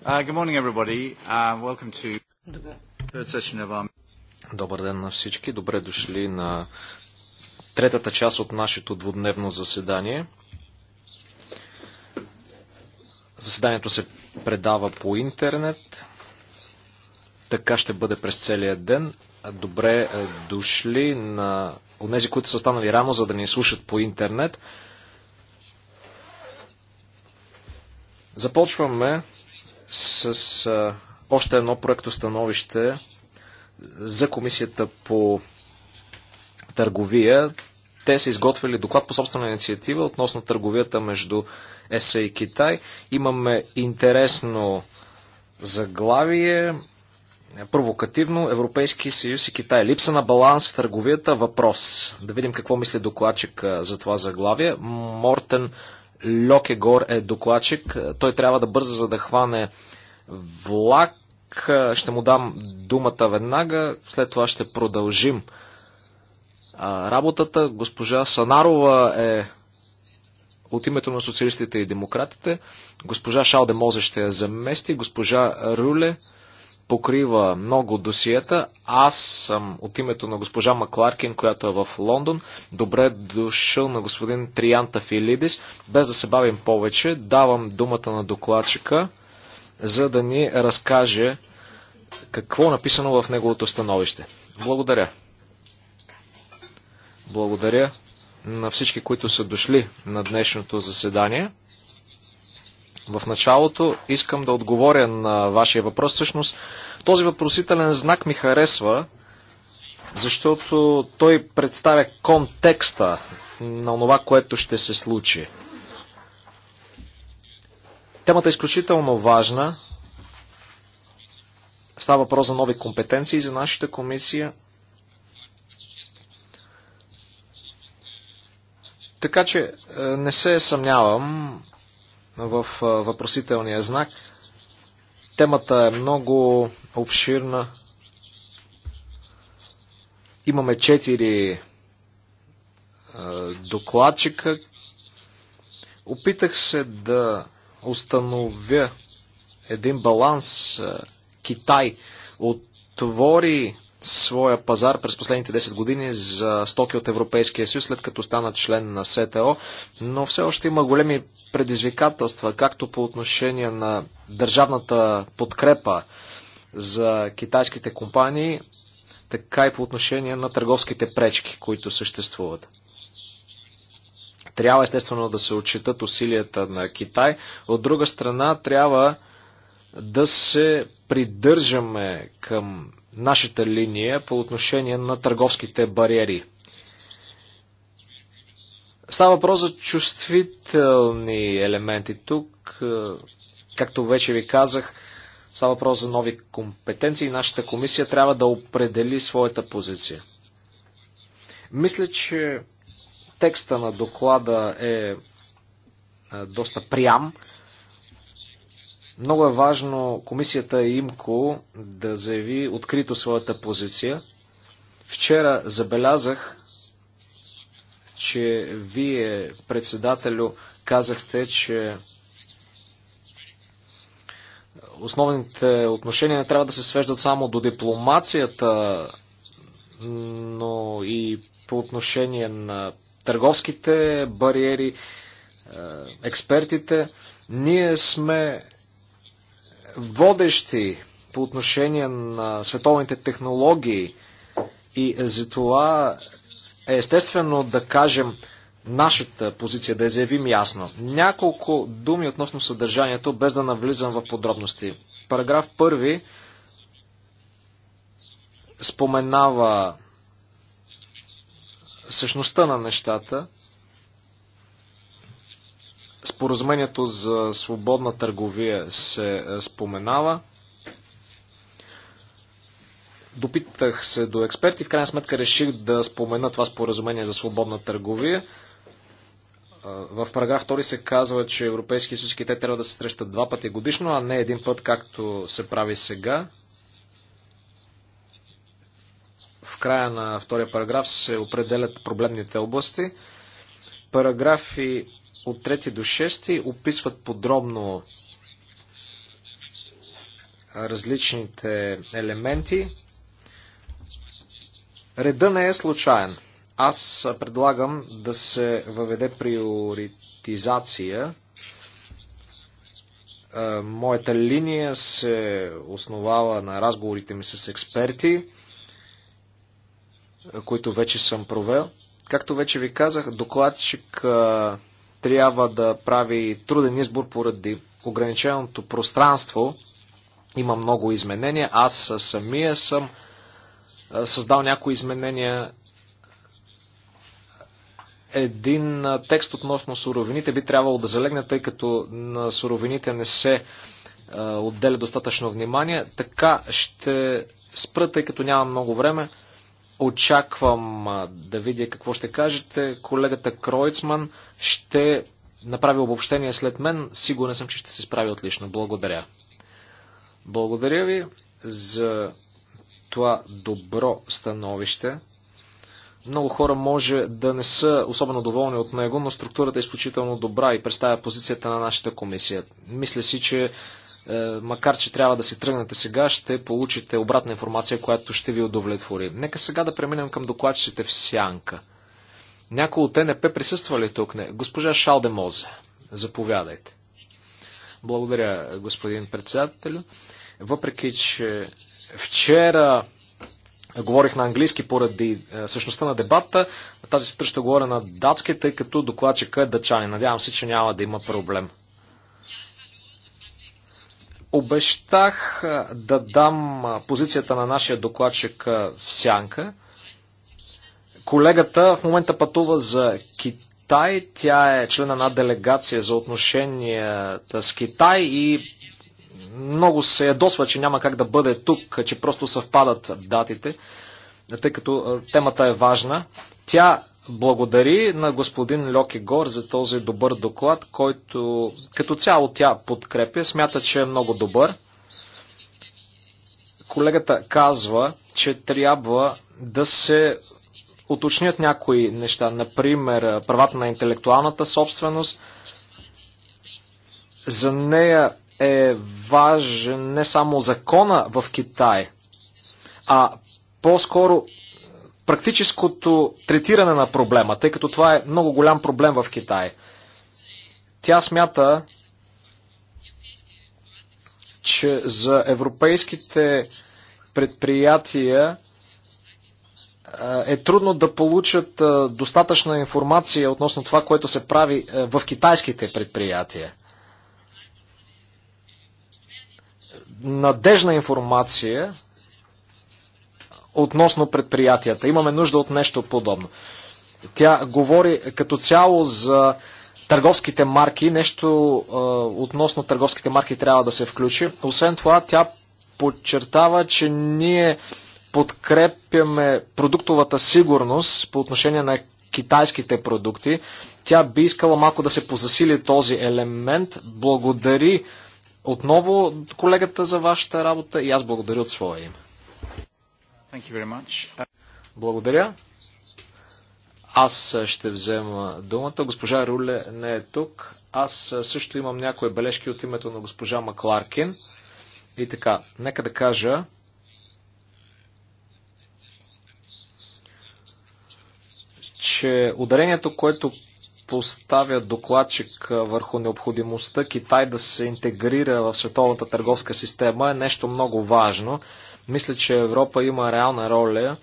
Uh, good morning, everybody. Uh, welcome to the third session of our... Добър ден на всички. Добре дошли на третата част от нашето двудневно заседание. Заседанието се предава по интернет. Така ще бъде през целия ден. Добре е, дошли на тези, които са станали рано, за да ни слушат по интернет. Започваме с а, още едно проекто становище за комисията по търговия. Те са изготвили доклад по собствена инициатива относно търговията между ЕСА и Китай. Имаме интересно заглавие провокативно Европейски съюз и Китай. Липса на баланс в търговията. Въпрос. Да видим какво мисли докладчик за това заглавие. Мортен Льокегор е докладчик. Той трябва да бърза, за да хване влак. Ще му дам думата веднага. След това ще продължим работата. Госпожа Санарова е от името на социалистите и демократите. Госпожа Шалде Мозе ще я замести. Госпожа Руле покрива много досиета. Аз съм от името на госпожа Макларкин, която е в Лондон. Добре дошъл на господин Трианта Филидис. Без да се бавим повече, давам думата на докладчика, за да ни разкаже какво е написано в неговото становище. Благодаря. Благодаря на всички, които са дошли на днешното заседание в началото искам да отговоря на вашия въпрос. Всъщност, този въпросителен знак ми харесва, защото той представя контекста на това, което ще се случи. Темата е изключително важна. Става въпрос за нови компетенции за нашата комисия. Така че е, не се съмнявам в въпросителния знак. Темата е много обширна. Имаме четири докладчика. Опитах се да установя един баланс. Китай отвори своя пазар през последните 10 години за стоки от Европейския съюз, след като стана член на СТО, но все още има големи предизвикателства, както по отношение на държавната подкрепа за китайските компании, така и по отношение на търговските пречки, които съществуват. Трябва естествено да се отчитат усилията на Китай. От друга страна, трябва да се придържаме към нашата линия по отношение на търговските бариери Става въпрос за чувствителни елементи тук. Е, както вече ви казах, става въпрос за нови компетенции и нашата комисия трябва да определи своята позиция. Мисля, че текста на доклада е, е доста прям. Много е важно комисията ИМКО да заяви открито своята позиция. Вчера забелязах, че вие, председателю, казахте, че основните отношения не трябва да се свеждат само до дипломацията, но и по отношение на търговските бариери, е, експертите. Ние сме водещи по отношение на световните технологии и за това е естествено да кажем нашата позиция, да я заявим ясно. Няколко думи относно съдържанието, без да навлизам в подробности. Параграф 1 споменава същността на нещата, споразумението за свободна търговия се е, споменава. Допитах се до експерти, в крайна сметка реших да спомена това споразумение за свободна търговия. В параграф 2 се казва, че Европейски съюз и те трябва да се срещат два пъти годишно, а не един път, както се прави сега. В края на втория параграф се определят проблемните области. Параграфи от 3 до 6 описват подробно различните елементи. Реда не е случайен. Аз предлагам да се въведе приоритизация. Е, моята линия се основава на разговорите ми с експерти, които вече съм провел. Както вече ви казах, докладчик е, трябва да прави труден избор поради ограниченото пространство. Има много изменения. Аз самия съм създал някои изменения. Един текст относно суровините би трябвало да залегне, тъй като на суровините не се отделя достатъчно внимание. Така ще спра, тъй като няма много време. Очаквам да видя какво ще кажете. Колегата Кройцман ще направи обобщение след мен. Сигурен съм, че ще се справи отлично. Благодаря. Благодаря ви за това добро становище. Много хора може да не са особено доволни от него, но структурата е изключително добра и представя позицията на нашата комисия. Мисля си, че е, макар че трябва да си тръгнете сега, ще получите обратна информация, която ще ви удовлетвори. Нека сега да преминем към докладчиците в Сянка. Някои от ТНП присъства ли тук? Не. Госпожа Шалдемозе, заповядайте. Благодаря, господин председател. Въпреки, че Вчера говорих на английски поради е, същността на дебата. Тази сутрин ще говоря на датски, тъй като докладчика е дъчани. Надявам се, че няма да има проблем. Обещах е, да дам е, позицията на нашия докладчик в сянка. Колегата в момента пътува за Китай. Тя е член на делегация за отношенията с Китай и много се ядосва, че няма как да бъде тук, че просто съвпадат датите, тъй като темата е важна. Тя благодари на господин Льоки Гор за този добър доклад, който като цяло тя подкрепя, смята, че е много добър. Колегата казва, че трябва да се уточнят някои неща, например правата на интелектуалната собственост. За нея е важен не само закона в Китай, а по-скоро практическото третиране на проблема, тъй като това е много голям проблем в Китай. Тя смята, че за европейските предприятия е, е трудно да получат е, достатъчна информация относно това, което се прави е, в китайските предприятия. надежна информация относно предприятията. Имаме нужда от нещо подобно. Тя говори като цяло за търговските марки, нещо относно търговските марки трябва да се включи. Освен това, тя подчертава, че ние подкрепяме продуктовата сигурност по отношение на китайските продукти. Тя би искала малко да се позасили този елемент. Благодари отново колегата за вашата работа и аз благодаря от своя име. Благодаря. Аз ще взема думата. Госпожа Руле не е тук. Аз също имам някои бележки от името на госпожа Макларкин. И така, нека да кажа, че ударението, което поставя докладчик върху необходимостта Китай да се интегрира в световната търговска система е нещо много важно. Мисля, че Европа има реална роля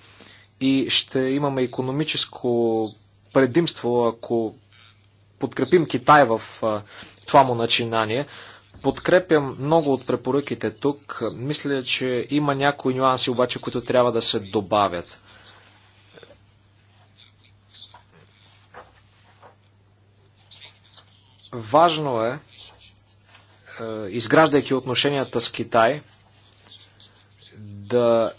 и ще имаме економическо предимство, ако подкрепим Китай в това му начинание. Подкрепям много от препоръките тук. Мисля, че има някои нюанси, обаче, които трябва да се добавят. Важно е, е, изграждайки отношенията с Китай, да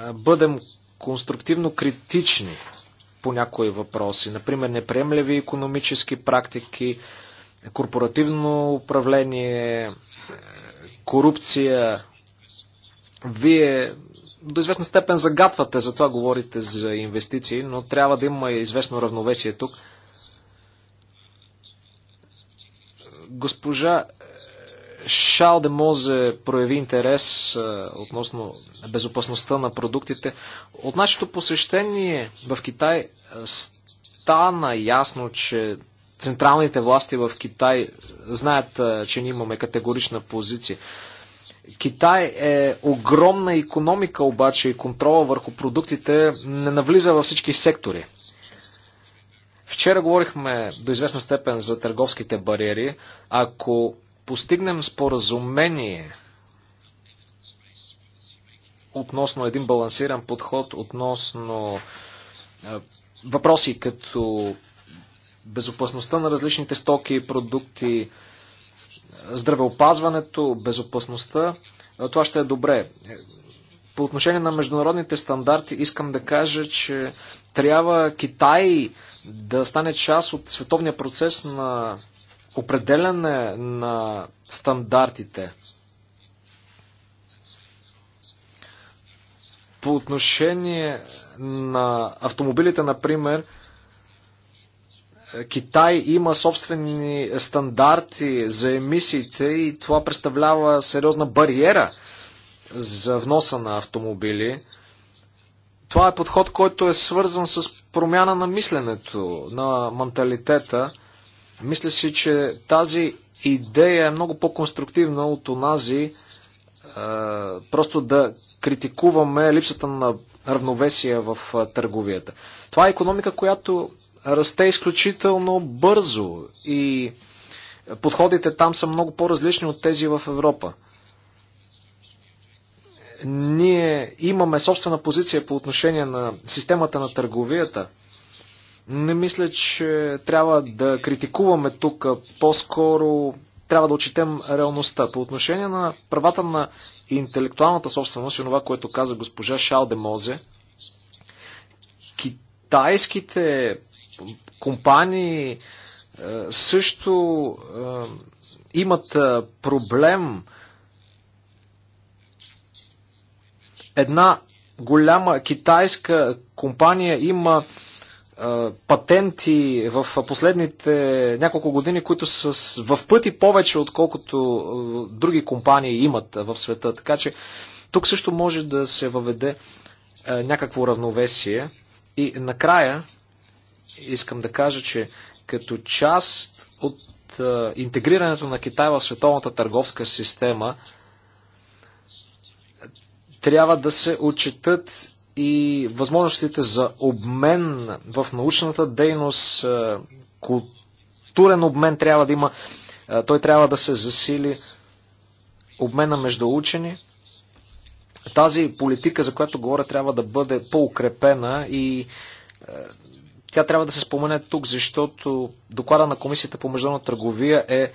е, бъдем конструктивно критични по някои въпроси. Например, неприемливи економически практики, корпоративно управление, е, корупция. Вие до известна степен загатвате, затова говорите за инвестиции, но трябва да има известно равновесие тук – Госпожа е, Шал де Мозе прояви интерес е, относно безопасността на продуктите. От нашето посещение в Китай е, стана ясно, че централните власти в Китай знаят, че ние имаме категорична позиция. Китай е огромна економика, обаче и контрола върху продуктите не навлиза във всички сектори Вчера говорихме до известна степен за търговските бариери. Ако постигнем споразумение относно един балансиран подход, относно е, въпроси като безопасността на различните стоки и продукти, е, здравеопазването, безопасността, е, това ще е добре. Е, по отношение на международните стандарти искам да кажа, че трябва Китай да стане част от световния процес на определяне на стандартите. По отношение на автомобилите, например, Китай има собствени стандарти за емисиите и това представлява сериозна бариера за вноса на автомобили. Това е подход, който е свързан с промяна на мисленето, на менталитета. Мисля си, че тази идея е много по-конструктивна от онази, е, просто да критикуваме липсата на равновесие в е, търговията. Това е економика, която расте изключително бързо и подходите там са много по-различни от тези в Европа ние имаме собствена позиция по отношение на системата на търговията, не мисля, че трябва да критикуваме тук. По-скоро трябва да отчетем реалността. По отношение на правата на интелектуалната собственост и това, което каза госпожа де Мозе, китайските компании е, също е, имат е, проблем една голяма китайска компания има патенти в последните няколко години, които са в пъти повече, отколкото други компании имат в света. Така че тук също може да се въведе някакво равновесие. И накрая искам да кажа, че като част от интегрирането на Китай в световната търговска система, трябва да се отчитат и възможностите за обмен в научната дейност, е, културен обмен трябва да има, е, той трябва да се засили, обмена между учени. Тази политика, за която говоря, трябва да бъде по-укрепена и е, тя трябва да се спомене тук, защото доклада на Комисията по международна търговия е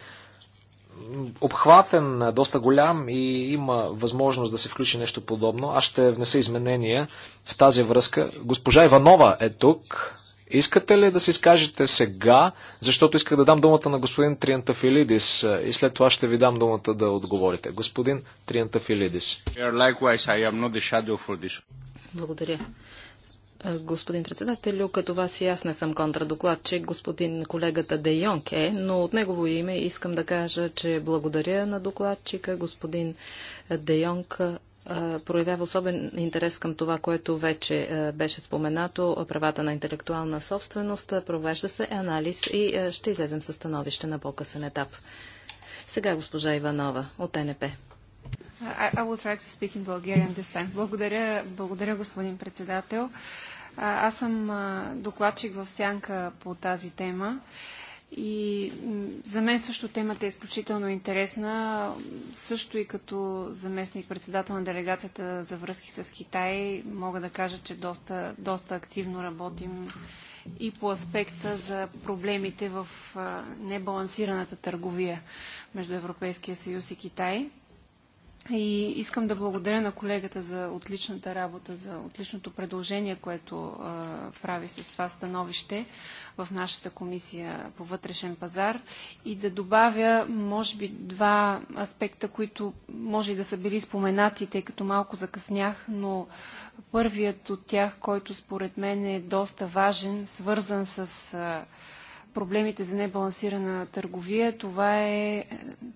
обхватен, доста голям и има възможност да се включи нещо подобно. Аз ще внеса изменения в тази връзка. Госпожа Иванова е тук. Искате ли да се изкажете сега, защото исках да дам думата на господин Триантафилидис и след това ще ви дам думата да отговорите. Господин Триантафилидис. Благодаря. Е, господин председателю, като вас и аз не съм контрадокладчик, господин колегата Де Йонг е, но от негово име искам да кажа, че благодаря на докладчика. Господин Де Йонг е, проявява особен интерес към това, което вече е, беше споменато, правата на интелектуална собственост. Провежда се анализ и ще излезем със становище на по-късен етап. Сега госпожа Иванова от НП. I, will try to speak in Bulgarian this time. Благодаря, благодаря господин председател. Аз съм докладчик в сянка по тази тема. И за мен също темата е изключително интересна, също и като заместник председател на делегацията за връзки с Китай, мога да кажа, че доста, доста активно работим и по аспекта за проблемите в небалансираната търговия между Европейския съюз и Китай. И искам да благодаря на колегата за отличната работа, за отличното предложение, което а, прави с това становище в нашата комисия по вътрешен пазар и да добавя, може би, два аспекта, които може и да са били споменати, тъй като малко закъснях, но първият от тях, който според мен е доста важен, свързан с а, проблемите за небалансирана търговия, това е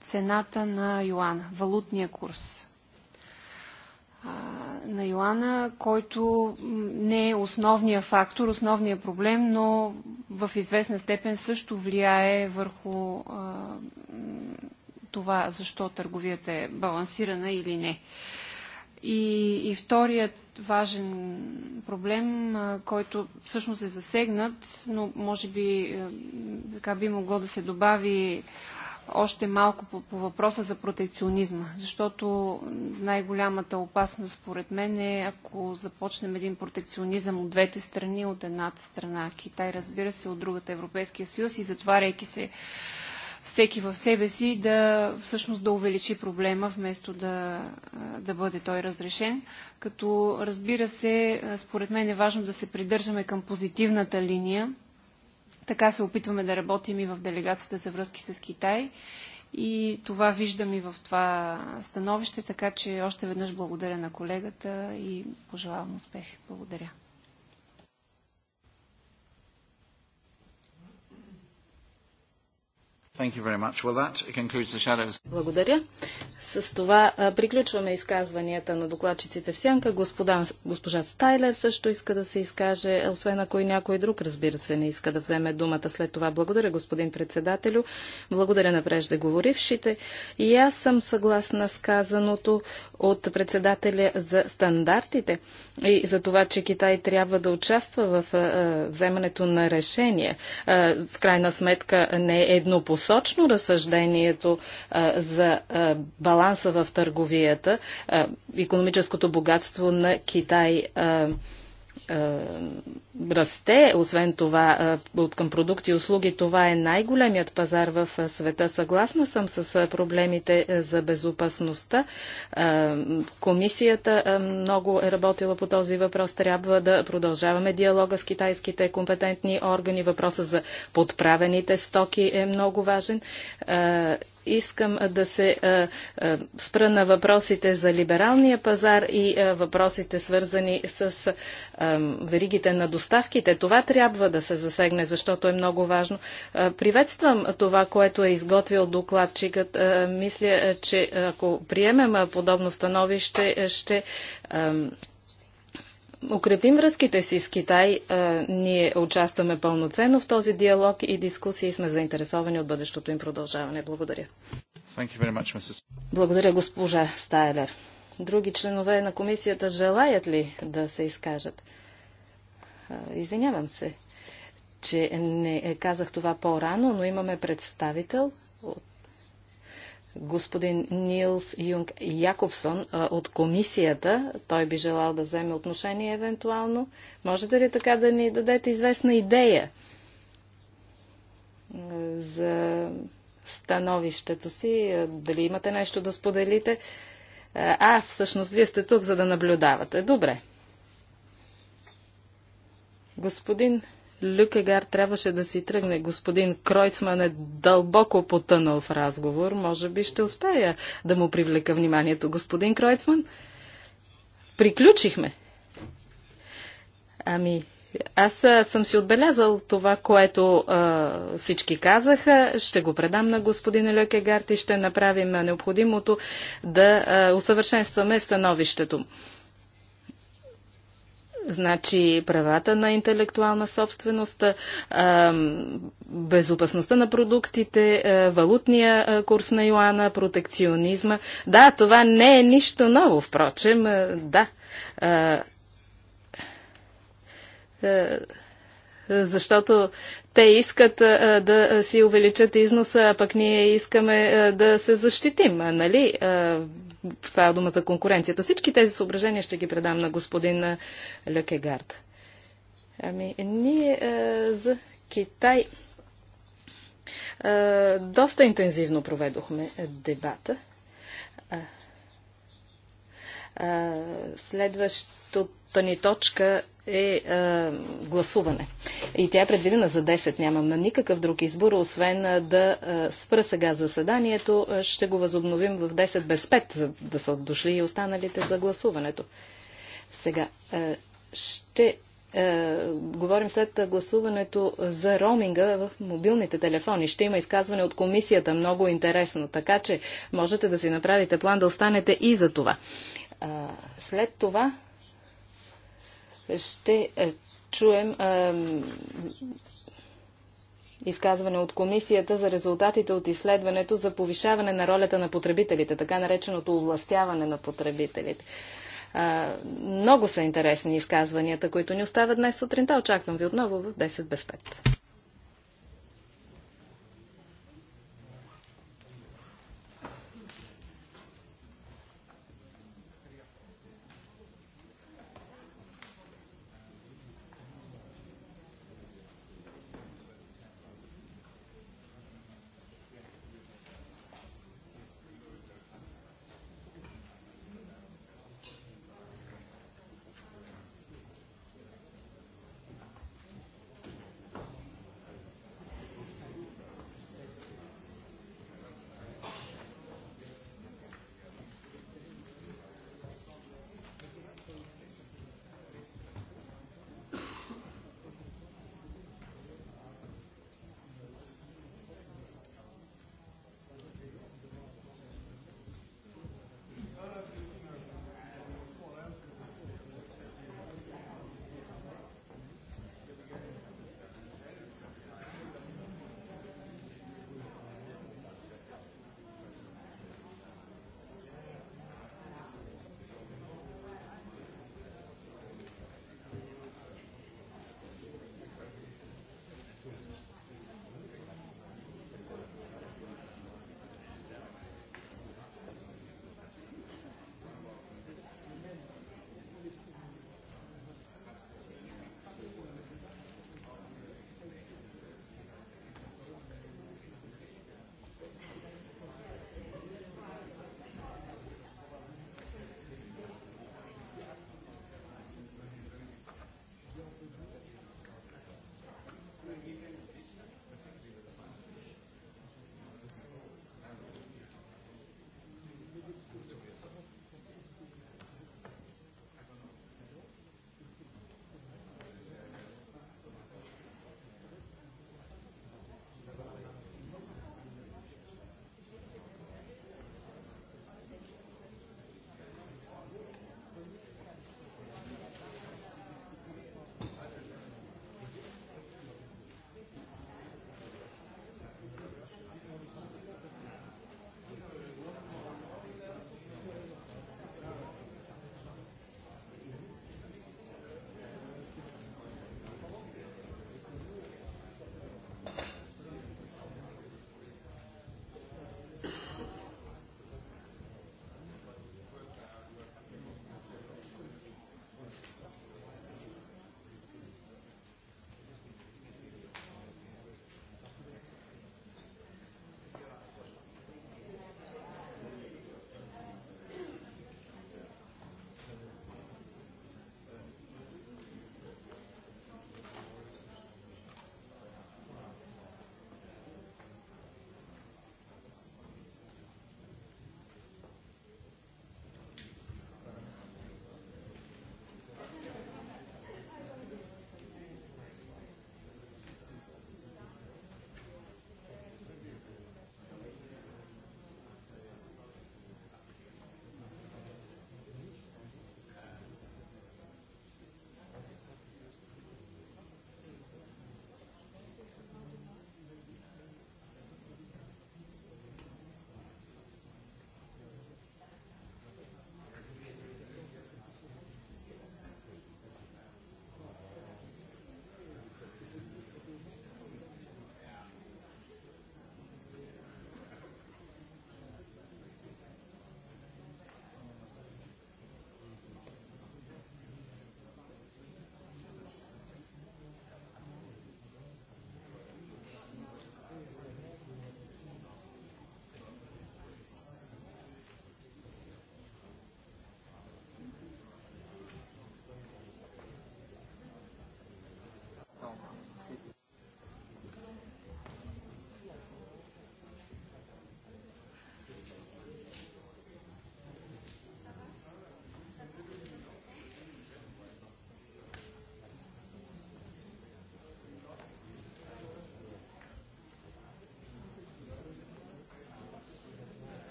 цената на юана, валутния курс на Йоана, който не е основния фактор, основния проблем, но в известна степен също влияе върху това, защо търговията е балансирана или не. И, и вторият важен проблем, който всъщност е засегнат, но може би е, така би могло да се добави още малко по, по въпроса за протекционизма, защото най-голямата опасност, според мен, е ако започнем един протекционизъм от двете страни, от едната страна Китай, разбира се, от другата Европейския съюз и затваряйки се всеки в себе си да всъщност да увеличи проблема, вместо да, да бъде той разрешен. Като разбира се, според мен е важно да се придържаме към позитивната линия. Така се опитваме да работим и в делегацията за връзки с Китай. И това виждам и в това становище, така че още веднъж благодаря на колегата и пожелавам успех. Благодаря. Well, Благодаря. С това приключваме изказванията на докладчиците в сянка. Господа, госпожа Стайлер също иска да се изкаже, освен ако и някой друг, разбира се, не иска да вземе думата след това. Благодаря, господин председателю. Благодаря на преждеговорившите. И аз съм съгласна с казаното от председателя за стандартите и за това, че Китай трябва да участва в а, вземането на решения. А, в крайна сметка не е еднопосочно разсъждението а, за баланс баланса в търговията, економическото богатство на Китай расте. Освен това, от към продукти и услуги, това е най-големият пазар в света. Съгласна съм с проблемите за безопасността. Комисията много е работила по този въпрос. Трябва да продължаваме диалога с китайските компетентни органи. Въпросът за подправените стоки е много важен искам да се спра на въпросите за либералния пазар и въпросите свързани с веригите на доставките. Това трябва да се засегне, защото е много важно. Приветствам това, което е изготвил докладчикът. Мисля, че ако приемем подобно становище, ще укрепим връзките си с Китай. Е, ние участваме пълноценно в този диалог и дискусии и сме заинтересовани от бъдещото им продължаване. Благодаря. Much, Благодаря, госпожа Стайлер. Други членове на комисията желаят ли да се изкажат? Е, извинявам се, че не е, казах това по-рано, но имаме представител от господин Нилс Юнг Якобсон от комисията. Той би желал да вземе отношение евентуално. Можете ли така да ни дадете известна идея за становището си? Дали имате нещо да споделите? А, всъщност, вие сте тук, за да наблюдавате. Добре. Господин Люкегар трябваше да си тръгне. Господин Кройцман е дълбоко потънал в разговор. Може би ще успея да му привлека вниманието. Господин Кройцман, приключихме. Ами, аз съм си отбелязал това, което а, всички казаха. Ще го предам на господин Люкегар и ще направим необходимото да а, усъвършенстваме становището. Значи правата на интелектуална собственост, безопасността на продуктите, валутния курс на Йоана, протекционизма. Да, това не е нищо ново, впрочем. Да. Защото те искат да си увеличат износа, а пък ние искаме да се защитим, нали? става дума за конкуренцията. Всички тези съображения ще ги предам на господин Лекегард. Ами, ние а, за Китай а, доста интензивно проведохме дебата. Следващото ни точка е, е гласуване. И тя е предвидена за 10. Нямаме никакъв друг избор, освен е, да е, спра сега заседанието. Е, ще го възобновим в 10 без 5, за да са дошли и останалите за гласуването. Сега е, ще е, говорим след гласуването за роуминга в мобилните телефони. Ще има изказване от комисията, много интересно, така че можете да си направите план да останете и за това. Е, след това ще е, чуем изказване от комисията за резултатите от изследването за повишаване на ролята на потребителите, така нареченото овластяване на потребителите. много са интересни изказванията, които ни остават днес сутринта. Очаквам ви отново в 10 без 5.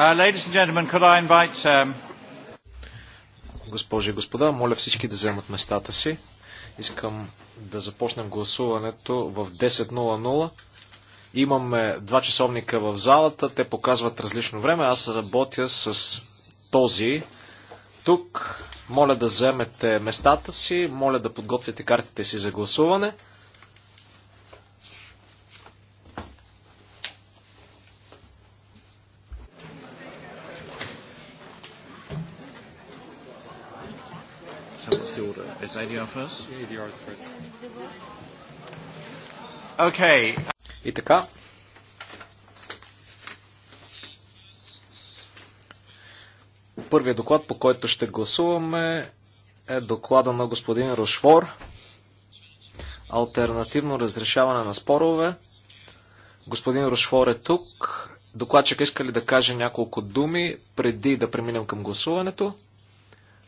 Uh, um, Госпожи и господа, моля всички да вземат местата си. Искам да започнем гласуването в 10.00. Имаме два часовника в залата, те показват различно време. Аз работя с този тук. Моля да вземете местата си, моля да подготвите картите си за гласуване. Okay. И така. Първият доклад, по който ще гласуваме, е доклада на господин Рошвор. Алтернативно разрешаване на спорове. Господин Рошвор е тук. Докладчик иска ли да каже няколко думи преди да преминем към гласуването?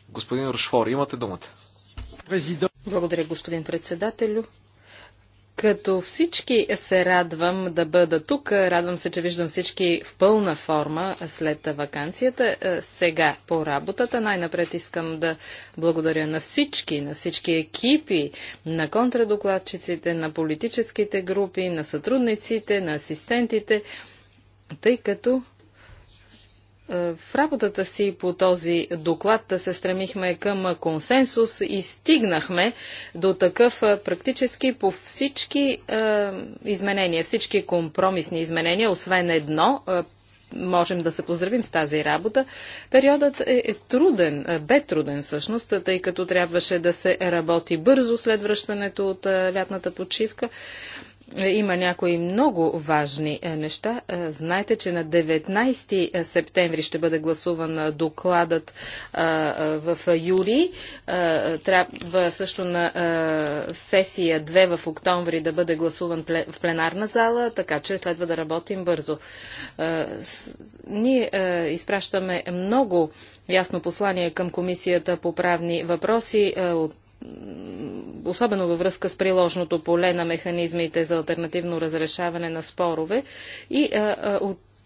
Господин Рошфор, имате думата. Благодаря, господин председателю. Като всички се радвам да бъда тук. Радвам се, че виждам всички в пълна форма след вакансията. Е, сега по работата най-напред искам да благодаря на всички, на всички екипи, на контрадокладчиците, на политическите групи, на сътрудниците, на асистентите, тъй като е, в работата си по този доклад се стремихме към консенсус и стигнахме до такъв е, практически по всички е, изменения, всички компромисни изменения, освен едно. Е, можем да се поздравим с тази работа. Периодът е труден, бе труден всъщност, тъй като трябваше да се работи бързо след връщането от лятната почивка. Е, има някои много важни е, неща. Е, знаете, че на 19 септември ще бъде гласуван докладът в юли. Трябва също на сесия 2 в октомври да бъде гласуван в пленарна зала, така че следва да работим бързо. Ние изпращаме много ясно послание към Комисията по правни въпроси от особено във връзка с приложното поле на механизмите за альтернативно разрешаване на спорове и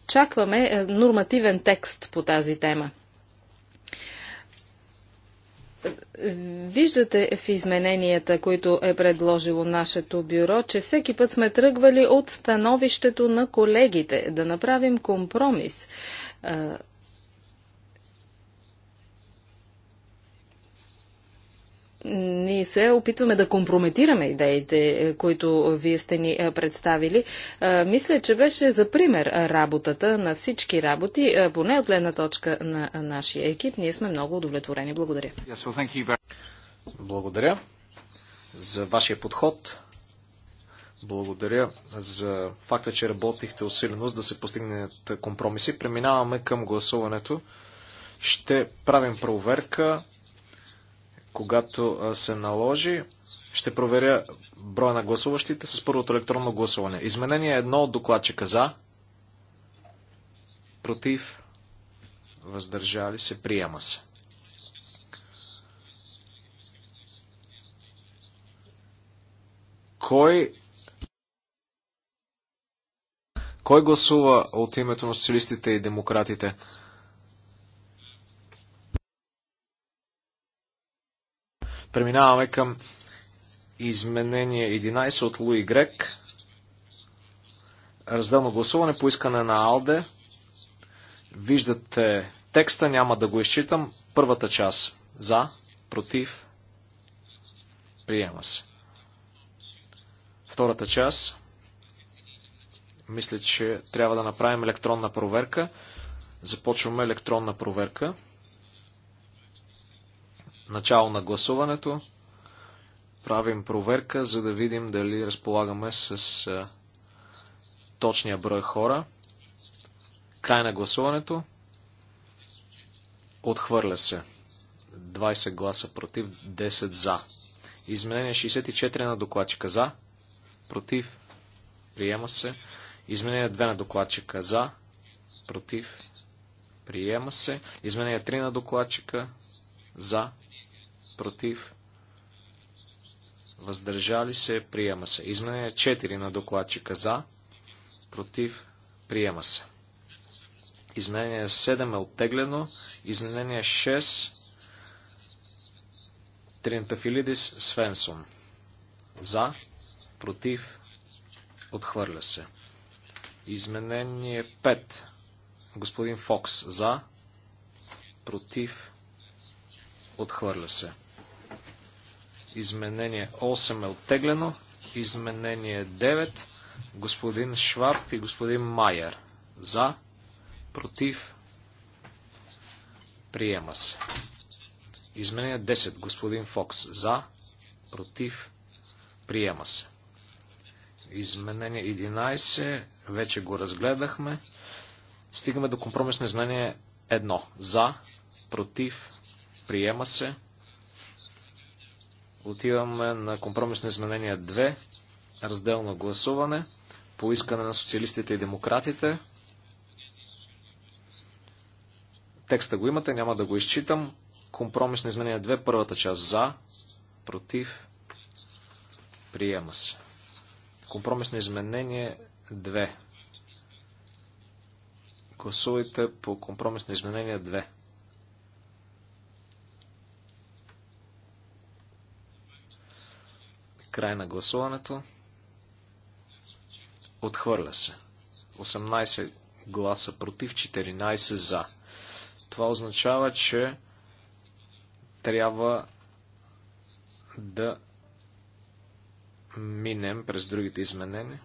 очакваме нормативен текст по тази тема. Виждате в измененията, които е предложило нашето бюро, че всеки път сме тръгвали от становището на колегите да направим компромис. ние се опитваме да компрометираме идеите, е, които вие сте ни е, представили. Е, мисля, че беше за пример работата на всички работи, поне от гледна точка на нашия екип. Ние сме много удовлетворени. Благодаря. Благодаря за вашия подход. Благодаря за факта, че работихте усилено, за да се постигнат компромиси. Преминаваме към гласуването. Ще правим проверка когато се наложи. Ще проверя броя на гласуващите с първото електронно гласуване. Изменение едно от докладчика за, против, въздържали се, приема се. Кой кой гласува от името на социалистите и демократите? Преминаваме към изменение 11 от Луи Грек. Разделно гласуване по искане на Алде. Виждате текста, няма да го изчитам. Първата част. За, против, приема се. Втората част. Мисля, че трябва да направим електронна проверка. Започваме електронна проверка. Начало на гласуването. Правим проверка, за да видим дали разполагаме с точния брой хора. Край на гласуването. Отхвърля се. 20 гласа против, 10 за. Изменение 64 на докладчика за. Против. Приема се. Изменение 2 на докладчика за. Против. Приема се. Изменение 3 на докладчика за против, въздържали се, приема се. Изменение 4 на докладчика за, против, приема се. Изменение 7 е оттеглено. Изменение 6 Тринтафилидис Свенсон. За, против, отхвърля се. Изменение 5. Господин Фокс. За, против, отхвърля се. Изменение 8 е оттеглено. Изменение 9. Господин Шваб и господин Майер. За. Против. Приема се. Изменение 10. Господин Фокс. За. Против. Приема се. Изменение 11. Вече го разгледахме. Стигаме до компромисно изменение 1. За. Против. Приема се. Отиваме на компромисно изменение 2, разделно гласуване, по искане на социалистите и демократите. Текста го имате, няма да го изчитам. Компромисно изменение 2, първата част за, против, приема се. Компромисно изменение 2. Гласувайте по компромисно изменение 2. Край на гласуването. Отхвърля се. 18 гласа против, 14 за. Това означава, че трябва да минем през другите изменения.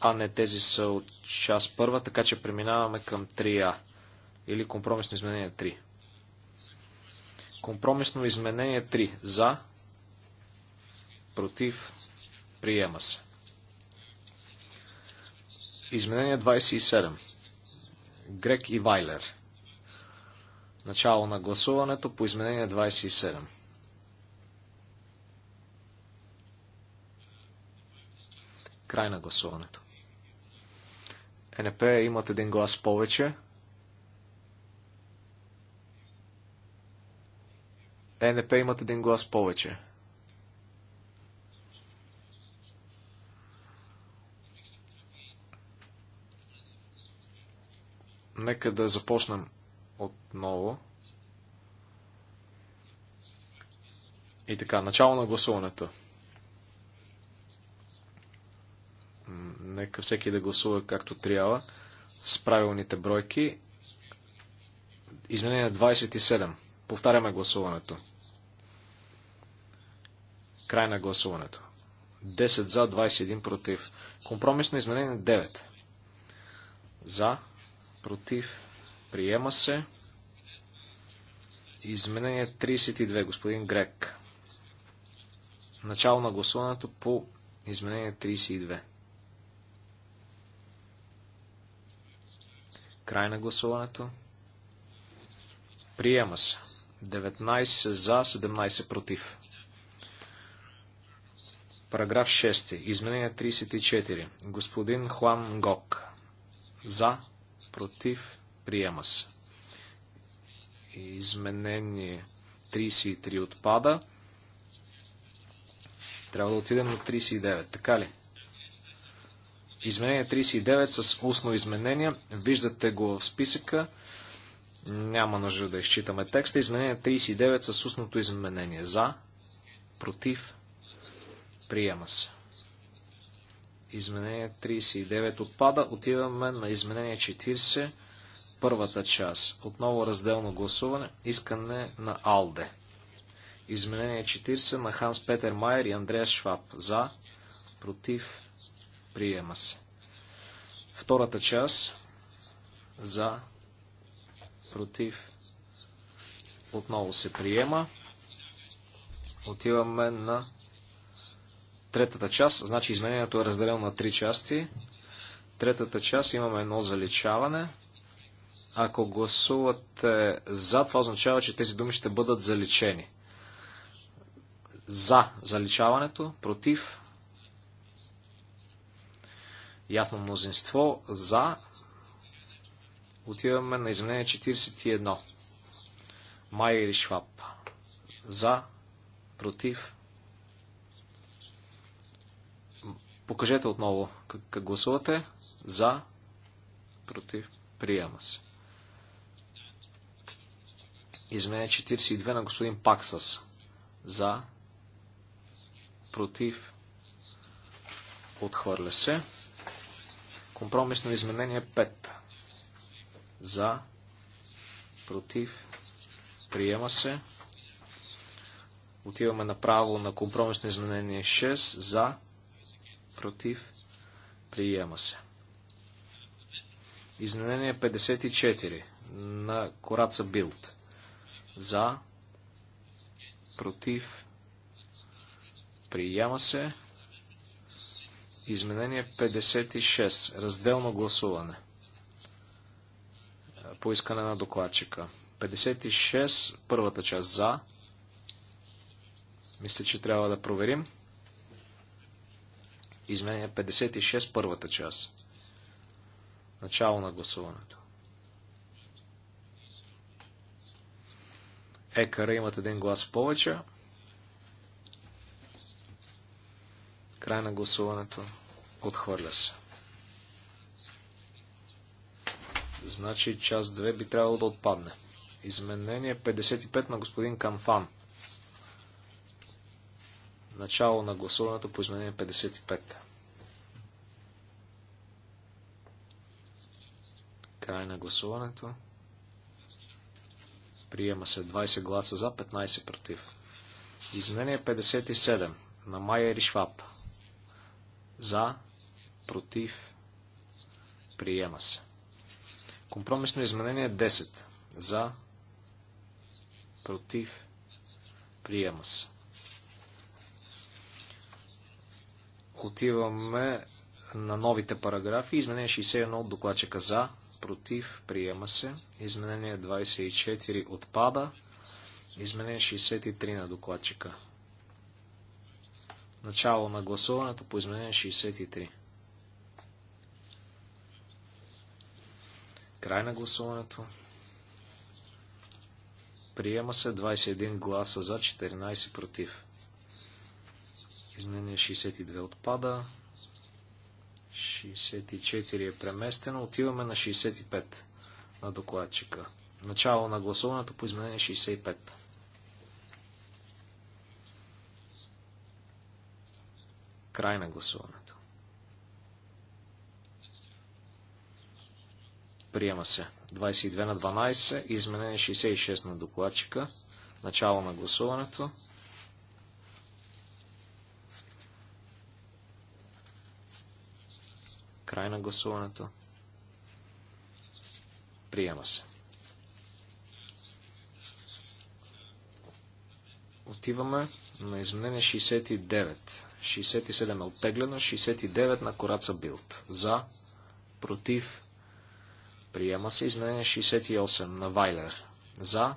А не, тези са от част първа, така че преминаваме към 3А или компромисно изменение 3. Компромисно изменение 3. За, против, приема се. Изменение 27. Грек и Вайлер. Начало на гласуването по изменение 27. Край на гласуването. НП имат един глас повече. НП имат един глас повече. Нека да започнем отново. И така, начало на гласуването. Нека всеки да гласува както трябва, с правилните бройки. Изменение 27. Повтаряме гласуването. Край на гласуването. 10 за, 21 против. Компромисно изменение 9. За, против, приема се. Изменение 32, господин Грек. Начало на гласуването по изменение 32. Край на гласуването. Приема се. 19 за, 17 против. Параграф 6. Изменение 34. Господин Хуан Гок. За, против, приема се. Изменение 33 отпада. Трябва да отидем на 39, така ли? Изменение 39 с устно изменение. Виждате го в списъка. Няма нужда да изчитаме текста. Изменение 39 с устното изменение. За, против, приема се. Изменение 39 отпада. Отиваме на изменение 40, първата част. Отново разделно гласуване. Искане на Алде. Изменение 40 на Ханс Петер Майер и Андреас Шваб. За, против, приема се. Втората част. За, против, отново се приема. Отиваме на третата част, значи изменението е разделено на три части. Третата част имаме едно заличаване. Ако гласувате за, това означава, че тези думи ще бъдат заличени. За заличаването, против. Ясно мнозинство, за. Отиваме на изменение 41. Майер и Шваб. За, против, Покажете отново как гласувате. За, против, приема се. Измене 42 на господин Паксас. За, против, отхвърля се. Компромисно изменение 5. За, против, приема се. Отиваме направо на компромисно изменение 6. За, против, приема се. Изменение 54 на Кораца Билд. За, против, приема се. Изменение 56. Разделно гласуване. Поискане на докладчика. 56. Първата част за. Мисля, че трябва да проверим. Изменение 56, първата част. Начало на гласуването. Екара имат един глас повече. Край на гласуването. Отхвърля се. Значи част 2 би трябвало да отпадне. Изменение 55 на господин Камфан. Начало на гласуването по изменение 55. Край на гласуването. Приема се 20 гласа за, 15 против. Изменение 57 на Майя Ришвап. За, против, приема се. Компромисно изменение 10. За, против, приема се. Отиваме на новите параграфи. Изменение 61 от докладчика за, против, приема се. Изменение 24 отпада. Изменение 63 на докладчика. Начало на гласуването по изменение 63. Край на гласуването. Приема се 21 гласа за, 14 против. Изменение 62 отпада. 64 е преместено. Отиваме на 65 на докладчика. Начало на гласуването по изменение 65. Край на гласуването. Приема се. 22 на 12. Изменение 66 на докладчика. Начало на гласуването. Край на гласуването. Приема се. Отиваме на изменение 69. 67 е оттеглено, 69 на Кораца Билд. За, против, приема се. Изменение 68 на Вайлер. За,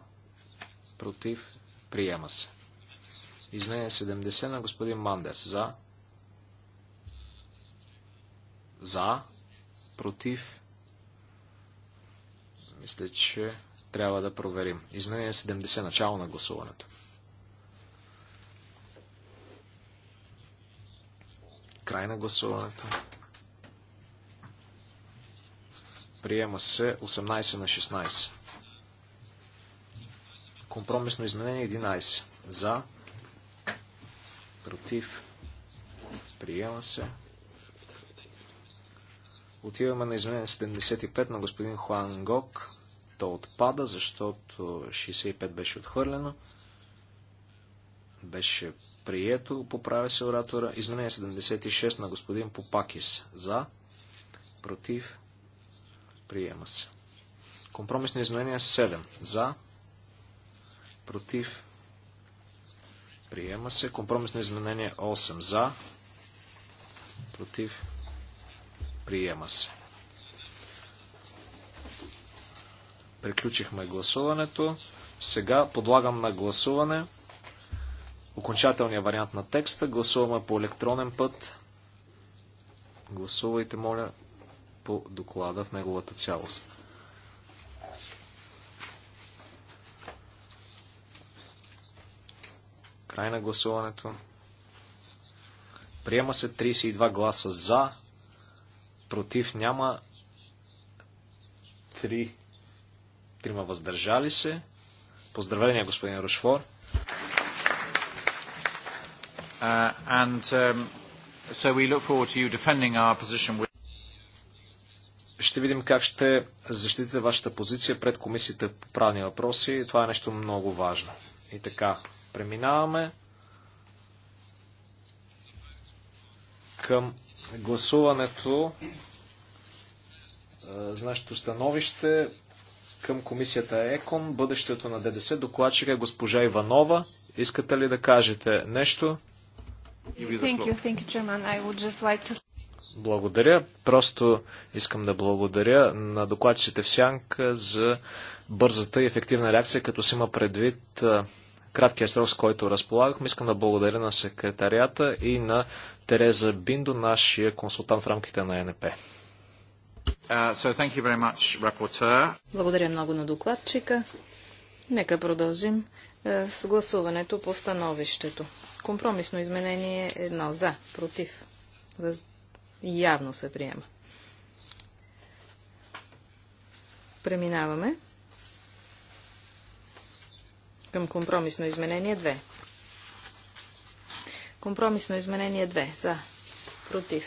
против, приема се. Изменение 70 на господин Мандерс. За, за, против. Мисля, че трябва да проверим. Изменение 70, начало на гласуването. Край на гласуването. Приема се 18 на 16. Компромисно изменение 11. За. Против. Приема се. Отиваме на изменение 75 на господин Хуан Гок. То отпада, защото 65 беше отхвърлено. Беше прието, поправя се оратора. Изменение 76 на господин Попакис. За, против, приема се. Компромисно изменение 7. За, против, приема се. Компромисно изменение 8. За, против, Приема се. Приключихме гласуването. Сега подлагам на гласуване окончателния вариант на текста. Гласуваме по електронен път. Гласувайте, моля, по доклада в неговата цялост. Край на гласуването. Приема се 32 гласа за, против няма, три, трима въздържали се. Поздравления, господин Рушфор. Uh, and um, so we look forward to you defending our position with ще видим как ще защитите вашата позиция пред комисията по правни въпроси. Това е нещо много важно. И така, преминаваме към гласуването за нашето становище към комисията ЕКОН, бъдещето на ДДС. Докладчика е госпожа Иванова. Искате ли да кажете нещо? Thank you, thank you, like to... Благодаря. Просто искам да благодаря на докладчиците в Сянка за бързата и ефективна реакция, като се има предвид краткия срок, с който разполагахме. Искам да благодаря на секретарията и на Тереза Биндо, нашия консултант в рамките на НП. Uh, so much, благодаря много на докладчика. Нека продължим е, с гласуването по становището. Компромисно изменение едно за, против. Въз... Явно се приема. Преминаваме към компромисно изменение 2. Компромисно изменение 2. За. Против.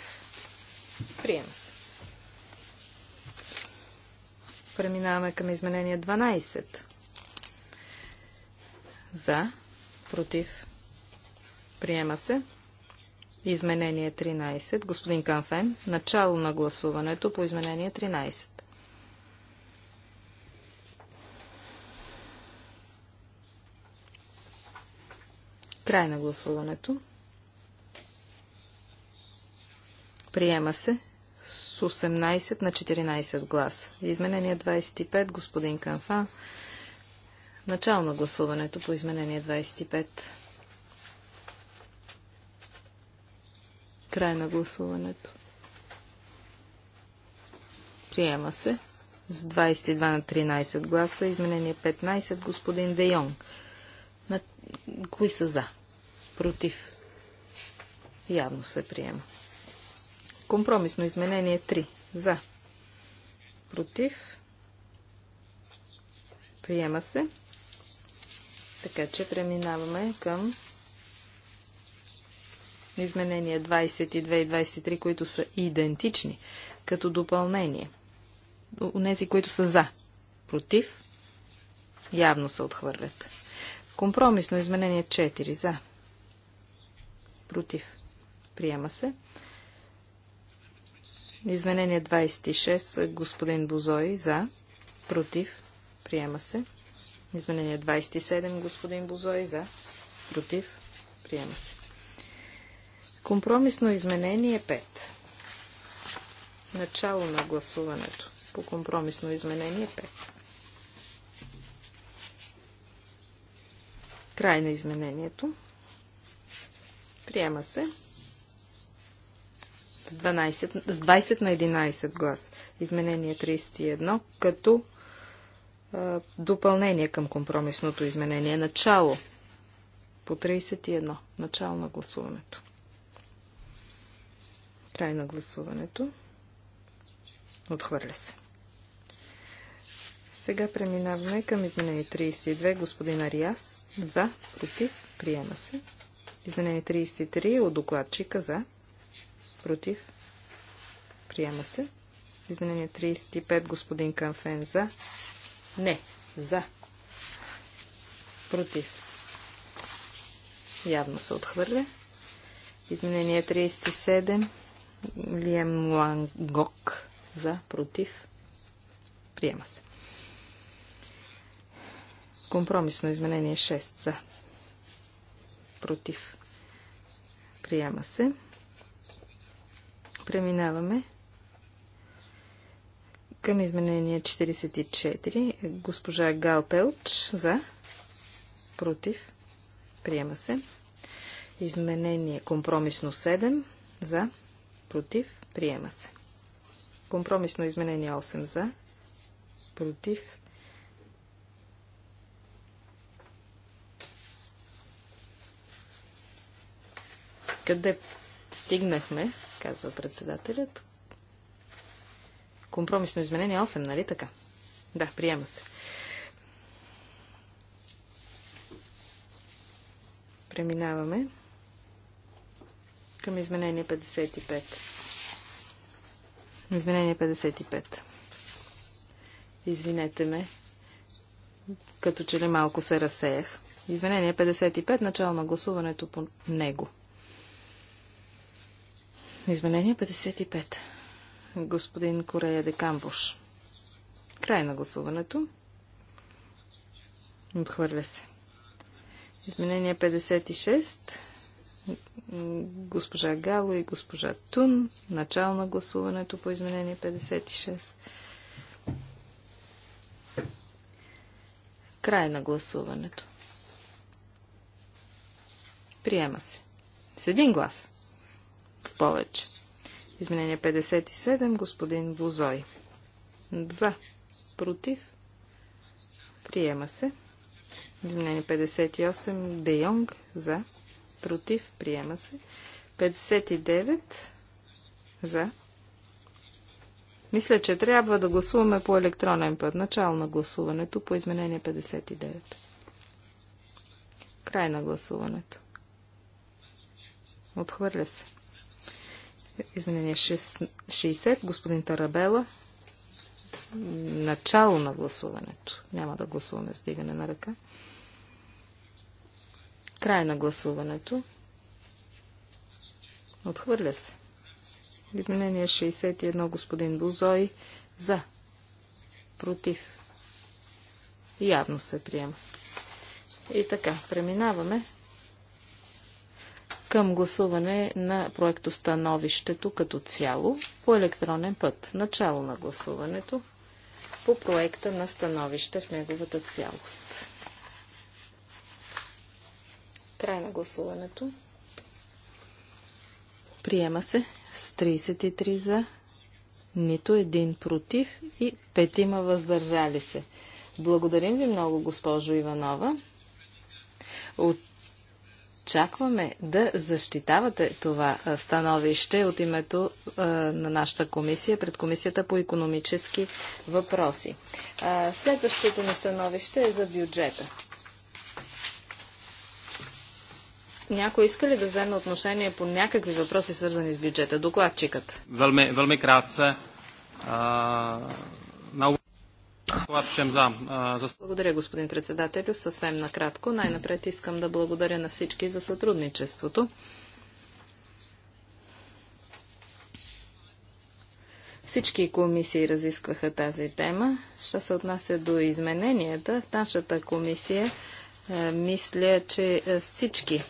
Приема се. Преминаваме към изменение 12. За. Против. Приема се. Изменение 13. Господин Канфен. Начало на гласуването по изменение 13. Край на гласуването. Приема се с 18 на 14 глас. Изменение 25, господин Канфа. Начало на гласуването по изменение 25. Край на гласуването. Приема се с 22 на 13 гласа. Изменение 15, господин Де Йонг. Кои са за? Против. Явно се приема. Компромисно изменение 3. За. Против. Приема се. Така че преминаваме към изменения 22 и 23, които са идентични като допълнение. Унези, които са за. Против. Явно се отхвърлят. Компромисно изменение 4 за. Против. Приема се. Изменение 26. Господин Бозой за. Против. Приема се. Изменение 27. Господин Бозой за. Против. Приема се. Компромисно изменение 5. Начало на гласуването по компромисно изменение 5. Край на изменението. Приема се. С, 12, с 20 на 11 глас. Изменение 31 като а, допълнение към компромисното изменение. Начало по 31. Начало на гласуването. Край на гласуването. Отхвърля се. Сега преминаваме към изменение 32. Господин Ариас. За. Против. Приема се. Изменение 33 от докладчика. За. Против. Приема се. Изменение 35. Господин Канфен. За. Не. За. Против. Явно се отхвърля. Изменение 37. Лием Муангок За. Против. Приема се. Компромисно изменение 6 за. Против. Приема се. Преминаваме към изменение 44. Госпожа Гал Пелч за. Против. Приема се. Изменение компромисно 7 за. Против. Приема се. Компромисно изменение 8 за. Против. Къде стигнахме, казва председателят. Компромисно изменение 8, нали така? Да, приема се. Преминаваме към изменение 55. Изменение 55. Извинете ме, като че ли малко се разсеях. Изменение 55, начало на гласуването по него. Изменение 55. Господин Корея де Камбош. Край на гласуването. Отхвърля се. Изменение 56. Госпожа Гало и госпожа Тун. Начало на гласуването по изменение 56. Край на гласуването. Приема се. С един глас повече. Изменение 57, господин Бузой. За. Против. Приема се. Изменение 58, Де Йонг. За. Против. Приема се. 59. За. Мисля, че трябва да гласуваме по електронен път. Начало на гласуването по изменение 59. Край на гласуването. Отхвърля се. Изменение 60. Господин Тарабела. Начало на гласуването. Няма да гласуваме с дигане на ръка. Край на гласуването. Отхвърля се. Изменение 61. Господин Бузой. За. Против. Явно се приема. И така, преминаваме към гласуване на проектостановището като цяло по електронен път. Начало на гласуването по проекта на становище в неговата цялост. Край на гласуването. Приема се с 33 за, нито един против и петима въздържали се. Благодарим ви много, госпожо Иванова. От очакваме да защитавате това становище от името на нашата комисия пред Комисията по економически въпроси. следващото ни становище е за бюджета. Някой иска ли да вземе отношение по някакви въпроси, свързани с бюджета? Докладчикът. Велми, велми кратце. А... Благодаря, господин председателю. Съвсем накратко. Най-напред искам да благодаря на всички за сътрудничеството. Всички комисии разискваха тази тема. Що се отнася до измененията, в нашата комисия мисля, че всички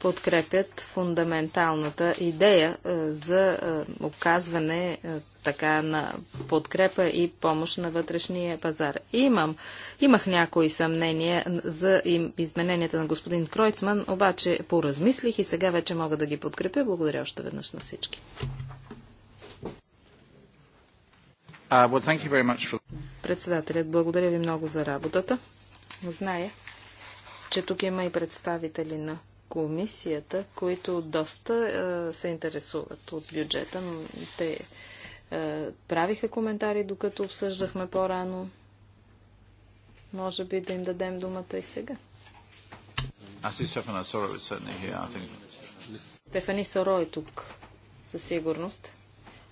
подкрепят фундаменталната идея е, за е, оказване е, така на подкрепа и помощ на вътрешния пазар. Имам, имах някои съмнения за измененията на господин Кройцман, обаче поразмислих и сега вече мога да ги подкрепя. Благодаря още веднъж на всички. Uh, well, thank you very much for... Председателят, благодаря ви много за работата. Зная, че тук има и представители на комисията, които доста е, се интересуват от бюджета. Те е, правиха коментари, докато обсъждахме по-рано. Може би да им дадем думата и сега. Стефани Соро е тук, със сигурност.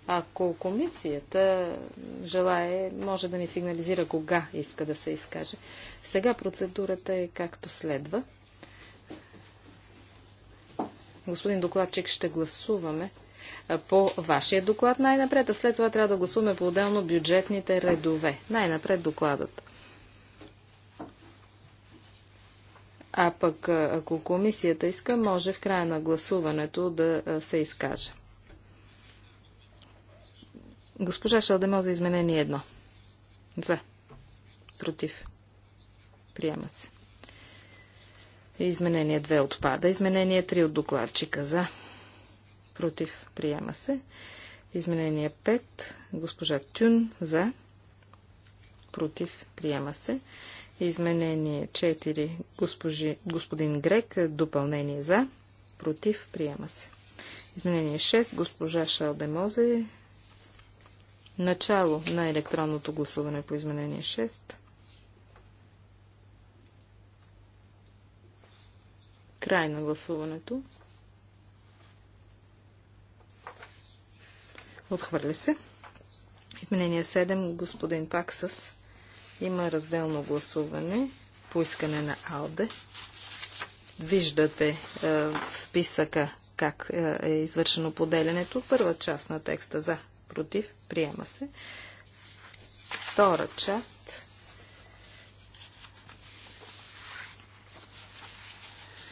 Ако комисията желае, може да ни сигнализира кога иска да се изкаже. Сега процедурата е както следва – господин докладчик, ще гласуваме по вашия доклад най-напред, а след това трябва да гласуваме по-отделно бюджетните редове. Най-напред докладът. А пък, ако комисията иска, може в края на гласуването да се изкаже. Госпожа Шалдемо за изменение едно. За. Против. Приема се. Изменение 2 отпада. Изменение 3 от докладчика за. Против. Приема се. Изменение 5. Госпожа Тюн за. Против. Приема се. Изменение 4. Госпожи, господин Грек. Допълнение за. Против. Приема се. Изменение 6. Госпожа Шалдемозе. Начало на електронното гласуване по изменение 6. Край на гласуването. Отхвърля се. Изменение 7. Господин Паксас има разделно гласуване по искане на АЛДЕ. Виждате е, в списъка как е, е извършено поделянето. Първа част на текста за, против, приема се. Втора част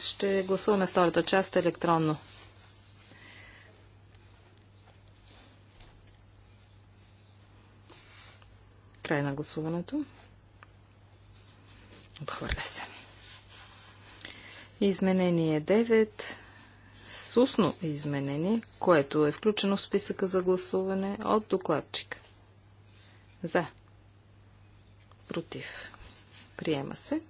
Ще гласуваме втората част електронно. Край на гласуването. Отхвърля се. Изменение 9. Сусно изменение, което е включено в списъка за гласуване от докладчик. За. Против. Приема се.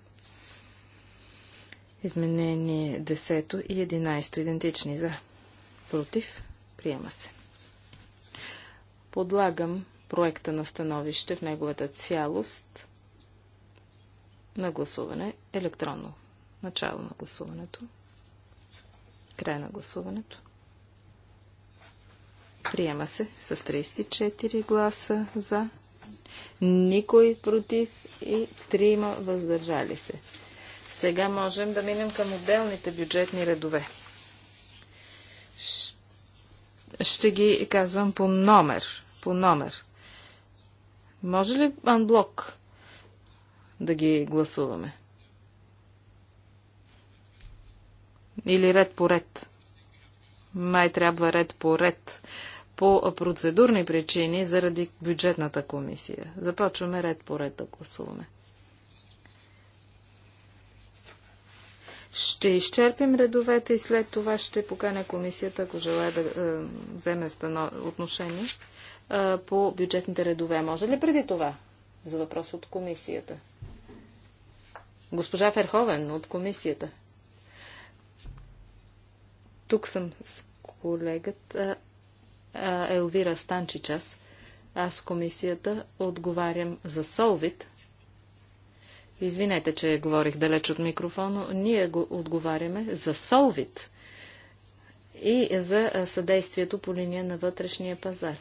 Изменение 10 и 11 идентични за. Против. Приема се. Подлагам проекта на становище в неговата цялост на гласуване електронно. Начало на гласуването. Край на гласуването. Приема се с 34 гласа за, никой против и 3 въздържали се. Сега можем да минем към отделните бюджетни редове. Ще ги казвам по номер. По номер. Може ли анблок да ги гласуваме? Или ред по ред? Май трябва ред по ред. По процедурни причини, заради бюджетната комисия. Започваме ред по ред да гласуваме. Ще изчерпим редовете и след това ще поканя комисията, ако желая да е, вземе стано... отношение е, по бюджетните редове. Може ли преди това за въпрос от комисията? Госпожа Ферховен от комисията. Тук съм с колегата е, Елвира Станчичас. Аз в комисията отговарям за Солвит, Извинете, че говорих далеч от микрофона. Ние го отговаряме за Солвит и за съдействието по линия на вътрешния пазар.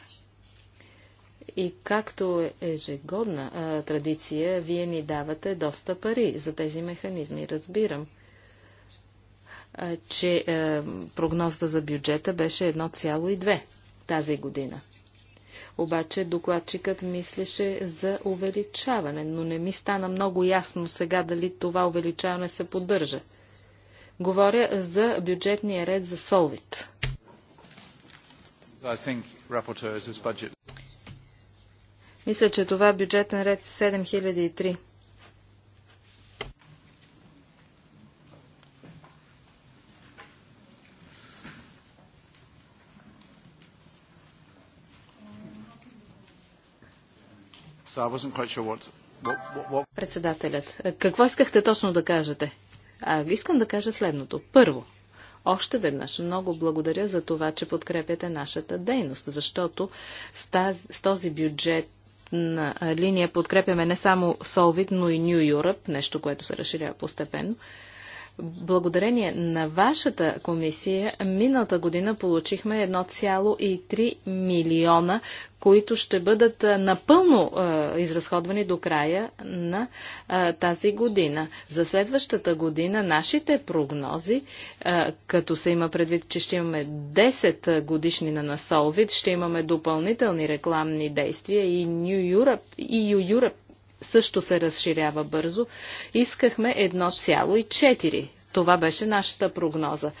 И както е ежегодна а, традиция, вие ни давате доста пари за тези механизми. Разбирам, а, че прогнозата за бюджета беше 1,2 тази година. Обаче докладчикът мислеше за увеличаване, но не ми стана много ясно сега дали това увеличаване се поддържа. Говоря за бюджетния ред за Солвит. Мисля, че това е бюджетен ред 7003. Е Председателят, е, какво искахте точно да кажете? А, искам да кажа следното. Първо, още веднъж много благодаря за това, че подкрепяте нашата дейност, защото с, таз, с този бюджет на линия подкрепяме не само Solvit, но и New Europe, нещо, което се разширява постепенно. Благодарение на вашата комисия, миналата година получихме 1,3 милиона, които ще бъдат напълно е, изразходвани до края на е, тази година. За следващата година нашите прогнози, е, като се има предвид, че ще имаме 10 годишни на Насолвид, ще имаме допълнителни рекламни действия и New Europe, EU Europe също се разширява бързо. Искахме 1,4. Това беше нашата прогноза.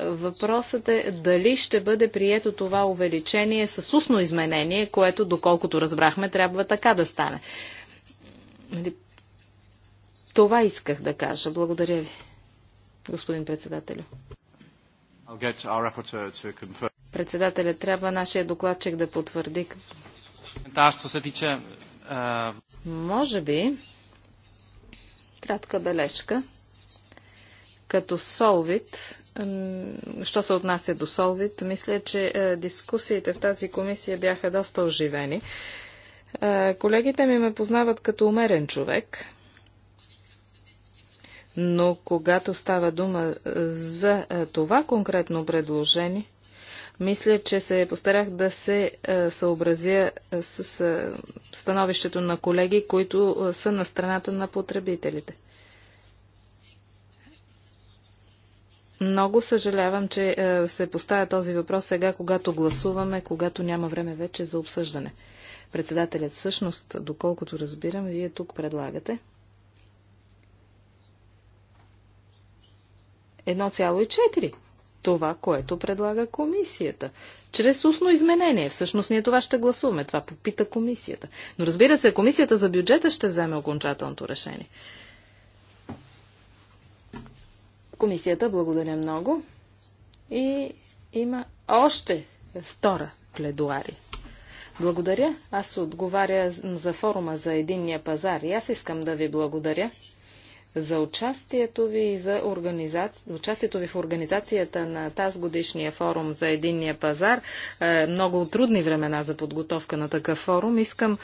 Въпросът е дали ще бъде прието това увеличение с устно изменение, което, доколкото разбрахме, трябва така да стане. Нали, това исках да кажа. Благодаря ви, господин председателю. Председателя, трябва нашия докладчик да потвърди. Може би, кратка бележка, като Солвит, що се отнася до Солвит, мисля, че е, дискусиите в тази комисия бяха доста оживени. Е, колегите ми ме познават като умерен човек, но когато става дума е, за това конкретно предложение, мисля, че се постарах да се е, съобразя е, с е, становището на колеги, които са на страната на потребителите. Много съжалявам, че се поставя този въпрос сега, когато гласуваме, когато няма време вече за обсъждане. Председателят всъщност, доколкото разбирам, вие тук предлагате 1,4 това, което предлага комисията. Чрез устно изменение. Всъщност ние това ще гласуваме. Това попита комисията. Но разбира се, комисията за бюджета ще вземе окончателното решение. Комисията, благодаря много. И има още втора пледуари. Благодаря. Аз отговаря за форума за единния пазар и аз искам да ви благодаря за участието ви, за организаци... участието ви в организацията на тази годишния форум за единния пазар. Е, много трудни времена за подготовка на такъв форум. Искам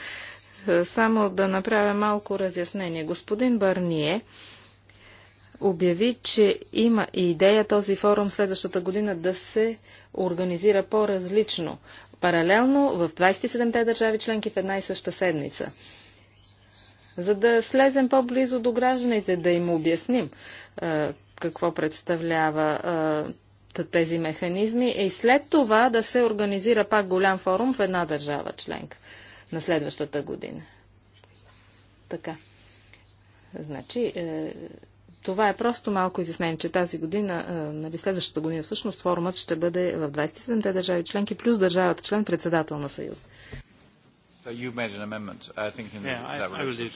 е, само да направя малко разяснение. Господин Барние обяви, че има идея този форум следващата година да се организира по-различно, паралелно в 27-те държави членки в една и съща седмица за да слезем по-близо до гражданите, да им обясним какво представлява тези механизми и след това да се организира пак голям форум в една държава членка на следващата година. Така. Значи, е, това е просто малко изяснение, че тази година, е, нали, следващата година всъщност форумът ще бъде в 27-те държави членки, плюс държавата член, председател на Съюз. So you've made an amendment, uh, I think, in yeah, the, that I, I will do.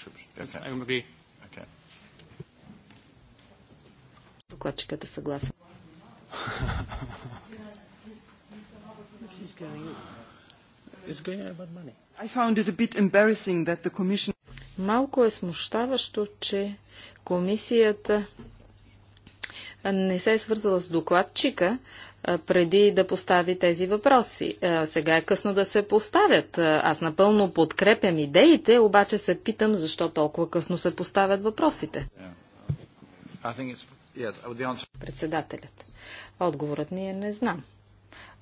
Okay. I agree. Okay. Докладчикът е съгласен. Малко е смущаващо, че комисията не се е свързала с докладчика, преди да постави тези въпроси. Сега е късно да се поставят. Аз напълно подкрепям идеите, обаче се питам защо толкова късно се поставят въпросите. Председателят. Отговорът ми е не знам.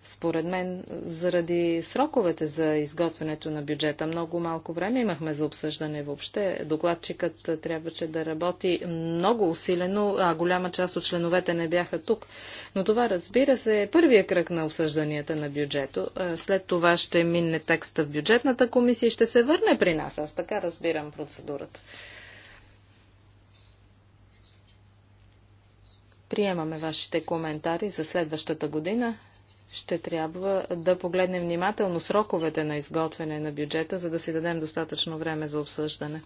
Според мен, заради сроковете за изготвянето на бюджета, много малко време имахме за обсъждане въобще. Докладчикът трябваше да работи много усилено, а голяма част от членовете не бяха тук. Но това, разбира се, е първия кръг на обсъжданията на бюджето. След това ще мине текста в бюджетната комисия и ще се върне при нас. Аз така разбирам процедурата. Приемаме вашите коментари за следващата година ще трябва да погледнем внимателно сроковете на изготвяне на бюджета, за да си дадем достатъчно време за обсъждане.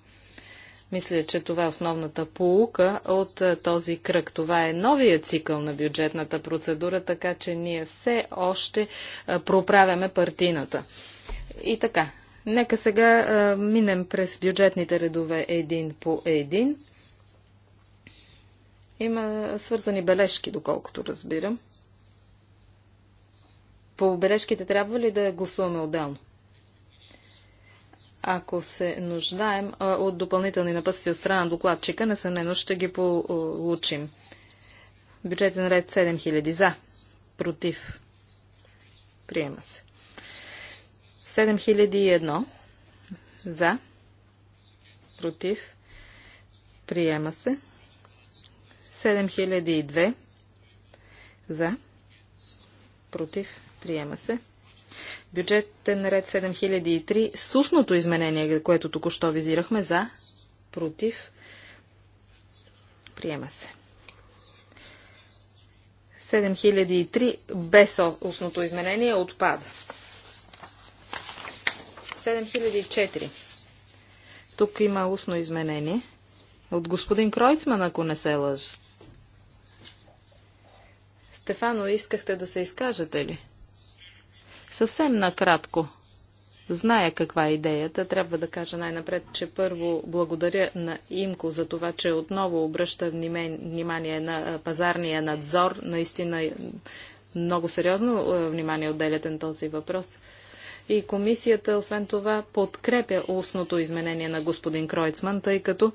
Мисля, че това е основната полука от е, този кръг. Това е новия цикъл на бюджетната процедура, така че ние все още е, проправяме партината. И така, нека сега е, минем през бюджетните редове един по един. Има свързани бележки, доколкото разбирам. По бележките трябва ли да гласуваме отделно? Ако се нуждаем от допълнителни напътствия от страна на докладчика, несъмнено ще ги получим. Бюджетен ред 7000 за. Против. Приема се. 7001 за. Против. Приема се. 7002 за. Против. Приема се. Бюджетен ред 7003 с устното изменение, което току-що визирахме за, против, приема се. 7003 без устното изменение отпада. 7004. Тук има устно изменение. От господин Кройцман, ако не се лъжа. Стефано, искахте да се изкажете ли? Съвсем накратко. Зная каква е идеята. Трябва да кажа най-напред, че първо благодаря на Имко за това, че отново обръща внимание на пазарния надзор. Наистина е, много сериозно внимание отделяте на този въпрос и комисията, освен това, подкрепя устното изменение на господин Кройцман, тъй като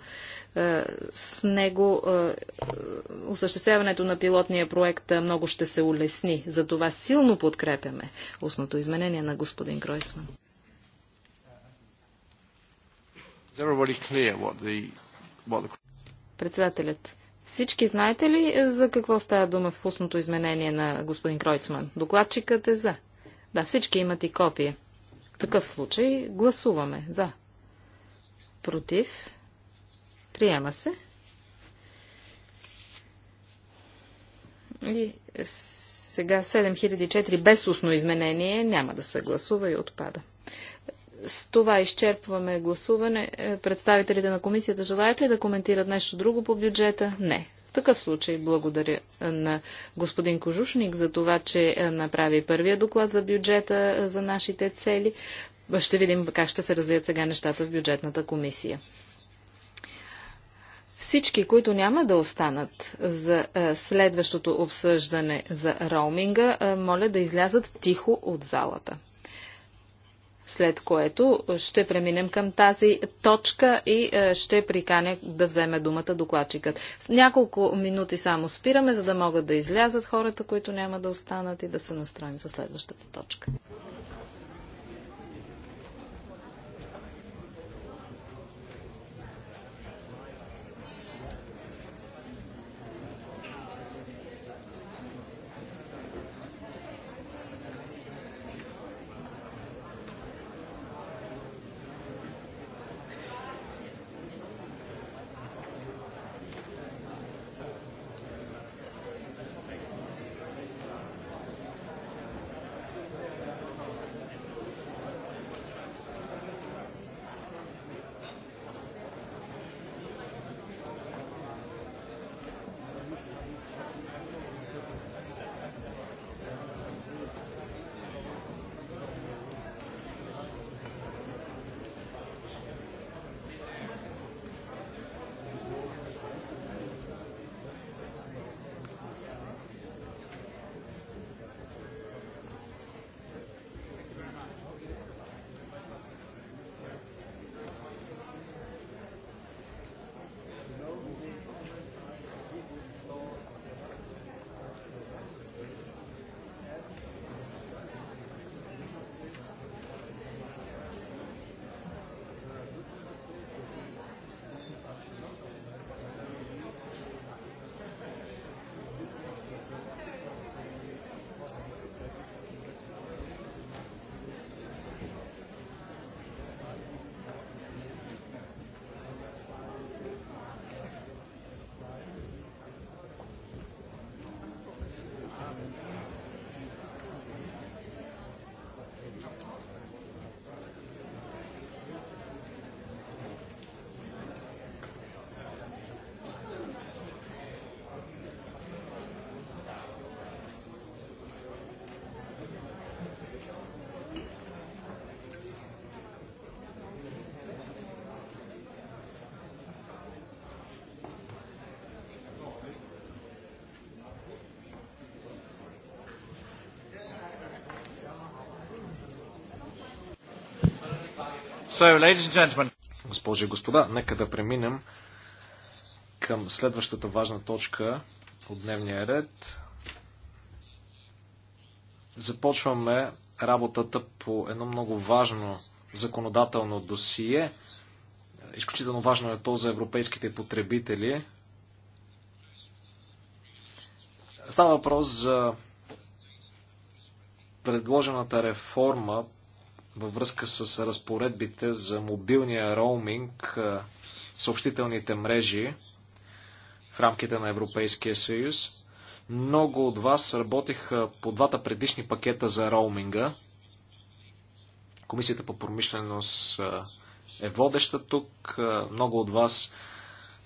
е, с него е, осъществяването на пилотния проект много ще се улесни. Затова силно подкрепяме устното изменение на господин Кройцман. Председателят. Всички знаете ли е, за какво става дума в устното изменение на господин Кройцман? Докладчикът е за. Да, всички имат и копия. В такъв случай гласуваме за. Против. Приема се. И сега 7004 без устно изменение няма да се гласува и отпада. С това изчерпваме гласуване. Е, представителите на комисията желаят ли да коментират нещо друго по бюджета? Не такъв случай благодаря на господин Кожушник за това, че е, направи първия доклад за бюджета е, за нашите цели. Ще видим как ще се развият сега нещата в бюджетната комисия. Всички, които няма да останат за е, следващото обсъждане за роуминга, моля да излязат тихо от залата след което ще преминем към тази точка и е, ще приканя да вземе думата докладчикът. Няколко минути само спираме, за да могат да излязат хората, които няма да останат и да се настроим за следващата точка. So, Госпожи и господа, нека да преминем към следващата важна точка от дневния ред. Започваме работата по едно много важно законодателно досие. Изключително важно е то за европейските потребители. Става въпрос за предложената реформа във връзка с разпоредбите за мобилния роуминг, съобщителните мрежи в рамките на Европейския съюз. Много от вас работиха по двата предишни пакета за роуминга. Комисията по промишленост е водеща тук. Много от вас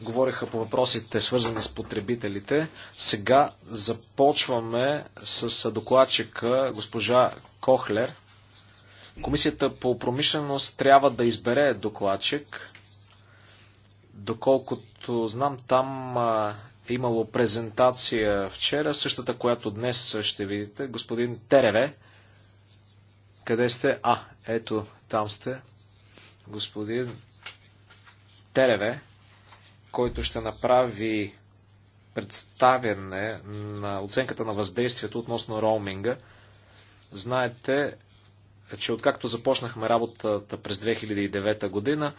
говориха по въпросите, свързани с потребителите. Сега започваме с докладчика госпожа Кохлер Комисията по промишленост трябва да избере докладчик. Доколкото знам, там е имало презентация вчера, същата, която днес ще видите. Господин Тереве, къде сте? А, ето, там сте. Господин Тереве, който ще направи представяне на оценката на въздействието относно роуминга. Знаете, че откакто започнахме работата през 2009 година,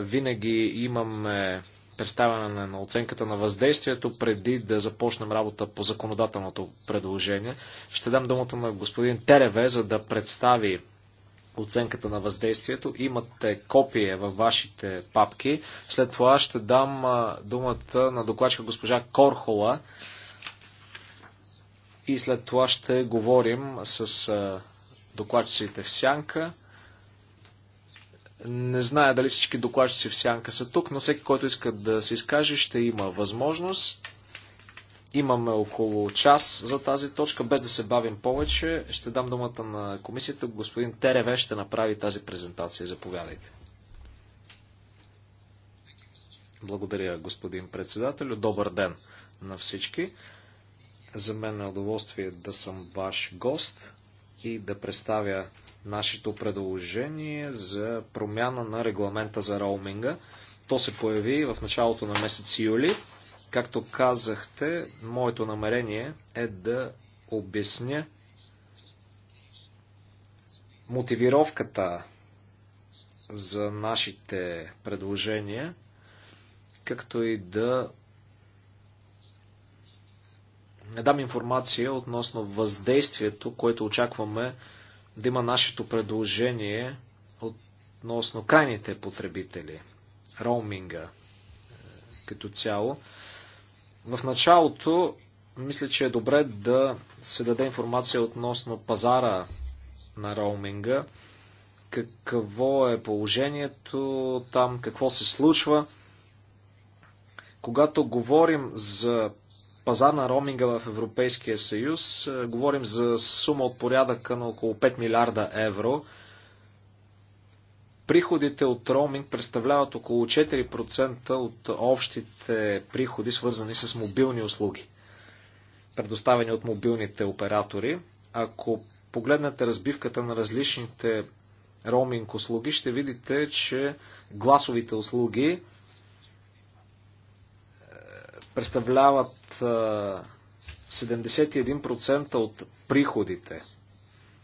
винаги имаме представяне на оценката на въздействието преди да започнем работа по законодателното предложение. Ще дам думата на господин Тереве, за да представи оценката на въздействието. Имате копие във вашите папки. След това ще дам думата на докладчика госпожа Корхола и след това ще говорим с докладчиците в сянка. Не зная дали всички докладчици в сянка са тук, но всеки, който иска да се изкаже, ще има възможност. Имаме около час за тази точка, без да се бавим повече. Ще дам думата на комисията. Господин Тереве ще направи тази презентация. Заповядайте. Благодаря, господин председател. Добър ден на всички. За мен е удоволствие да съм ваш гост и да представя нашето предложение за промяна на регламента за роуминга. То се появи в началото на месец юли. Както казахте, моето намерение е да обясня мотивировката за нашите предложения, както и да дам информация относно въздействието, което очакваме да има нашето предложение относно крайните потребители, роуминга е, като цяло. В началото мисля, че е добре да се даде информация относно пазара на роуминга, какво е положението там, какво се случва. Когато говорим за пазар на роуминга в Европейския съюз. Е, говорим за сума от порядъка на около 5 милиарда евро. Приходите от роуминг представляват около 4% от общите приходи, свързани с мобилни услуги, предоставени от мобилните оператори. Ако погледнете разбивката на различните роуминг услуги, ще видите, че гласовите услуги представляват 71% от приходите.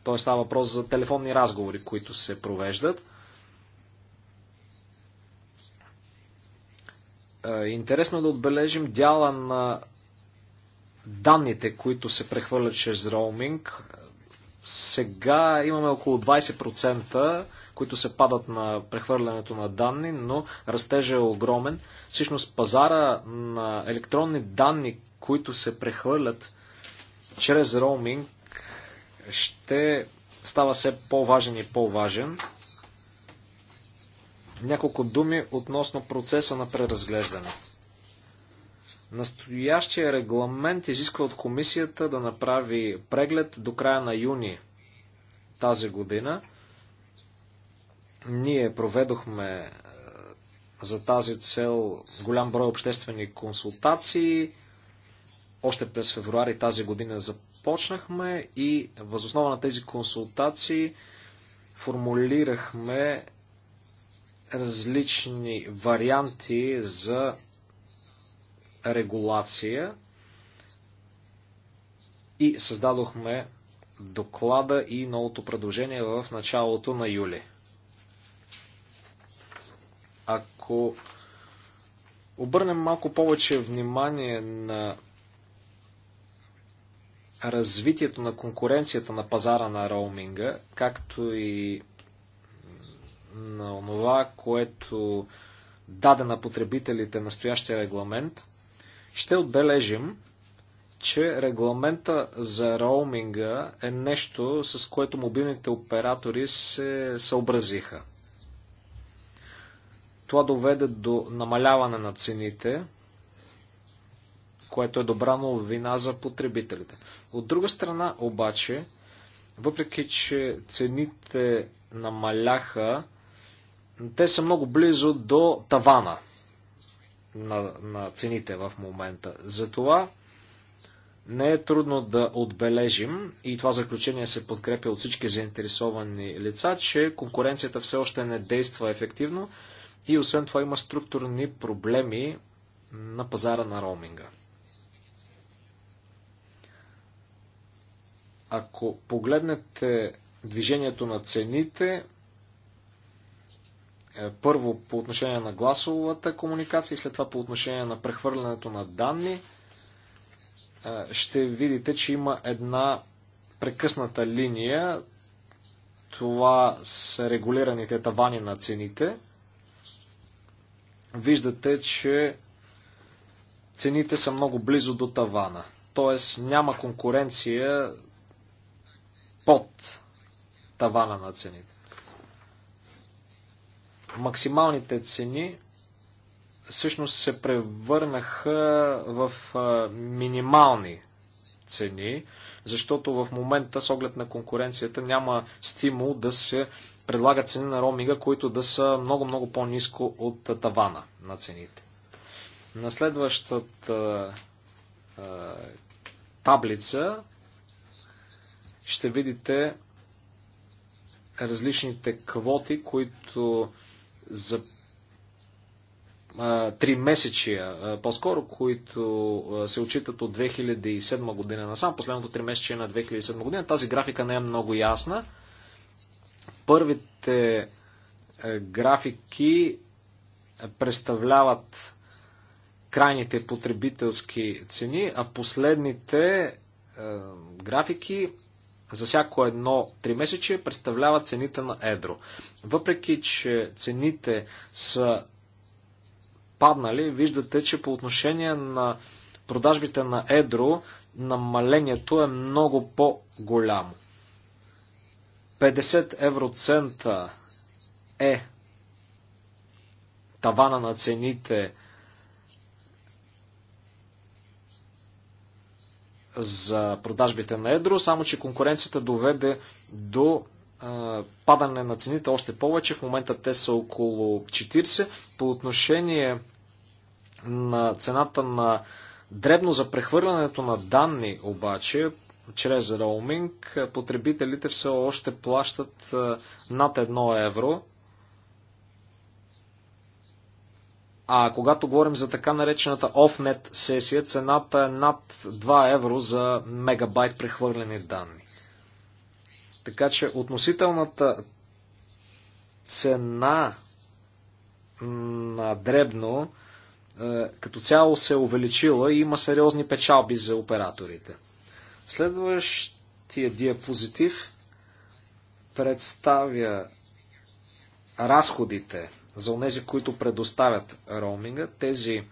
Той става въпрос за телефонни разговори, които се провеждат. Интересно е да отбележим дяла на данните, които се прехвърлят чрез роуминг. Сега имаме около 20% които се падат на прехвърлянето на данни, но растежа е огромен. Всъщност пазара на електронни данни, които се прехвърлят чрез роуминг, ще става все по-важен и по-важен. Няколко думи относно процеса на преразглеждане. Настоящия регламент изисква от комисията да направи преглед до края на юни тази година. Ние проведохме е, за тази цел голям брой обществени консултации. Още през февруари тази година започнахме и възоснова на тези консултации формулирахме различни варианти за регулация и създадохме доклада и новото предложение в началото на юли. ако обърнем малко повече внимание на развитието на конкуренцията на пазара на роуминга, както и на това, което даде на потребителите настоящия регламент, ще отбележим, че регламента за роуминга е нещо, с което мобилните оператори се съобразиха. Това доведе до намаляване на цените, което е добра новина за потребителите. От друга страна обаче, въпреки че цените намаляха, те са много близо до тавана на, на цените в момента. Затова не е трудно да отбележим, и това заключение се подкрепя от всички заинтересовани лица, че конкуренцията все още не действа ефективно и освен това има структурни проблеми на пазара на роуминга. Ако погледнете движението на цените, е, първо по отношение на гласовата комуникация и след това по отношение на прехвърлянето на данни, е, ще видите, че има една прекъсната линия. Това са регулираните тавани на цените – виждате, че цените са много близо до тавана. Тоест няма конкуренция под тавана на цените. Максималните цени всъщност се превърнаха в минимални цени, защото в момента с оглед на конкуренцията няма стимул да се Предлагат цени на роуминга, които да са много-много по-низко от тавана на цените. На следващата е, таблица ще видите различните квоти, които за три месечия, по-скоро, които се отчитат от 2007 година насам, последното три месечия на 2007 година. Тази графика не е много ясна. Първите е, графики е, представляват крайните потребителски цени, а последните е, графики за всяко едно тримесечие представляват цените на едро. Въпреки, че цените са паднали, виждате, че по отношение на продажбите на едро намалението е много по-голямо. 50 евроцента е тавана на цените за продажбите на едро, само че конкуренцията доведе до а, падане на цените още повече. В момента те са около 40. По отношение на цената на дребно за прехвърлянето на данни, обаче, чрез роуминг, потребителите все още плащат е, над 1 евро. А когато говорим за така наречената офнет сесия, цената е над 2 евро за мегабайт прехвърлени данни. Така че относителната цена на дребно е, като цяло се е увеличила и има сериозни печалби за операторите. Следващия диапозитив представя разходите за онези, които предоставят роуминга. Тези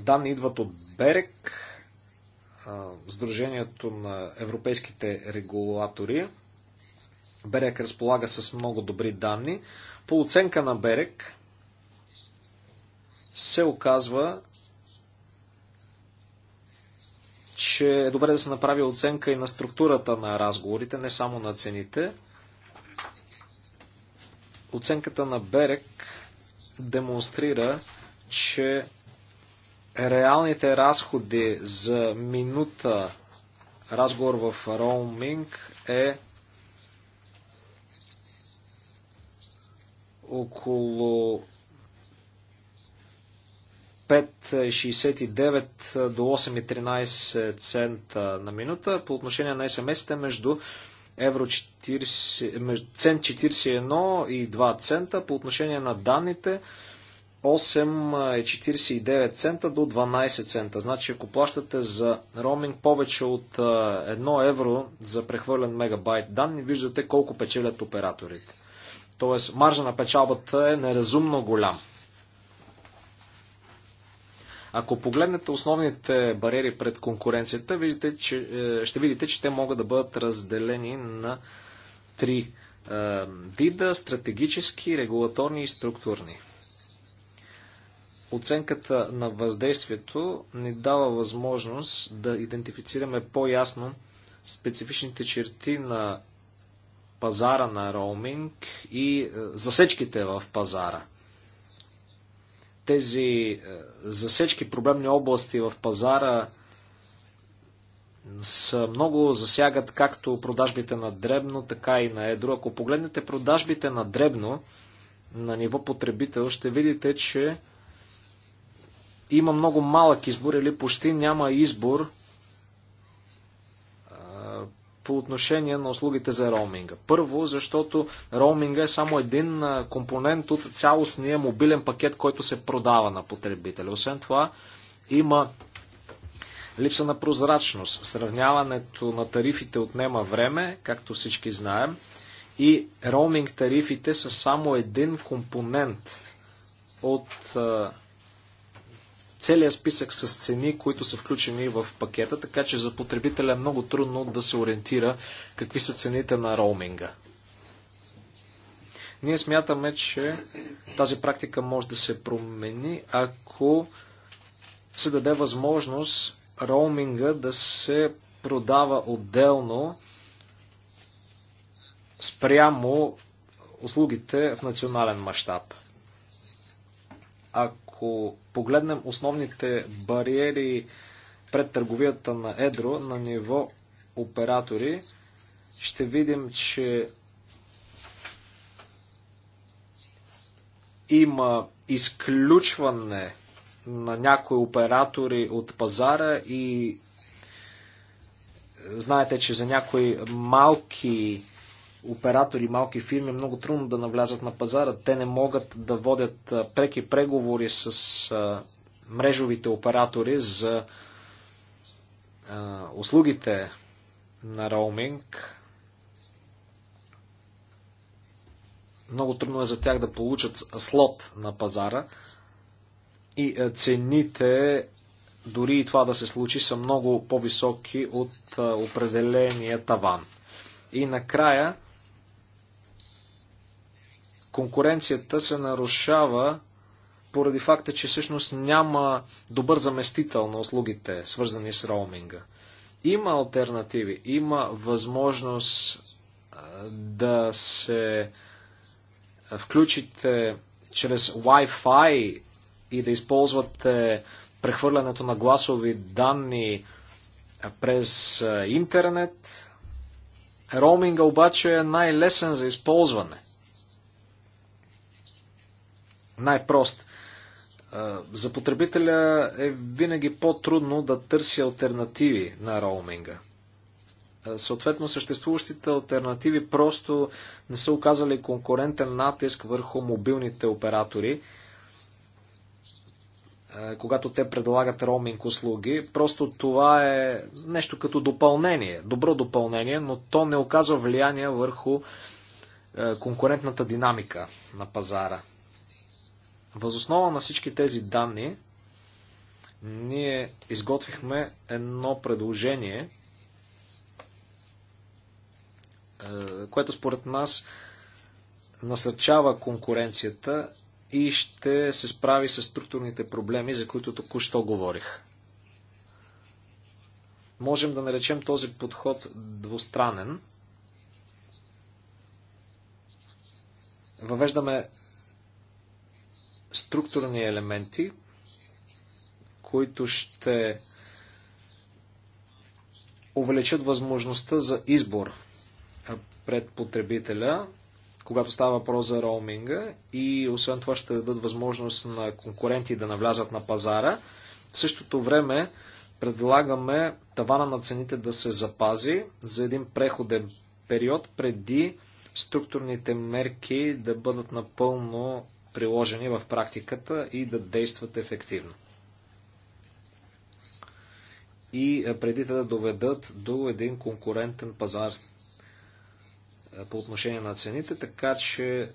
данни идват от БЕРЕК, Сдружението на европейските регулатори. Берек разполага с много добри данни. По оценка на Берек се оказва, че е добре да се направи оценка и на структурата на разговорите, не само на цените. Оценката на Берек демонстрира, че реалните разходи за минута разговор в роуминг е около 5,69 до 8,13 цента на минута. По отношение на СМС-те между евро 40, цент 41 и 2 цента. По отношение на данните 8,49 цента до 12 цента. Значи ако плащате за роуминг повече от 1 евро за прехвърлен мегабайт данни, виждате колко печелят операторите. Тоест маржа на печалбата е неразумно голям. Ако погледнете основните бариери пред конкуренцията, видите, че, е, ще видите, че те могат да бъдат разделени на три е, вида стратегически, регулаторни и структурни. Оценката на въздействието ни дава възможност да идентифицираме по-ясно специфичните черти на пазара на роуминг и е, засечките в пазара – тези е, засечки проблемни области в пазара са много засягат както продажбите на дребно, така и на едро. Ако погледнете продажбите на дребно на ниво потребител, ще видите, че има много малък избор или почти няма избор по отношение на услугите за роуминга. Първо, защото роуминга е само един компонент от цялостния мобилен пакет, който се продава на потребителя. Освен това, има липса на прозрачност. Сравняването на тарифите отнема време, както всички знаем, и роуминг тарифите са само един компонент от целият списък с цени, които са включени в пакета, така че за потребителя е много трудно да се ориентира какви са цените на роуминга. Ние смятаме, че тази практика може да се промени, ако се даде възможност роуминга да се продава отделно спрямо услугите в национален мащаб. Ако ако погледнем основните бариери пред търговията на Едро на ниво оператори, ще видим, че има изключване на някои оператори от пазара и знаете, че за някои малки оператори, малки фирми, много трудно да навлязат на пазара. Те не могат да водят преки преговори с мрежовите оператори за услугите на роуминг. Много трудно е за тях да получат слот на пазара. И цените, дори и това да се случи, са много по-високи от определения таван. И накрая конкуренцията се нарушава поради факта, че всъщност няма добър заместител на услугите, свързани с роуминга. Има альтернативи, има възможност да се включите чрез Wi-Fi и да използвате прехвърлянето на гласови данни през интернет. Роуминга обаче е най-лесен за използване – най-прост. За потребителя е винаги по-трудно да търси альтернативи на роуминга. Съответно, съществуващите альтернативи просто не са оказали конкурентен натиск върху мобилните оператори, когато те предлагат роуминг услуги. Просто това е нещо като допълнение, добро допълнение, но то не оказва влияние върху конкурентната динамика на пазара. Възоснова на всички тези данни, ние изготвихме едно предложение, е, което според нас насърчава конкуренцията и ще се справи с структурните проблеми, за които току-що говорих. Можем да наречем този подход двустранен. Въвеждаме структурни елементи, които ще увеличат възможността за избор пред потребителя, когато става въпрос за роуминга и освен това ще дадат възможност на конкуренти да навлязат на пазара. В същото време предлагаме тавана на цените да се запази за един преходен период преди структурните мерки да бъдат напълно приложени в практиката и да действат ефективно. И преди да доведат до един конкурентен пазар по отношение на цените, така че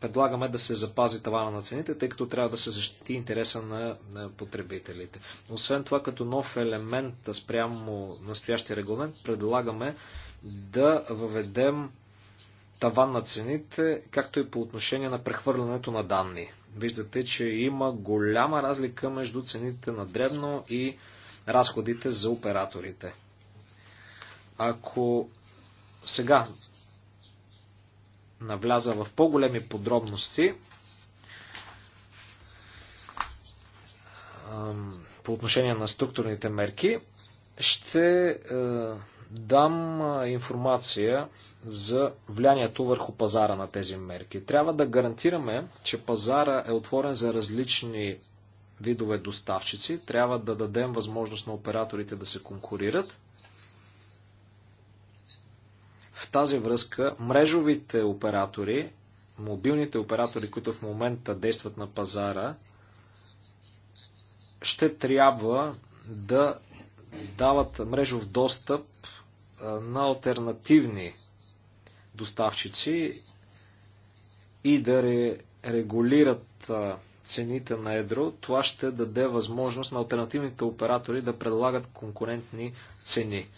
предлагаме да се запази тавана на цените, тъй като трябва да се защити интереса на потребителите. Освен това, като нов елемент спрямо настоящия регламент, предлагаме да въведем таван на цените, както и по отношение на прехвърлянето на данни. Виждате, че има голяма разлика между цените на дребно и разходите за операторите. Ако сега навляза в по-големи подробности, по отношение на структурните мерки, ще е, дам информация за влиянието върху пазара на тези мерки. Трябва да гарантираме, че пазара е отворен за различни видове доставчици. Трябва да дадем възможност на операторите да се конкурират. В тази връзка мрежовите оператори, мобилните оператори, които в момента действат на пазара, ще трябва да дават мрежов достъп на альтернативни доставчици и да ре, регулират цените на едро, това ще даде възможност на альтернативните оператори да предлагат конкурентни цени.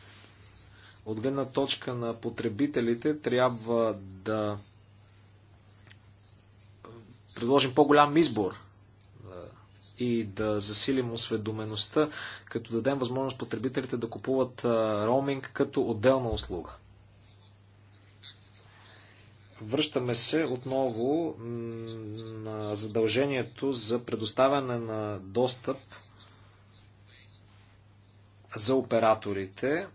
От гледна точка на потребителите трябва да предложим по-голям избор и да засилим осведомеността, като дадем възможност потребителите да купуват роуминг като отделна услуга. Връщаме се отново на задължението за предоставяне на достъп за операторите.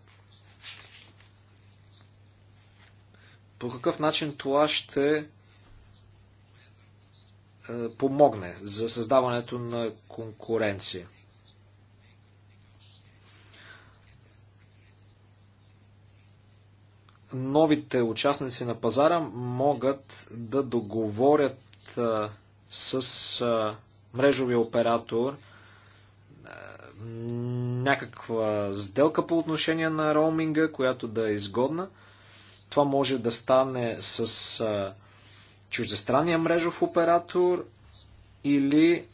По какъв начин това ще е, помогне за създаването на конкуренция? новите участници на пазара могат да договорят с мрежовия оператор някаква сделка по отношение на роуминга, която да е изгодна. Това може да стане с чуждестранния мрежов оператор или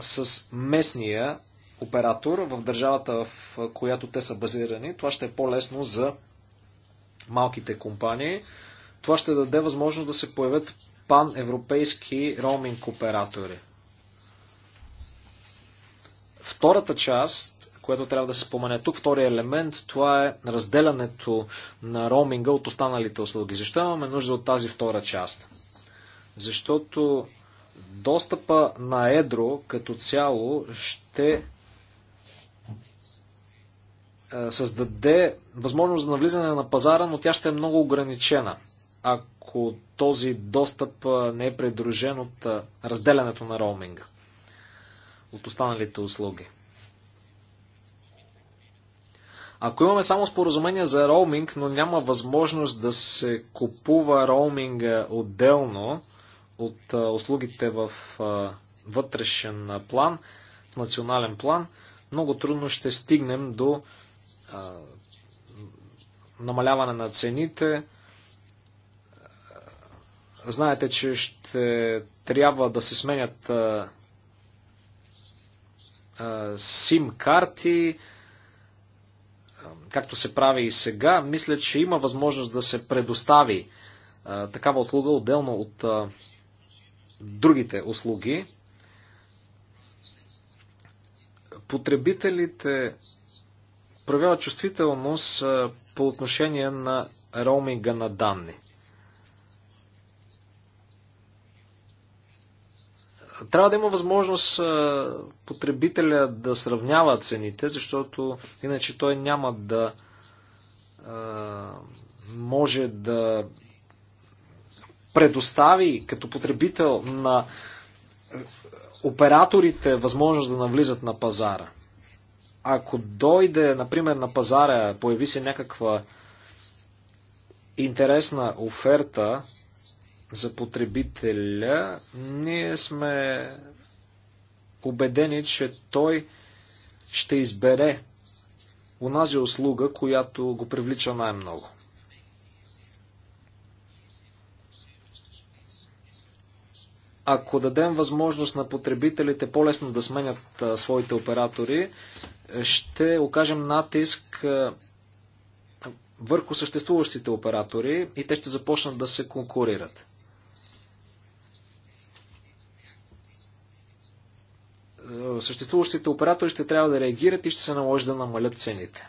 с местния оператор в държавата, в която те са базирани. Това ще е по-лесно за малките компании. Това ще даде възможност да се появят пан-европейски роуминг оператори. Втората част, която трябва да се спомене тук, втория елемент, това е разделянето на роуминга от останалите услуги. Защо имаме нужда от тази втора част? Защото достъпа на едро като цяло ще е, създаде възможност за навлизане на пазара, но тя ще е много ограничена, ако този достъп е, не е придружен от е, разделянето на роуминга от останалите услуги. Ако имаме само споразумение за роуминг, но няма възможност да се купува роуминга отделно от услугите в вътрешен план, в национален план, много трудно ще стигнем до намаляване на цените. Знаете, че ще трябва да се сменят сим-карти, както се прави и сега. Мисля, че има възможност да се предостави такава услуга отделно от другите услуги. Потребителите проявява чувствителност по отношение на роуминга на данни. Трябва да има възможност потребителя да сравнява цените, защото иначе той няма да може да предостави като потребител на операторите възможност да навлизат на пазара. Ако дойде, например, на пазара, появи се някаква интересна оферта за потребителя, ние сме убедени, че той ще избере унази услуга, която го привлича най-много. Ако дадем възможност на потребителите по-лесно да сменят своите оператори, ще окажем натиск е, върху съществуващите оператори и те ще започнат да се конкурират. Е, съществуващите оператори ще трябва да реагират и ще се наложи да намалят цените.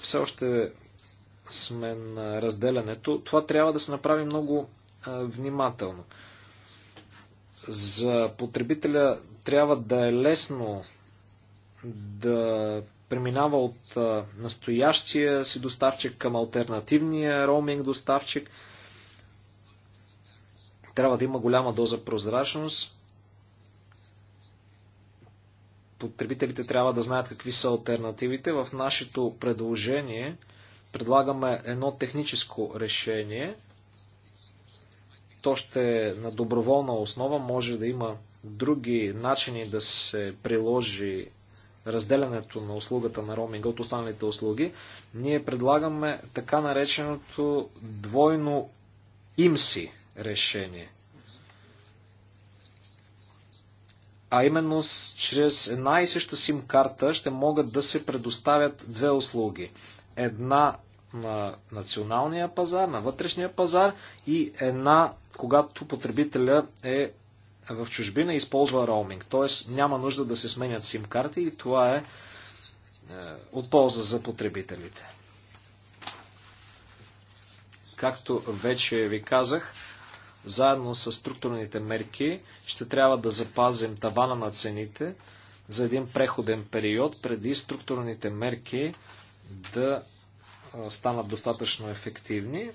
Все още сме на разделянето. Това трябва да се направи много е, внимателно. За потребителя трябва да е лесно да преминава от настоящия си доставчик към альтернативния роуминг доставчик. Трябва да има голяма доза прозрачност. Потребителите трябва да знаят какви са альтернативите. В нашето предложение предлагаме едно техническо решение – то ще е на доброволна основа, може да има други начини да се приложи разделянето на услугата на роуминга от останалите услуги, ние предлагаме така нареченото двойно имси решение. А именно чрез една и съща сим карта ще могат да се предоставят две услуги. Една на националния пазар, на вътрешния пазар и една, когато потребителя е в чужбина и използва роуминг. Т.е. няма нужда да се сменят сим карти и това е, е от полза за потребителите. Както вече ви казах, заедно с структурните мерки ще трябва да запазим тавана на цените за един преходен период преди структурните мерки да станат достатъчно ефективни.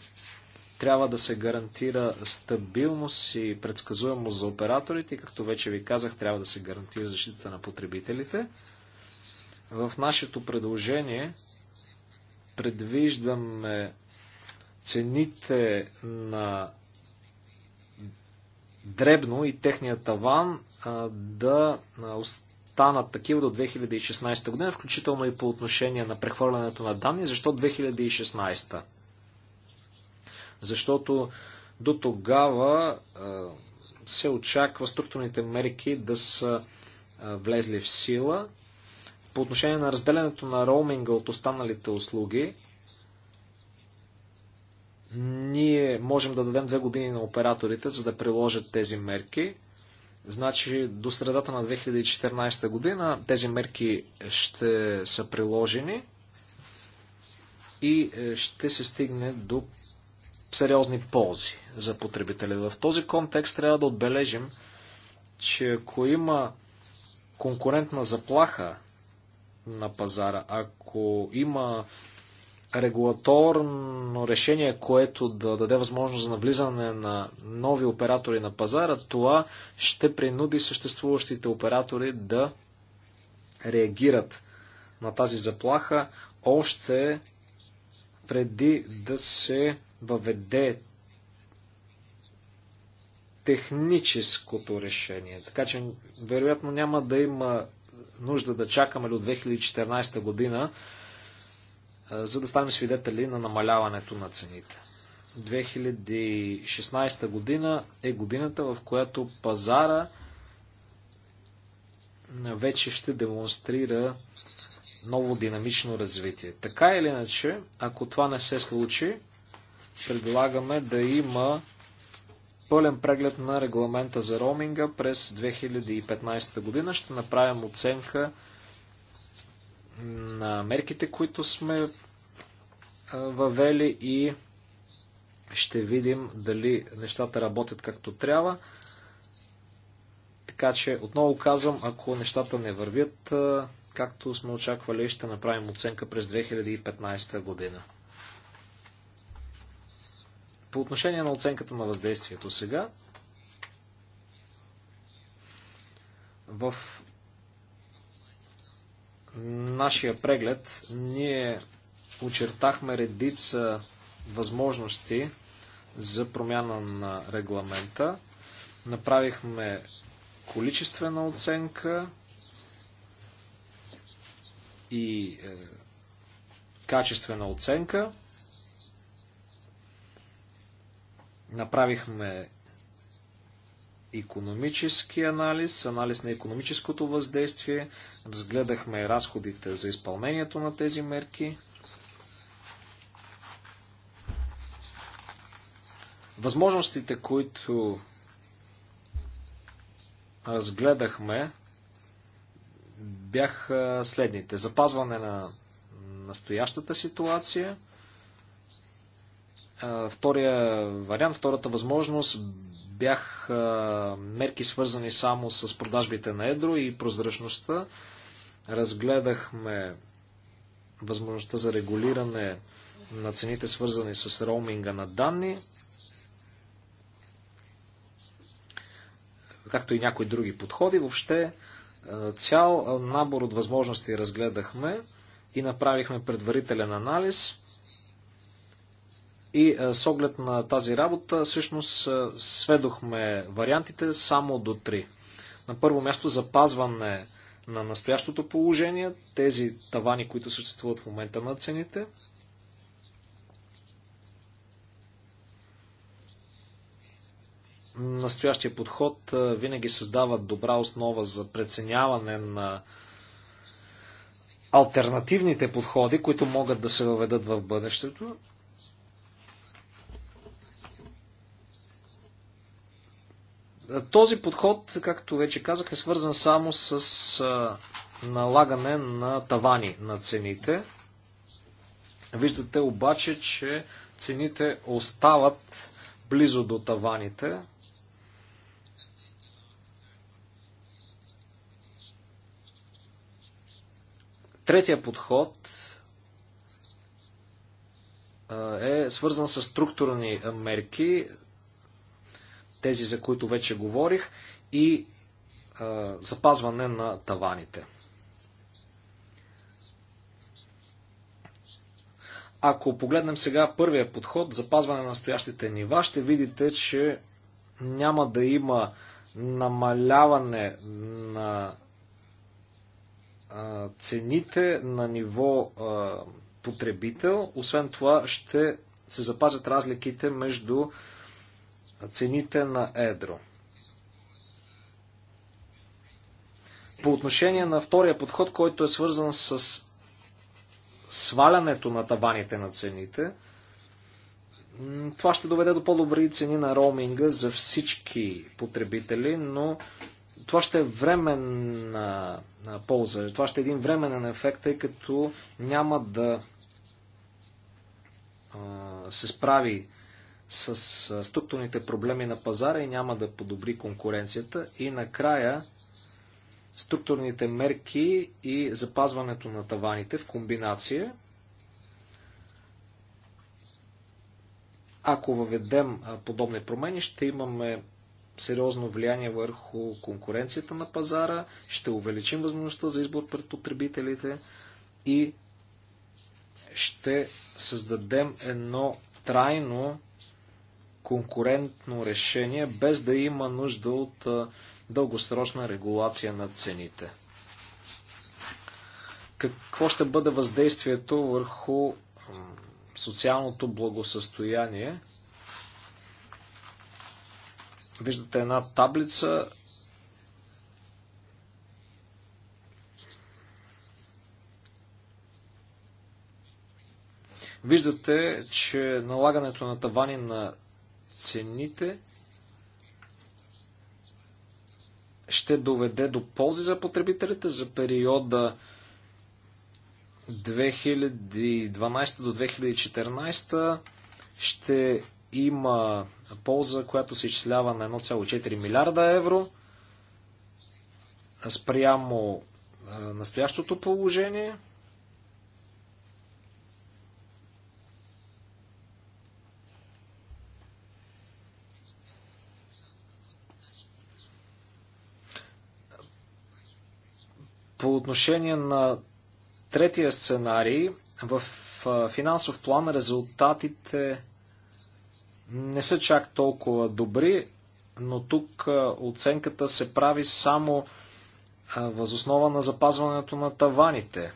Трябва да се гарантира стабилност и предсказуемост за операторите и, както вече ви казах, трябва да се гарантира защитата на потребителите. В нашето предложение предвиждаме цените на дребно и техния таван да станат такива до 2016 година, включително и по отношение на прехвърлянето на данни. Защо 2016? Защото до тогава се очаква структурните мерки да са влезли в сила. По отношение на разделянето на роуминга от останалите услуги, ние можем да дадем две години на операторите, за да приложат тези мерки. Значи до средата на 2014 година тези мерки ще са приложени и е, ще се стигне до сериозни ползи за потребителя. В този контекст трябва да отбележим, че ако има конкурентна заплаха на пазара, ако има регулаторно решение, което да даде възможност за навлизане на нови оператори на пазара, това ще принуди съществуващите оператори да реагират на тази заплаха още преди да се въведе техническото решение. Така че, вероятно, няма да има нужда да чакаме до 2014 година, за да станем свидетели на намаляването на цените. 2016 година е годината, в която пазара вече ще демонстрира ново динамично развитие. Така или иначе, ако това не се случи, предлагаме да има пълен преглед на регламента за роуминга през 2015 година. Ще направим оценка на мерките, които сме въвели и ще видим дали нещата работят както трябва. Така че, отново казвам, ако нещата не вървят както сме очаквали, ще направим оценка през 2015 година. По отношение на оценката на въздействието сега, в нашия преглед ние очертахме редица възможности за промяна на регламента. Направихме количествена оценка и е, качествена оценка. Направихме економически анализ, анализ на економическото въздействие, разгледахме разходите за изпълнението на тези мерки. Възможностите, които разгледахме, бяха следните. Запазване на настоящата ситуация – Втория вариант, втората възможност бях мерки свързани само с продажбите на едро и прозрачността. Разгледахме възможността за регулиране на цените свързани с роуминга на данни, както и някои други подходи. Въобще цял набор от възможности разгледахме и направихме предварителен анализ. И е, с оглед на тази работа, всъщност, е, сведохме вариантите само до три. На първо място запазване на настоящото положение, тези тавани, които съществуват в момента на цените. Настоящия подход е, винаги създава добра основа за преценяване на альтернативните подходи, които могат да се въведат в бъдещето. Този подход, както вече казах, е свързан само с налагане на тавани на цените. Виждате обаче, че цените остават близо до таваните. Третия подход е свързан с структурни мерки тези, за които вече говорих, и а, запазване на таваните. Ако погледнем сега първия подход, запазване на настоящите нива, ще видите, че няма да има намаляване на цените на ниво потребител. Освен това ще се запазят разликите между цените на едро. По отношение на втория подход, който е свързан с свалянето на табаните на цените, това ще доведе до по-добри цени на роуминга за всички потребители, но това ще е временна полза. Това ще е един временен ефект, тъй като няма да се справи с структурните проблеми на пазара и няма да подобри конкуренцията. И накрая структурните мерки и запазването на таваните в комбинация. Ако въведем подобни промени, ще имаме сериозно влияние върху конкуренцията на пазара, ще увеличим възможността за избор пред потребителите и ще създадем едно трайно конкурентно решение, без да има нужда от дългосрочна регулация на цените. Какво ще бъде въздействието върху социалното благосъстояние? Виждате една таблица, Виждате, че налагането на тавани на цените ще доведе до ползи за потребителите за периода 2012 до 2014 ще има полза, която се изчислява на 1,4 милиарда евро спрямо настоящото положение – По отношение на третия сценарий, в финансов план резултатите не са чак толкова добри, но тук оценката се прави само възоснова на запазването на таваните.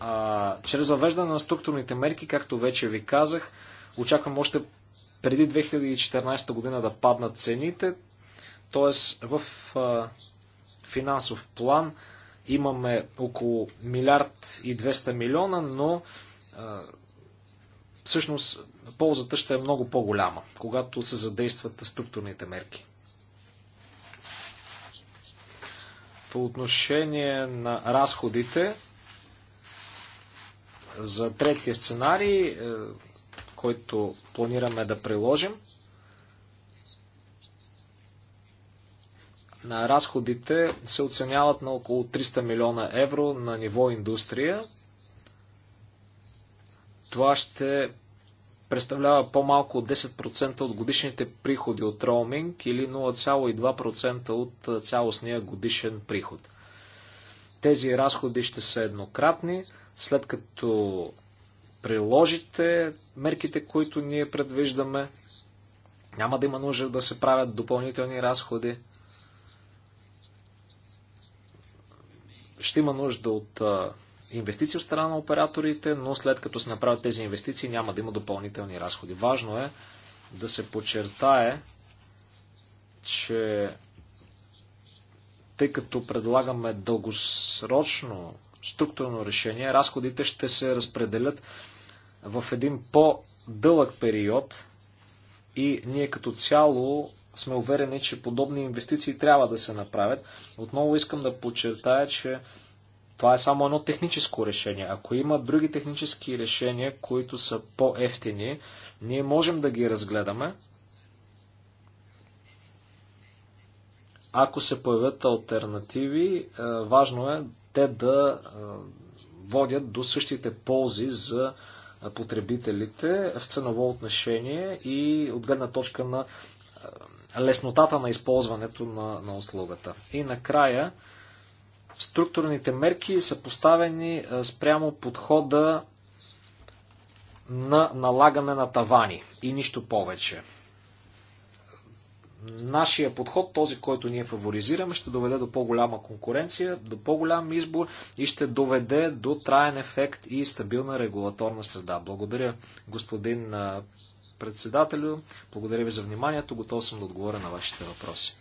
А, чрез въвеждане на структурните мерки, както вече ви казах, очаквам още преди 2014 година да паднат цените, т.е. в а, финансов план имаме около милиард и 200 милиона, но а, всъщност ползата ще е много по-голяма, когато се задействат структурните мерки. По отношение на разходите за третия сценарий, е, който планираме да приложим, разходите се оценяват на около 300 милиона евро на ниво индустрия. Това ще представлява по-малко от 10% от годишните приходи от роуминг или 0,2% от цялостния годишен приход. Тези разходи ще са еднократни, след като приложите мерките, които ние предвиждаме, няма да има нужда да се правят допълнителни разходи. ще има нужда от инвестиции от страна на операторите, но след като се направят тези инвестиции няма да има допълнителни разходи. Важно е да се подчертае, че тъй като предлагаме дългосрочно структурно решение, разходите ще се разпределят в един по-дълъг период и ние като цяло сме уверени, че подобни инвестиции трябва да се направят. Отново искам да подчертая, че това е само едно техническо решение. Ако има други технически решения, които са по-ефтини, ние можем да ги разгледаме. Ако се появят альтернативи, е, важно е те да е, водят до същите ползи за е, потребителите в ценово отношение и от гледна точка на леснотата на използването на, на услугата. И накрая, структурните мерки са поставени е, спрямо подхода на налагане на тавани и нищо повече. Нашия подход, този, който ние фаворизираме, ще доведе до по-голяма конкуренция, до по-голям избор и ще доведе до траен ефект и стабилна регулаторна среда. Благодаря, господин е, председателю. Благодаря ви за вниманието. Готов съм да отговоря на вашите въпроси.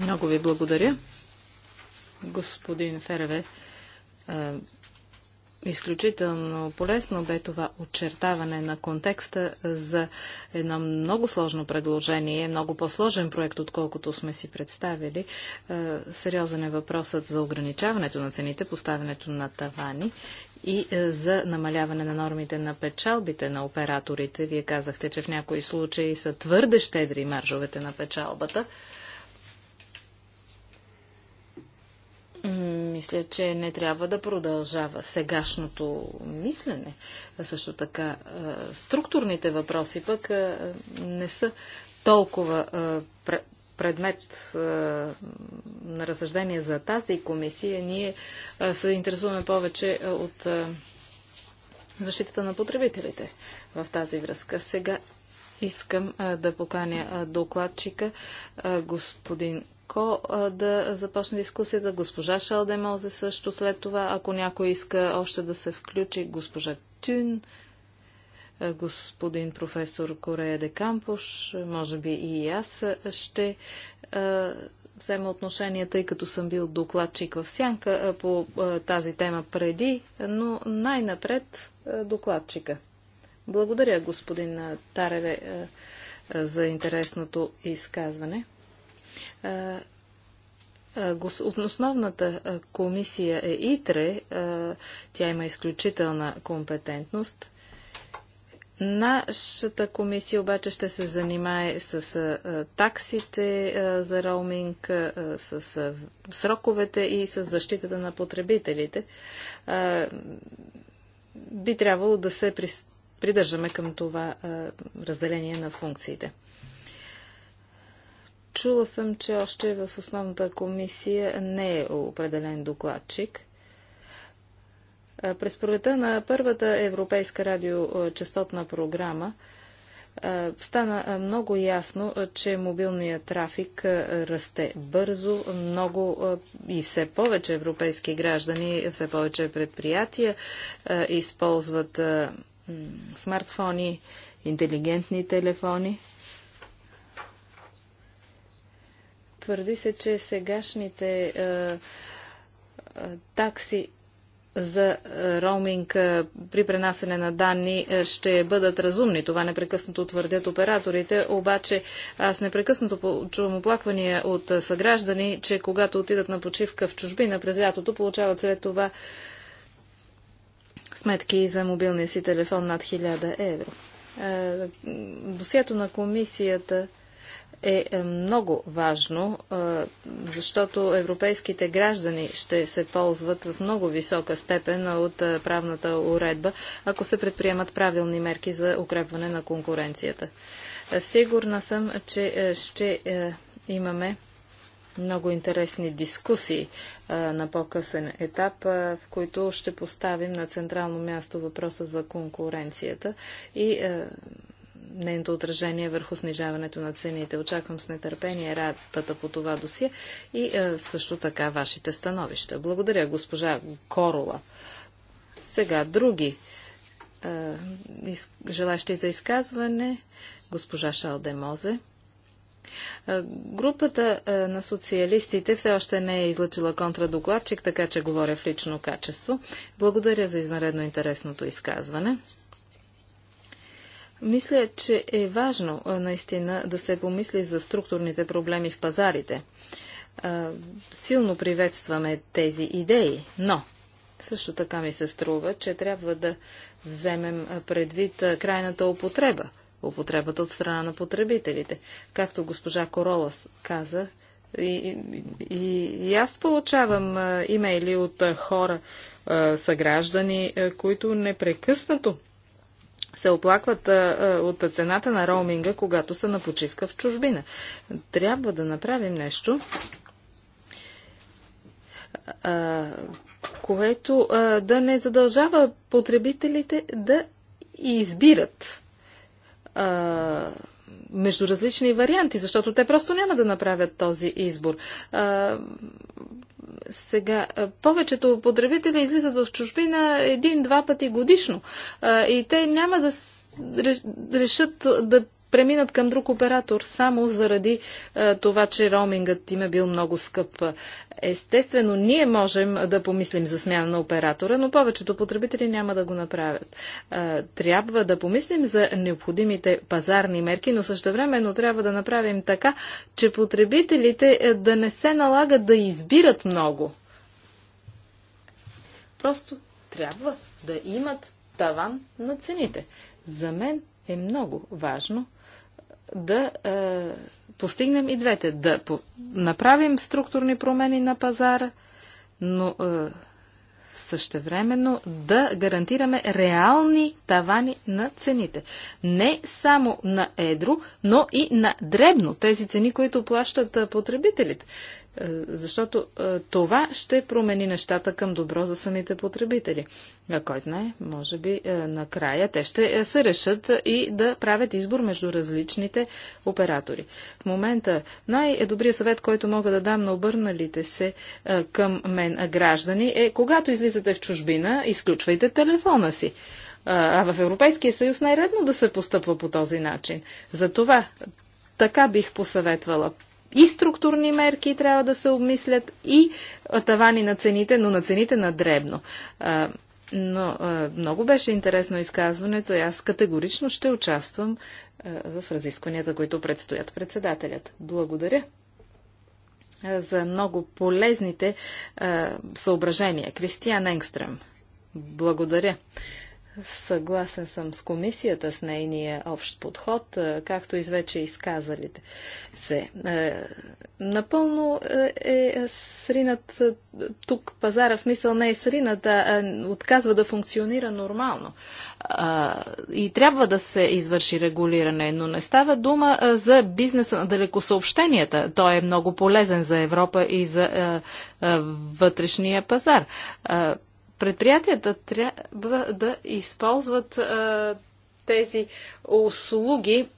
Много ви благодаря. Господин Фереве, е, изключително полезно бе това очертаване на контекста за едно много сложно предложение, много по-сложен проект, отколкото сме си представили. Е, сериозен е въпросът за ограничаването на цените, поставянето на тавани и е, за намаляване на нормите на печалбите на операторите. Вие казахте, че в някои случаи са твърде щедри маржовете на печалбата. Мисля, че не трябва да продължава сегашното мислене. А също така, е, структурните въпроси пък е, не са толкова предмет на разсъждение за тази комисия, ние се интересуваме повече от защитата на потребителите в тази връзка. Сега искам да поканя докладчика господин Ко да започне дискусията. Госпожа Шалдемозе също след това, ако някой иска още да се включи, госпожа Тюн. Е, господин професор Корея де Кампуш, може би и аз ще е, взема отношение, тъй като съм бил докладчик в Сянка е, по тази тема преди, но най-напред докладчика. Благодаря, господин Тареве, за интересното изказване. Основната комисия е ИТРЕ. Тя има изключителна компетентност. Нашата комисия обаче ще се занимае с а, таксите а, за роуминг, а, с а, сроковете и с защитата на потребителите. А, би трябвало да се при, придържаме към това а, разделение на функциите. Чула съм, че още в основната комисия не е определен докладчик – през пролета на първата европейска радиочастотна програма стана много ясно, че мобилният трафик расте бързо, много и все повече европейски граждани, все повече предприятия използват смартфони, интелигентни телефони. Твърди се, че сегашните такси за е, роуминг е, при пренасене на данни е, ще бъдат разумни. Това непрекъснато твърдят операторите, обаче аз непрекъснато чувам оплаквания от съграждани, че когато отидат на почивка в чужбина през лятото, получават след това сметки за мобилния си телефон над 1000 евро. Досието на комисията е, е много важно, е, защото европейските граждани ще се ползват в много висока степен от е, правната уредба, ако се предприемат правилни мерки за укрепване на конкуренцията. Сигурна съм, че ще имаме много интересни дискусии на по-късен етап, в които ще поставим на централно място въпроса за конкуренцията и нейното отражение върху снижаването на цените. Очаквам с нетърпение работата по това досие и е, също така вашите становища. Благодаря, госпожа Корола. Сега други е, желащи за изказване. Госпожа Шалдемозе. Е, групата на социалистите все още не е излъчила контрадокладчик, така че говоря в лично качество. Благодаря за извънредно интересното изказване. Мисля, че е важно наистина да се помисли за структурните проблеми в пазарите. Силно приветстваме тези идеи, но също така ми се струва, че трябва да вземем предвид крайната употреба, употребата от страна на потребителите. Както госпожа Королас каза, и, и, и аз получавам имейли от хора, съграждани, които непрекъснато се оплакват а, от цената на роуминга, когато са на почивка в чужбина. Трябва да направим нещо, а, което а, да не задължава потребителите да избират а, между различни варианти, защото те просто няма да направят този избор. А, сега, повечето потребители излизат в чужбина един-два пъти годишно а, и те няма да решат да преминат към друг оператор само заради а, това, че роумингът им е бил много скъп. Естествено, ние можем да помислим за смяна на оператора, но повечето потребители няма да го направят. А, трябва да помислим за необходимите пазарни мерки, но същевременно трябва да направим така, че потребителите да не се налагат да избират много. Просто трябва да имат таван на цените. За мен е много важно да е, постигнем и двете. Да по- направим структурни промени на пазара, но е, същевременно да гарантираме реални тавани на цените. Не само на едро, но и на дребно тези цени, които плащат е, потребителите. Е, защото е, това ще промени нещата към добро за самите потребители. А кой знае, може би е, накрая те ще се решат и да правят избор между различните оператори. В момента най-добрият съвет, който мога да дам на обърналите се към мен граждани е, когато излизате в чужбина, изключвайте телефона си. А в Европейския съюз най-редно да се постъпва по този начин. Затова така бих посъветвала и структурни мерки трябва да се обмислят, и тавани на цените, но на цените на дребно. Но много беше интересно изказването и аз категорично ще участвам в разискванията, които предстоят председателят. Благодаря за много полезните съображения. Кристиан Енгстрем. Благодаря. Съгласен съм с комисията, с нейния общ подход, както извече изказалите се. Напълно е сринат тук пазара, в смисъл не е сринат, а отказва да функционира нормално. И трябва да се извърши регулиране, но не става дума за бизнеса на далекосъобщенията. Той е много полезен за Европа и за вътрешния пазар Предприятията трябва да използват а, тези услуги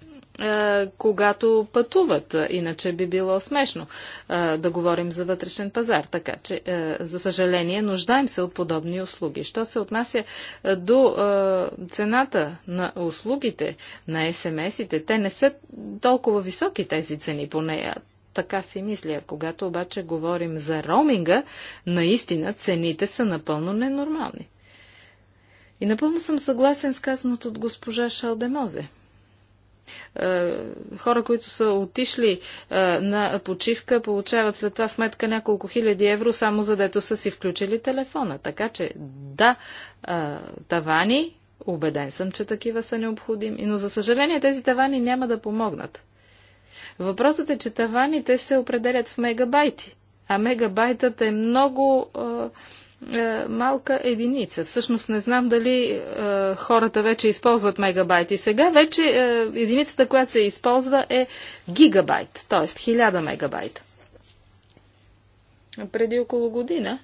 когато пътуват. Иначе би било смешно а, да говорим за вътрешен пазар. Така че, а, за съжаление, нуждаем се от подобни услуги. Що се отнася а, до цената на услугите, на СМС-ите, те не са толкова високи тези цени, поне така си мисля. Когато обаче говорим за роуминга, наистина цените са напълно ненормални. И напълно съм съгласен с казаното от госпожа Шалдемозе е, хора, които са отишли е, на почивка, получават след това сметка няколко хиляди евро, само за дето са си включили телефона. Така че, да, е, тавани, убеден съм, че такива са необходими, но за съжаление тези тавани няма да помогнат. Въпросът е, че таваните се определят в мегабайти, а мегабайтът е много е, е, малка единица. Всъщност не знам дали е, хората вече използват мегабайти. Сега вече е, единицата, която се използва е гигабайт, т.е. 1000 мегабайта. Преди около година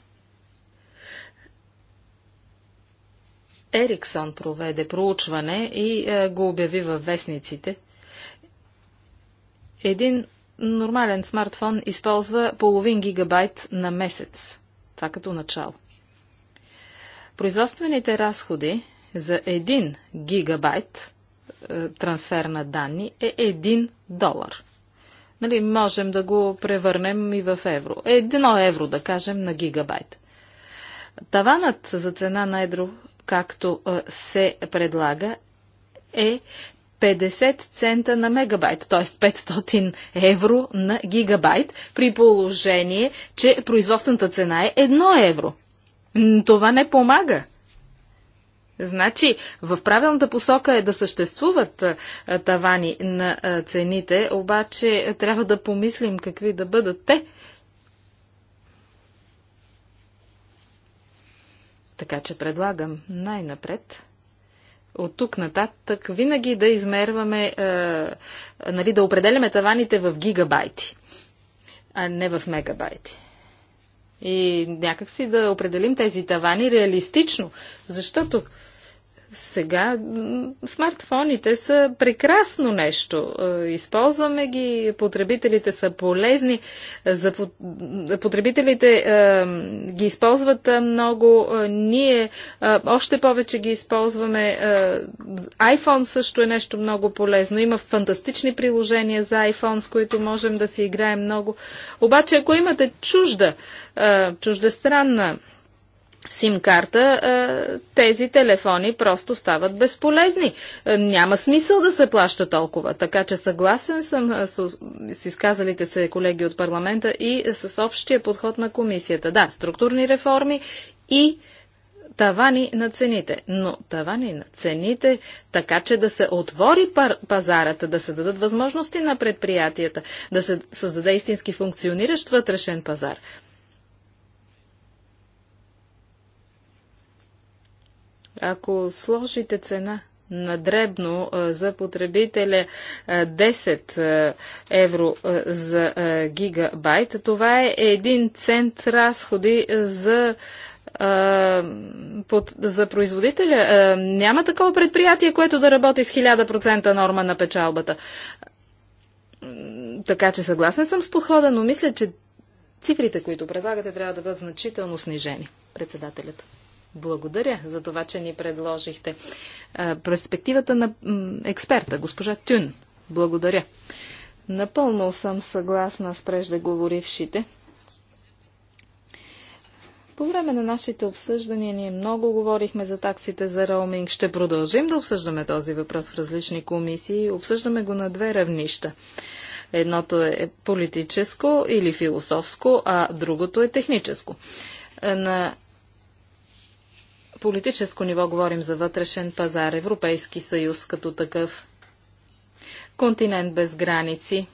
Ериксон проведе проучване и е, го обяви във вестниците – един нормален смартфон използва половин гигабайт на месец. Това като начало. Производствените разходи за 1 гигабайт е, трансфер на данни е 1 долар. Нали, можем да го превърнем и в евро. Едно евро, да кажем, на гигабайт. Таванът за цена на едро, както е, се предлага, е 50 цента на мегабайт, т.е. 500 евро на гигабайт, при положение, че производствената цена е 1 евро. Това не помага. Значи, в правилната посока е да съществуват тавани на цените, обаче трябва да помислим какви да бъдат те. Така че предлагам най-напред от тук нататък винаги да измерваме, а, е, е, нали, да определяме таваните в гигабайти, а не в мегабайти. И някакси да определим тези тавани реалистично, защото сега смартфоните са прекрасно нещо. Е, използваме ги, потребителите са полезни, за потребителите е, ги използват е, много, ние още повече ги използваме. iPhone също е нещо много полезно. Има фантастични приложения за iPhone, с които можем да си играем много. Обаче, ако имате чужда, чуждестранна сим-карта, тези телефони просто стават безполезни. Няма смисъл да се плаща толкова. Така че съгласен съм с, с изказалите се колеги от парламента и с общия подход на комисията. Да, структурни реформи и тавани на цените. Но тавани на цените, така че да се отвори пазарата, да се дадат възможности на предприятията, да се създаде истински функциониращ вътрешен пазар – Ако сложите цена на дребно за потребителя 10 евро за гигабайт, това е 1 цент разходи за за производителя. Няма такова предприятие, което да работи с 1000% норма на печалбата. Така че съгласен съм с подхода, но мисля, че цифрите, които предлагате, трябва да бъдат значително снижени. Председателят. Благодаря за това, че ни предложихте перспективата на експерта, госпожа Тюн. Благодаря. Напълно съм съгласна с преждеговорившите. По време на нашите обсъждания ние много говорихме за таксите за роуминг. Ще продължим да обсъждаме този въпрос в различни комисии. Обсъждаме го на две равнища. Едното е политическо или философско, а другото е техническо. Е, на политическо ниво говорим за вътрешен пазар, Европейски съюз като такъв, континент без граници.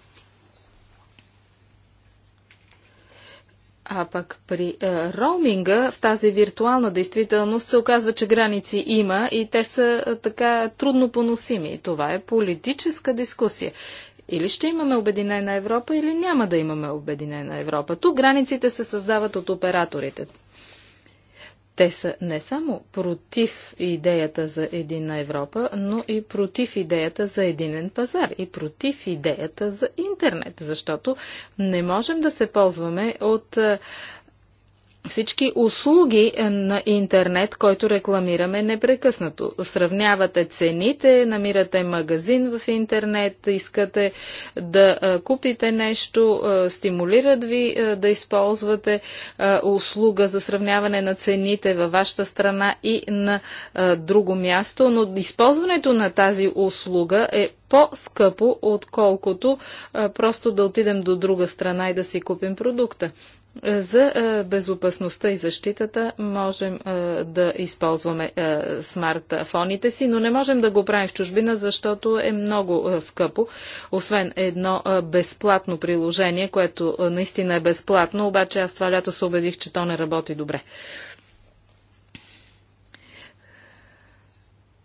А пък при е, роуминга в тази виртуална действителност се оказва, че граници има и те са е, така трудно поносими. Това е политическа дискусия. Или ще имаме Обединена Европа, или няма да имаме Обединена Европа. Тук границите се създават от операторите. Те са не само против идеята за единна Европа, но и против идеята за единен пазар и против идеята за интернет, защото не можем да се ползваме от всички услуги е, на интернет, който рекламираме непрекъснато. Сравнявате цените, намирате магазин в интернет, искате да е, купите нещо, е, стимулират ви да използвате услуга за сравняване на цените във вашата страна и на друго място, но използването на тази услуга е по-скъпо, отколкото просто да отидем до друга страна и да си купим продукта. Е, за е, безопасността и защитата можем е, да използваме смартфоните си, но не можем да го правим в чужбина, защото е много скъпо. Освен едно безплатно приложение, което наистина е безплатно, обаче аз това лято се убедих, че то не работи добре.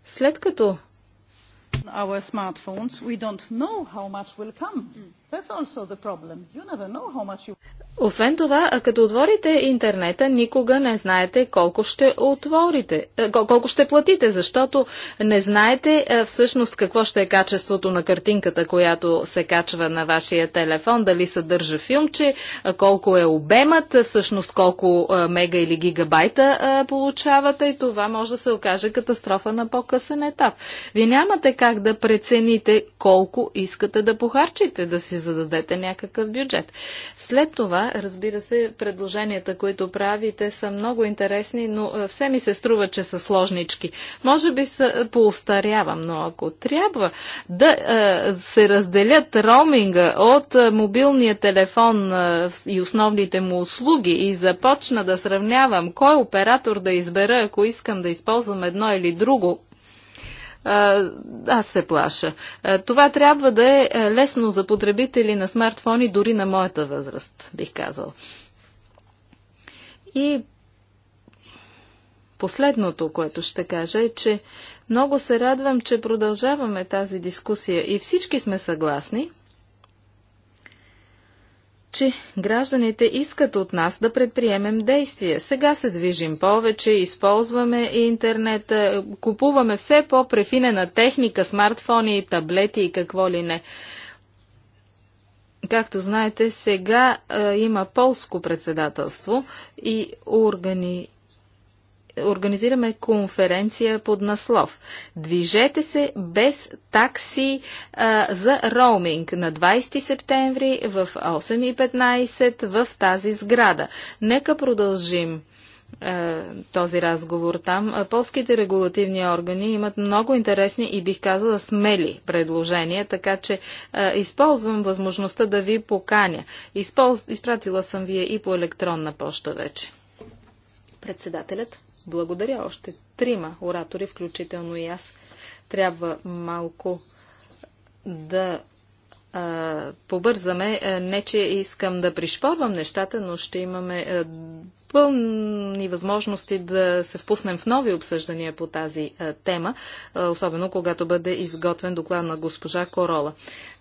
След като our smartphones, we don't know how much will come. Освен това, като отворите интернета, никога не знаете колко ще отворите, е, колко ще платите, защото не знаете е, всъщност какво ще е качеството на картинката, която се качва на вашия телефон, дали съдържа филмче, е, колко е обемът, всъщност колко мега или гигабайта получавате и това може да се окаже катастрофа на по-късен етап. Вие нямате как да прецените колко искате да похарчите, да си зададете някакъв бюджет. След това, разбира се, предложенията, които правите, са много интересни, но все ми се струва, че са сложнички. Може би са, поустарявам, но ако трябва да е, се разделят роуминга от мобилния телефон е, и основните му услуги и започна да сравнявам кой оператор да избера, ако искам да използвам едно или друго, аз се плаша. Това трябва да е лесно за потребители на смартфони, дори на моята възраст, бих казал. И последното, което ще кажа е, че много се радвам, че продължаваме тази дискусия и всички сме съгласни – че гражданите искат от нас да предприемем действия. Сега се движим повече, използваме интернет, е, купуваме все по-префинена техника, смартфони, таблети и какво ли не. Както знаете, сега а, е, има полско председателство и органи организираме конференция под наслов Движете се без такси а, за роуминг на 20 септември в 8.15 в тази сграда. Нека продължим този разговор там. Полските регулативни органи имат много интересни и бих казала смели предложения, така че е, използвам възможността да ви поканя. Използ... Изпратила съм вие и по електронна поща вече. Председателят. Благодаря още трима оратори, включително и аз. Трябва малко да а, побързаме. Не, че искам да пришпорвам нещата, но ще имаме а, пълни възможности да се впуснем в нови обсъждания по тази а, тема, а, особено когато бъде изготвен доклад на госпожа Корола.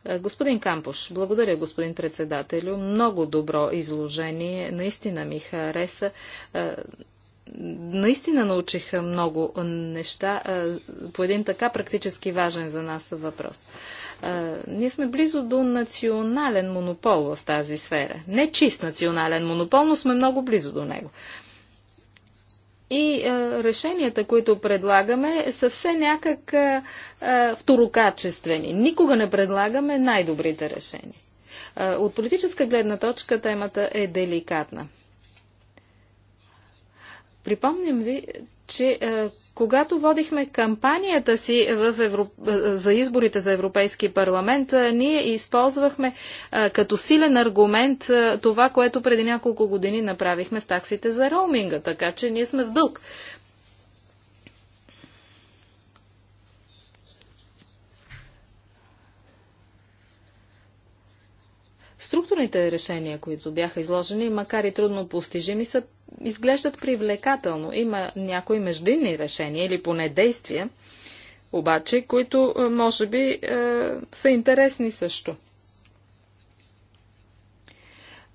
А, господин Кампуш, благодаря, господин председателю. Много добро изложение. Наистина ми хареса. А, наистина научиха много неща по един така практически важен за нас въпрос. Ние сме близо до национален монопол в тази сфера. Не чист национален монопол, но сме много близо до него. И решенията, които предлагаме, са все някак второкачествени. Никога не предлагаме най-добрите решения. от политическа гледна точка темата е деликатна. Припомням ви, че е, когато водихме кампанията си в Евро... Е, за изборите за Европейски парламент, е, ние използвахме е, като силен аргумент е, това, което преди няколко години направихме с таксите за роуминга, така че ние сме в дълг Структурните решения, които бяха изложени, макар и трудно постижими, са, изглеждат привлекателно. Има някои междинни решения или поне действия, обаче, които е, може би е, са интересни също.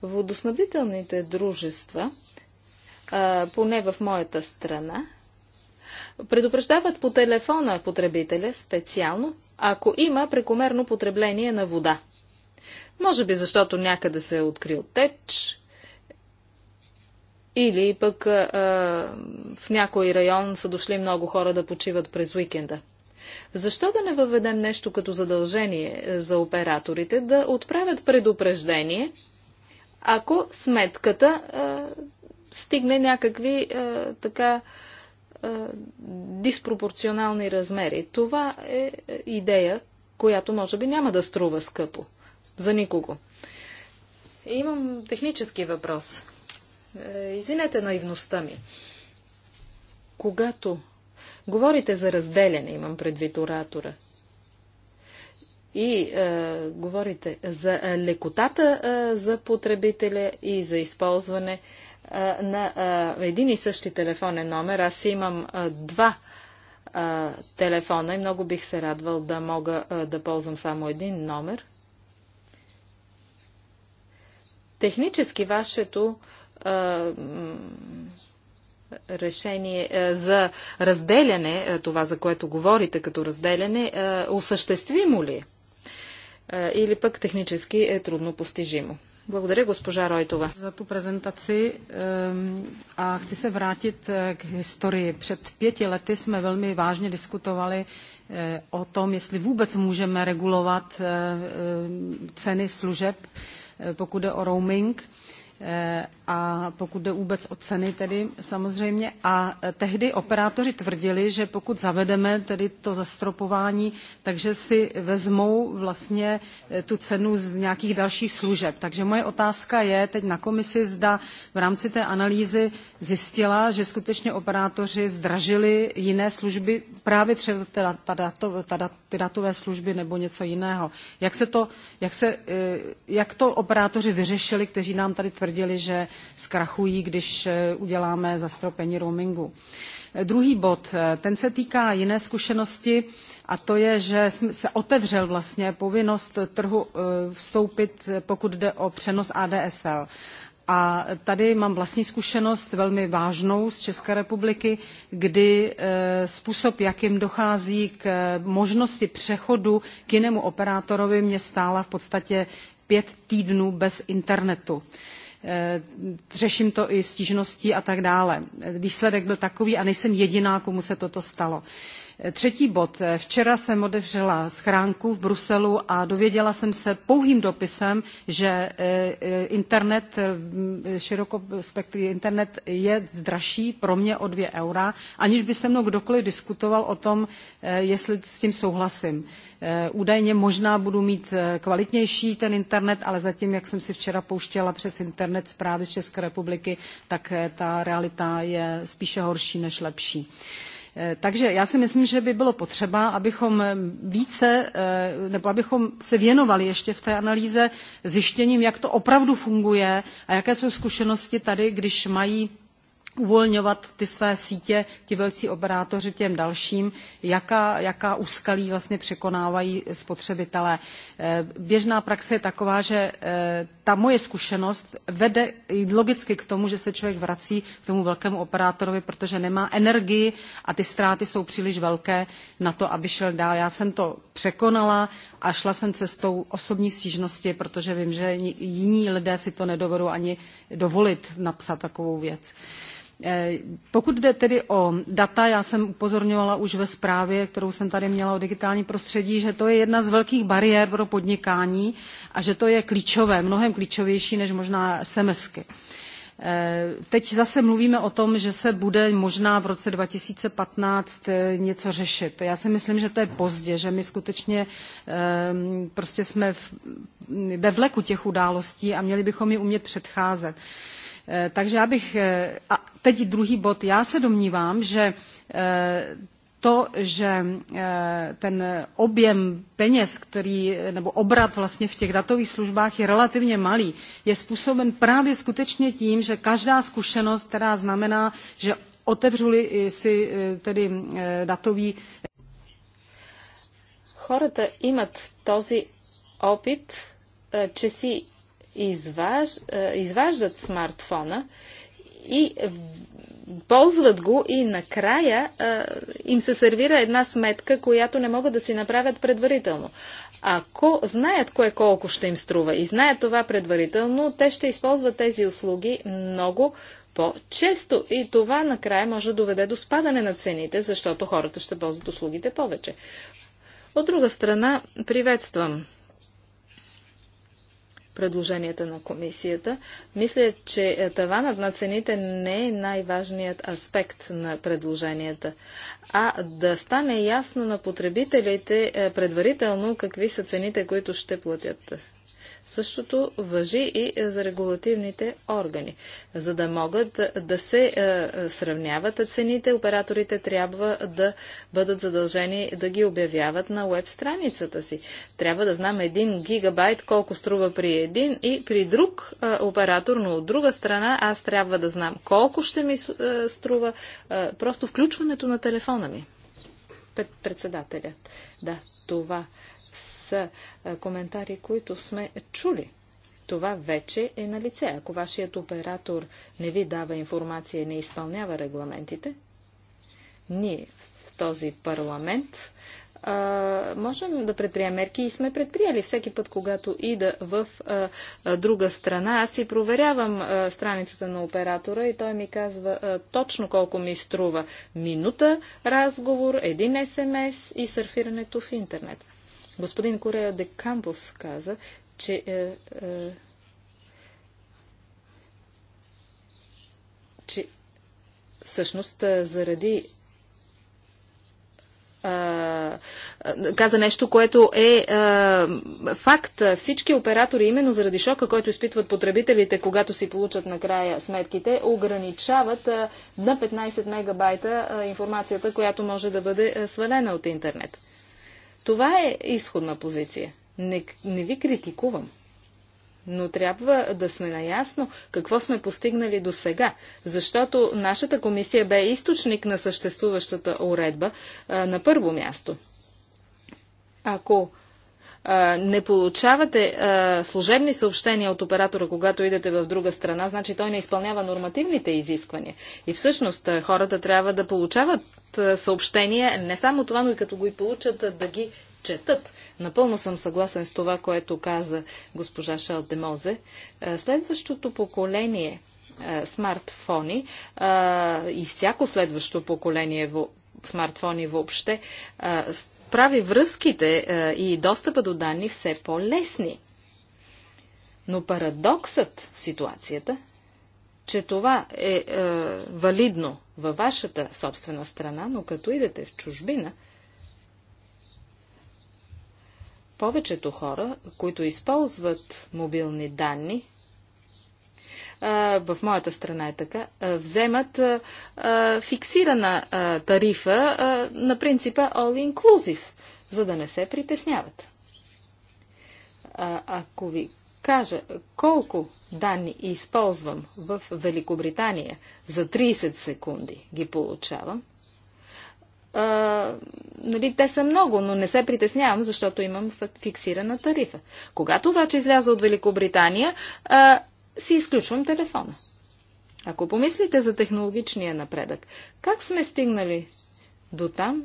Водоснабдителните дружества, е, поне в моята страна, предупреждават по телефона потребителя специално, ако има прекомерно потребление на вода. Може би защото някъде се е открил теч или пък а, в някой район са дошли много хора да почиват през уикенда. Защо да не въведем нещо като задължение е, за операторите да отправят предупреждение, ако сметката а, стигне някакви а, така а, диспропорционални размери? Това е, е идея, която може би няма да струва скъпо за никого. Имам технически въпрос. Е, извинете наивността ми. Когато говорите за разделяне, имам предвид оратора, и е, говорите за лекотата е, за потребителя и за използване е, на е, един и същи телефонен номер. Аз имам е, два е, телефона и много бих се радвал да мога е, да ползвам само един номер, Технически вашето решение за разделяне, това за което говорите като разделяне, осъществимо ли е? Или пък технически е трудно постижимо? Благодаря, госпожа Ройтова. За ту презентаци а chci се вратит е, к истории. Пред pěti лети сме велми vážně diskutovali е, о том, если vůbec можем regulovat ceny služeb pokud jde o roaming a pokud jde vůbec o ceny tedy samozřejmě. A tehdy operátoři tvrdili, že pokud zavedeme tedy to zastropování, takže si vezmou vlastně tu cenu z nějakých dalších služeb. Takže moje otázka je teď na komisi, zda v rámci té analýzy zjistila, že skutečně operátoři zdražili jiné služby, právě třeba ty datové služby nebo něco jiného. Jak, se to, jak, se, jak to operátoři vyřešili, kteří nám tady tvrdili, tvrdili, že zkrachují, když uděláme zastropení roamingu. Druhý bod, ten se týká jiné zkušenosti a to je, že se otevřel vlastně povinnost trhu vstoupit, pokud jde o přenos ADSL. A tady mám vlastní zkušenost velmi vážnou z České republiky, kdy způsob, jakým dochází k možnosti přechodu k jinému operátorovi, mě stála v podstatě pět týdnů bez internetu řeším to i stížností a tak dále. Výsledek byl takový a nejsem jediná, komu se toto stalo. Třetí bod. Včera jsem odevřela schránku v Bruselu a dověděla jsem se pouhým dopisem, že internet, širokospektrý internet je dražší pro mě o dvě eura, aniž by se mnou kdokoliv diskutoval o tom, jestli s tím souhlasím. Údajně možná budu mít kvalitnější ten internet, ale zatím, jak jsem si včera pouštěla přes internet zprávy z České republiky, tak ta realita je spíše horší než lepší. Takže já si myslím, že by bylo potřeba, abychom více, nebo abychom se věnovali ještě v té analýze zjištěním, jak to opravdu funguje a jaké jsou zkušenosti tady, když mají uvolňovat ty své sítě, ti velcí operátoři těm dalším, jaká, jaká úskalí vlastně překonávají spotřebitelé. Běžná praxe je taková, že ta moje zkušenost vede logicky k tomu, že se člověk vrací k tomu velkému operátorovi, protože nemá energii a ty ztráty jsou příliš velké na to, aby šel dál. Já jsem to překonala a šla jsem cestou osobní stížnosti, protože vím, že jiní lidé si to nedovedou ani dovolit napsat takovou věc. Pokud jde tedy o data, já jsem upozorňovala už ve zprávě, kterou jsem tady měla o digitální prostředí, že to je jedna z velkých bariér pro podnikání a že to je klíčové, mnohem klíčovější než možná SMSky. Teď zase mluvíme o tom, že se bude možná v roce 2015 něco řešit. Já si myslím, že to je pozdě, že my skutečně prostě jsme ve vleku těch událostí a měli bychom ji umět předcházet. Takže já bych... A teď druhý bod. Já se domnívám, že to, že ten objem peněz, který, nebo obrat vlastně v těch datových službách je relativně malý, je způsoben právě skutečně tím, že každá zkušenost, která znamená, že otevřuli si tedy datový Хората имат този опит, че си изваж, е, изваждат смартфона и ползват го и накрая е, им се сервира една сметка, която не могат да си направят предварително. Ако знаят кое колко ще им струва и знаят това предварително, те ще използват тези услуги много по-често и това накрая може да доведе до спадане на цените, защото хората ще ползват услугите повече. От друга страна, приветствам предложенията на комисията. Мисля, че е, таванът на цените не е най-важният аспект на предложенията, а да стане ясно на потребителите е, предварително какви са цените, които ще платят. Същото въжи и за регулативните органи. За да могат да се е, сравняват цените, операторите трябва да бъдат задължени да ги обявяват на веб страницата си. Трябва да знам един гигабайт колко струва при един и при друг е, оператор, но от друга страна аз трябва да знам колко ще ми е, струва просто включването на телефона ми. Председателят. Да, това са коментари, които сме чули. Това вече е на лице. Ако вашият оператор не ви дава информация и не изпълнява регламентите, ние в този парламент а, можем да предприем мерки и сме предприели всеки път, когато ида в а, друга страна. Аз си проверявам а, страницата на оператора и той ми казва а, точно колко ми струва минута разговор, един СМС и сърфирането в интернет. Господин Корея де Кампус каза, че е, е, че всъщност е, заради каза нещо, което е а, е, факт. Всички оператори, именно заради шока, който изпитват потребителите, когато си получат накрая сметките, ограничават а, е, на 15 мегабайта а, информацията, която може да бъде свалена от интернет. Това е изходна позиция. Не, не ви критикувам. Но трябва да сме наясно какво сме постигнали до сега, защото нашата комисия бе източник на съществуващата уредба а, на първо място. Ако не получавате а, служебни съобщения от оператора, когато идете в друга страна, значи той не изпълнява нормативните изисквания. И всъщност а, хората трябва да получават получат съобщения, не само това, но и като го и получат да ги четат. Напълно съм съгласен с това, което каза госпожа Шалдемозе. Следващото поколение смартфони и всяко следващо поколение смартфони въобще прави връзките и достъпа до данни все по-лесни. Но парадоксът в ситуацията че това е, е валидно във вашата собствена страна, но като идете в чужбина, повечето хора, които използват мобилни данни, в моята страна е така, вземат фиксирана тарифа на принципа all inclusive, за да не се притесняват. Ако ви кажа колко данни използвам в Великобритания за 30 секунди ги получавам. А, нали, те са много, но не се притеснявам, защото имам фиксирана тарифа. Когато обаче изляза от Великобритания, а, си изключвам телефона. Ако помислите за технологичния напредък, как сме стигнали до там,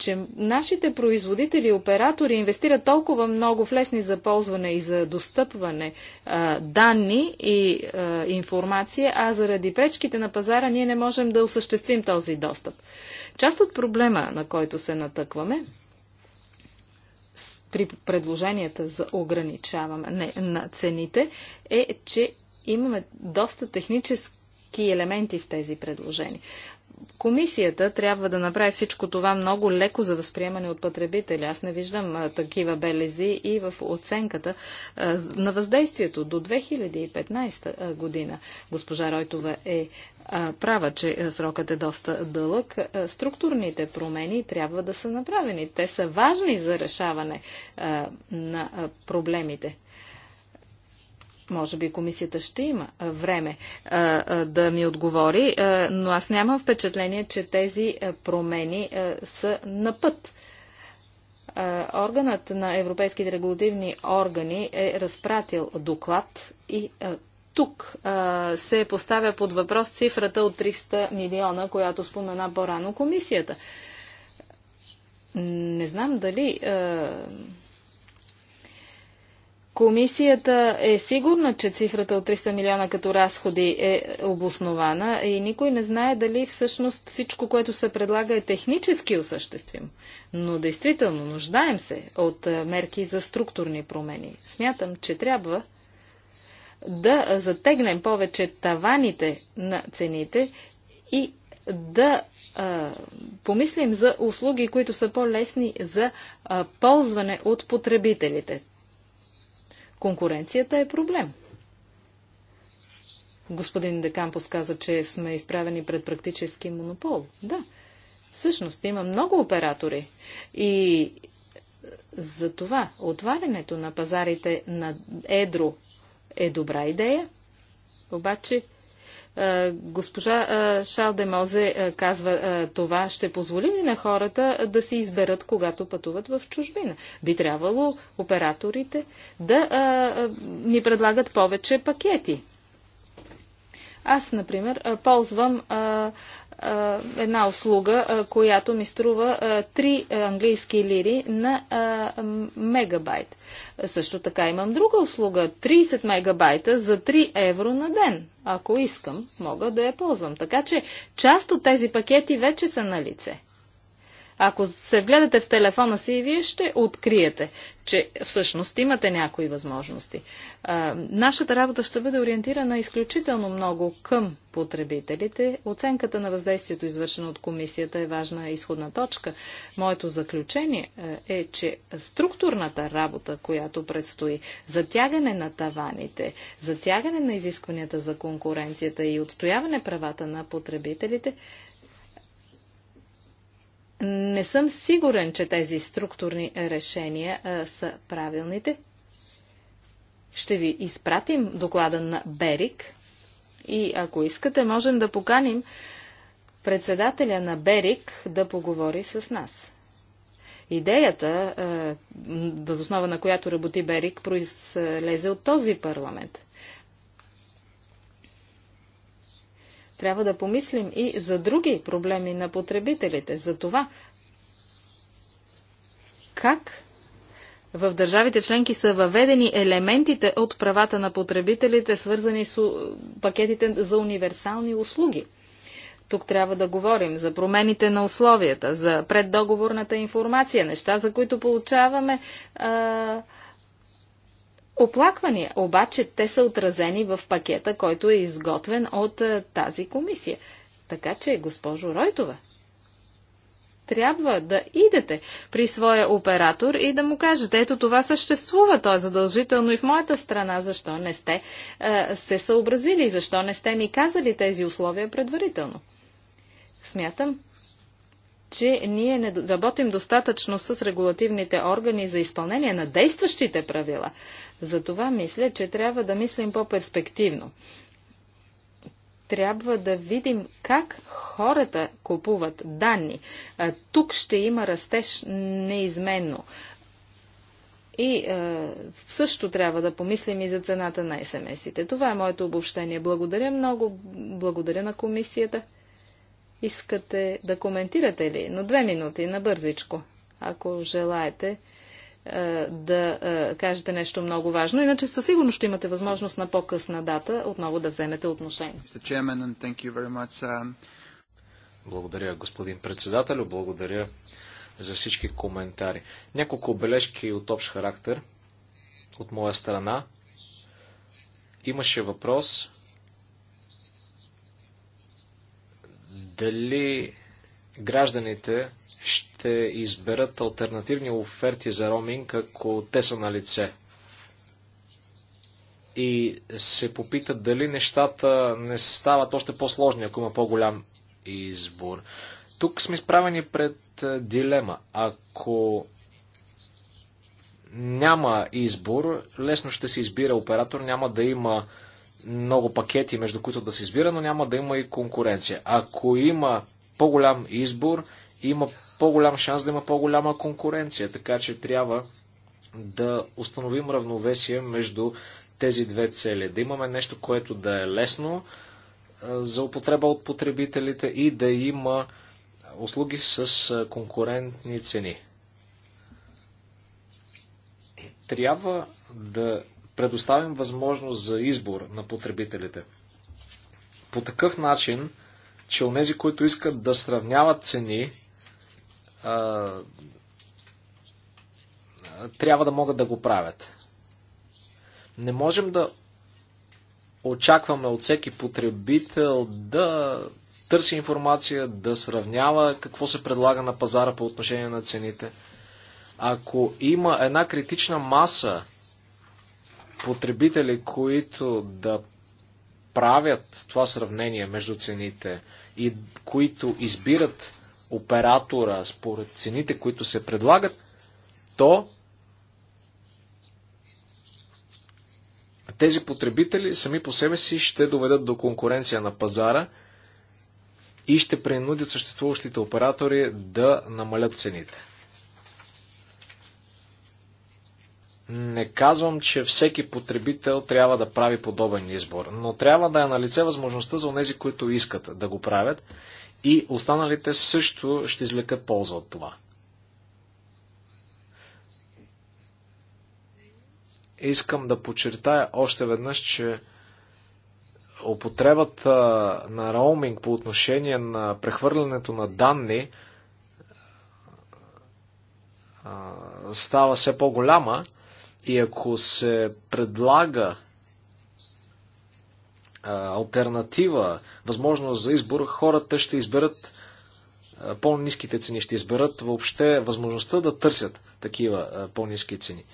че нашите производители и оператори инвестират толкова много в лесни за ползване и за достъпване а, данни и а, информация, а заради пречките на пазара ние не можем да осъществим този достъп. Част от проблема, на който се натъкваме, при предложенията за ограничаване на цените е, че имаме доста технически елементи в тези предложения. Комисията трябва да направи всичко това много леко за възприемане от потребителя. Аз не виждам такива белези и в оценката на въздействието до 2015 година. Госпожа Ройтова е права, че срокът е доста дълъг. Структурните промени трябва да са направени. Те са важни за решаване на проблемите. Може би комисията ще има време да ми отговори, но аз нямам впечатление, че тези промени са на път. Органът на европейските регулативни органи е разпратил доклад и тук се поставя под въпрос цифрата от 300 милиона, която спомена по-рано комисията. Не знам дали Комисията е сигурна, че цифрата от 300 милиона като разходи е обоснована и никой не знае дали всъщност всичко, което се предлага е технически осъществим, Но действително нуждаем се от мерки за структурни промени. Смятам, че трябва да затегнем повече таваните на цените и да а, помислим за услуги, които са по-лесни за а, ползване от потребителите. Конкуренцията е проблем. Господин Декампус каза, че сме изправени пред практически монопол. Да, всъщност има много оператори и за това отварянето на пазарите на едро е добра идея, обаче е, госпожа е, Шал де Мозе е, казва, това ще позволи ли на хората да си изберат, когато пътуват в чужбина? Би трябвало операторите да ни предлагат повече пакети. Аз, например, ползвам а, една услуга, която ми струва 3 английски лири на мегабайт. Също така имам друга услуга 30 мегабайта за 3 евро на ден. Ако искам, мога да я ползвам. Така че част от тези пакети вече са на лице. Ако се вгледате в телефона си, вие ще откриете, че всъщност имате някои възможности. А, нашата работа ще бъде ориентирана изключително много към потребителите. Оценката на въздействието, извършено от комисията, е важна изходна точка. Моето заключение е, че структурната работа, която предстои, затягане на таваните, затягане на изискванията за конкуренцията и отстояване правата на потребителите, не съм сигурен, че тези структурни решения а, са правилните. Ще ви изпратим доклада на Берик и ако искате, можем да поканим председателя на Берик да поговори с нас. Идеята, възоснова на която работи Берик, произлезе от този парламент. Трябва да помислим и за други проблеми на потребителите, за това как в държавите членки са въведени елементите от правата на потребителите, свързани с пакетите за универсални услуги. Тук трябва да говорим за промените на условията, за преддоговорната информация, неща, за които получаваме а, оплаквания, обаче те са отразени в пакета, който е изготвен от а, е, тази комисия. Така че, госпожо Ройтова, трябва да идете при своя оператор и да му кажете, ето това съществува, то е задължително и в моята страна, защо не сте е, се съобразили, защо не сте ми казали тези условия предварително. Смятам, че ние не работим достатъчно с регулативните органи за изпълнение на действащите правила. Затова мисля, че трябва да мислим по-перспективно. Трябва да видим как хората купуват данни. А, тук ще има растеж неизменно. И е, също трябва да помислим и за цената на СМС-ите. Това е моето обобщение. Благодаря много. Благодаря на комисията. Искате да коментирате ли? Но две минути, набързичко, ако желаете е, да е, кажете нещо много важно. Иначе със сигурност ще имате възможност на по-късна дата отново да вземете отношение. Uh, Благодаря, господин председател, Благодаря за всички коментари. Няколко бележки от общ характер от моя страна. Имаше въпрос Дали гражданите ще изберат альтернативни оферти за Роминг, ако те са на лице? И се попитат дали нещата не стават още по-сложни, ако има по-голям избор. Тук сме изправени пред е, дилема. Ако няма избор, лесно ще се избира оператор, няма да има много пакети, между които да се избира, но няма да има и конкуренция. Ако има по-голям избор, има по-голям шанс да има по-голяма конкуренция, така че трябва да установим равновесие между тези две цели. Да имаме нещо, което да е лесно за употреба от потребителите и да има услуги с конкурентни цени. Трябва да предоставим възможност за избор на потребителите. По такъв начин, че онези, които искат да сравняват цени, трябва да могат да го правят. Не можем да очакваме от всеки потребител да търси информация, да сравнява какво се предлага на пазара по отношение на цените. Ако има една критична маса потребители, които да правят това сравнение между цените и които избират оператора според цените, които се предлагат, то тези потребители сами по себе си ще доведат до конкуренция на пазара и ще принудят съществуващите оператори да намалят цените. Не казвам, че всеки потребител трябва да прави подобен избор, но трябва да е на лице възможността за тези, които искат да го правят и останалите също ще извлекат полза от това. Искам да подчертая още веднъж, че употребата на роуминг по отношение на прехвърлянето на данни става все по-голяма и ако се предлага альтернатива, възможност за избор, хората ще изберат по-низките цени, ще изберат въобще възможността да търсят такива по-низки цени.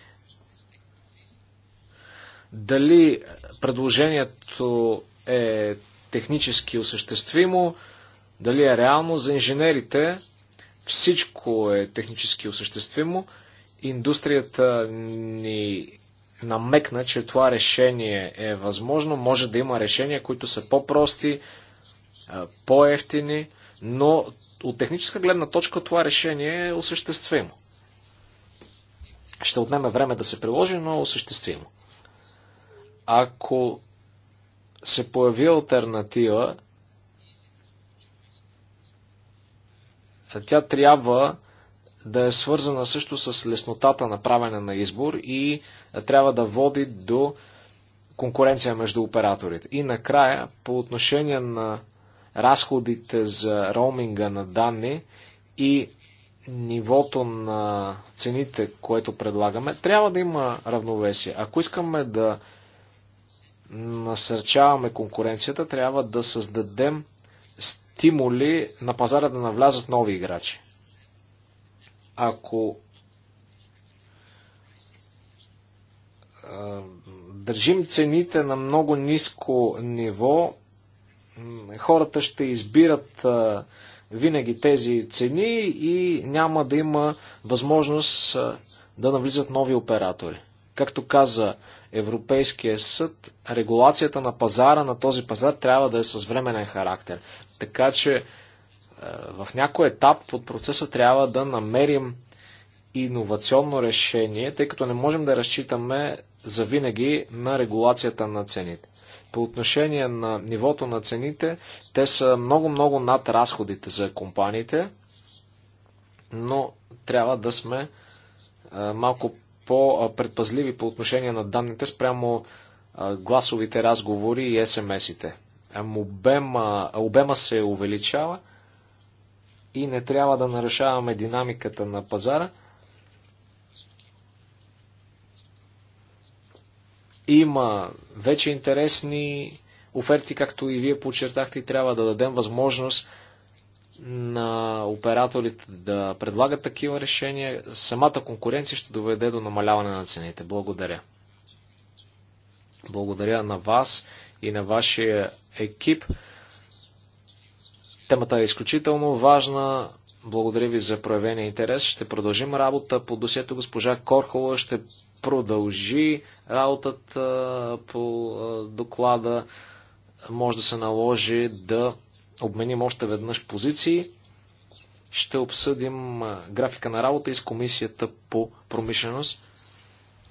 Дали предложението е технически осъществимо, дали е реално за инженерите, всичко е технически осъществимо. Индустрията ни намекна, че това решение е възможно. Може да има решения, които са по-прости, по-ефтини, но от техническа гледна точка това решение е осъществимо. Ще отнеме време да се приложи, но е осъществимо. Ако се появи альтернатива, тя трябва да е свързана също с леснотата на правене на избор и трябва да води до конкуренция между операторите. И накрая, по отношение на разходите за роуминга на данни и нивото на цените, което предлагаме, трябва да има равновесие. Ако искаме да насърчаваме конкуренцията, трябва да създадем стимули на пазара да навлязат нови играчи. Ако държим цените на много ниско ниво, хората ще избират винаги тези цени и няма да има възможност да навлизат нови оператори. Както каза Европейския съд, регулацията на пазара, на този пазар трябва да е с временен характер. Така че е, в някой етап от процеса трябва да намерим иновационно решение, тъй като не можем да разчитаме завинаги на регулацията на цените. По отношение на нивото на цените, те са много-много над разходите за компаниите, но трябва да сме е, малко по-предпазливи по отношение на данните спрямо е, гласовите разговори и СМС-ите. Обема, обема се увеличава, и не трябва да нарушаваме динамиката на пазара. Има вече интересни оферти, както и вие подчертахте, и трябва да дадем възможност на операторите да предлагат такива решения. Самата конкуренция ще доведе до намаляване на цените. Благодаря. Благодаря на вас и на вашия екип. Темата е изключително важна. Благодаря ви за проявения интерес. Ще продължим работа по досието. Госпожа Корхова ще продължи работата по доклада. Може да се наложи да обменим още веднъж позиции. Ще обсъдим графика на работа и с комисията по промишленост.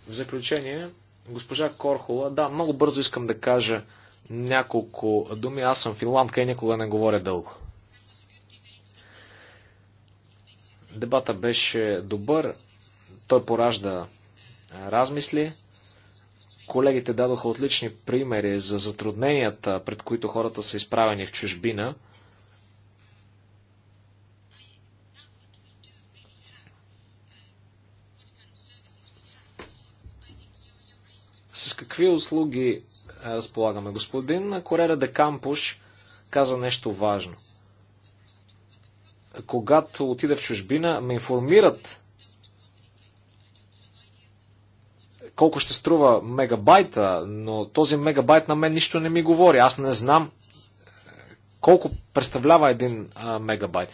В заключение, госпожа Корхола, да, много бързо искам да кажа няколко думи. Аз съм финландка и никога не говоря дълго. Дебата беше добър, той поражда размисли. Колегите дадоха отлични примери за затрудненията, пред които хората са изправени в чужбина. С какви услуги разполагаме? Господин Корера де Кампуш каза нещо важно – когато отида в чужбина, ме информират колко ще струва мегабайта, но този мегабайт на мен нищо не ми говори. Аз не знам е, колко представлява един а, мегабайт.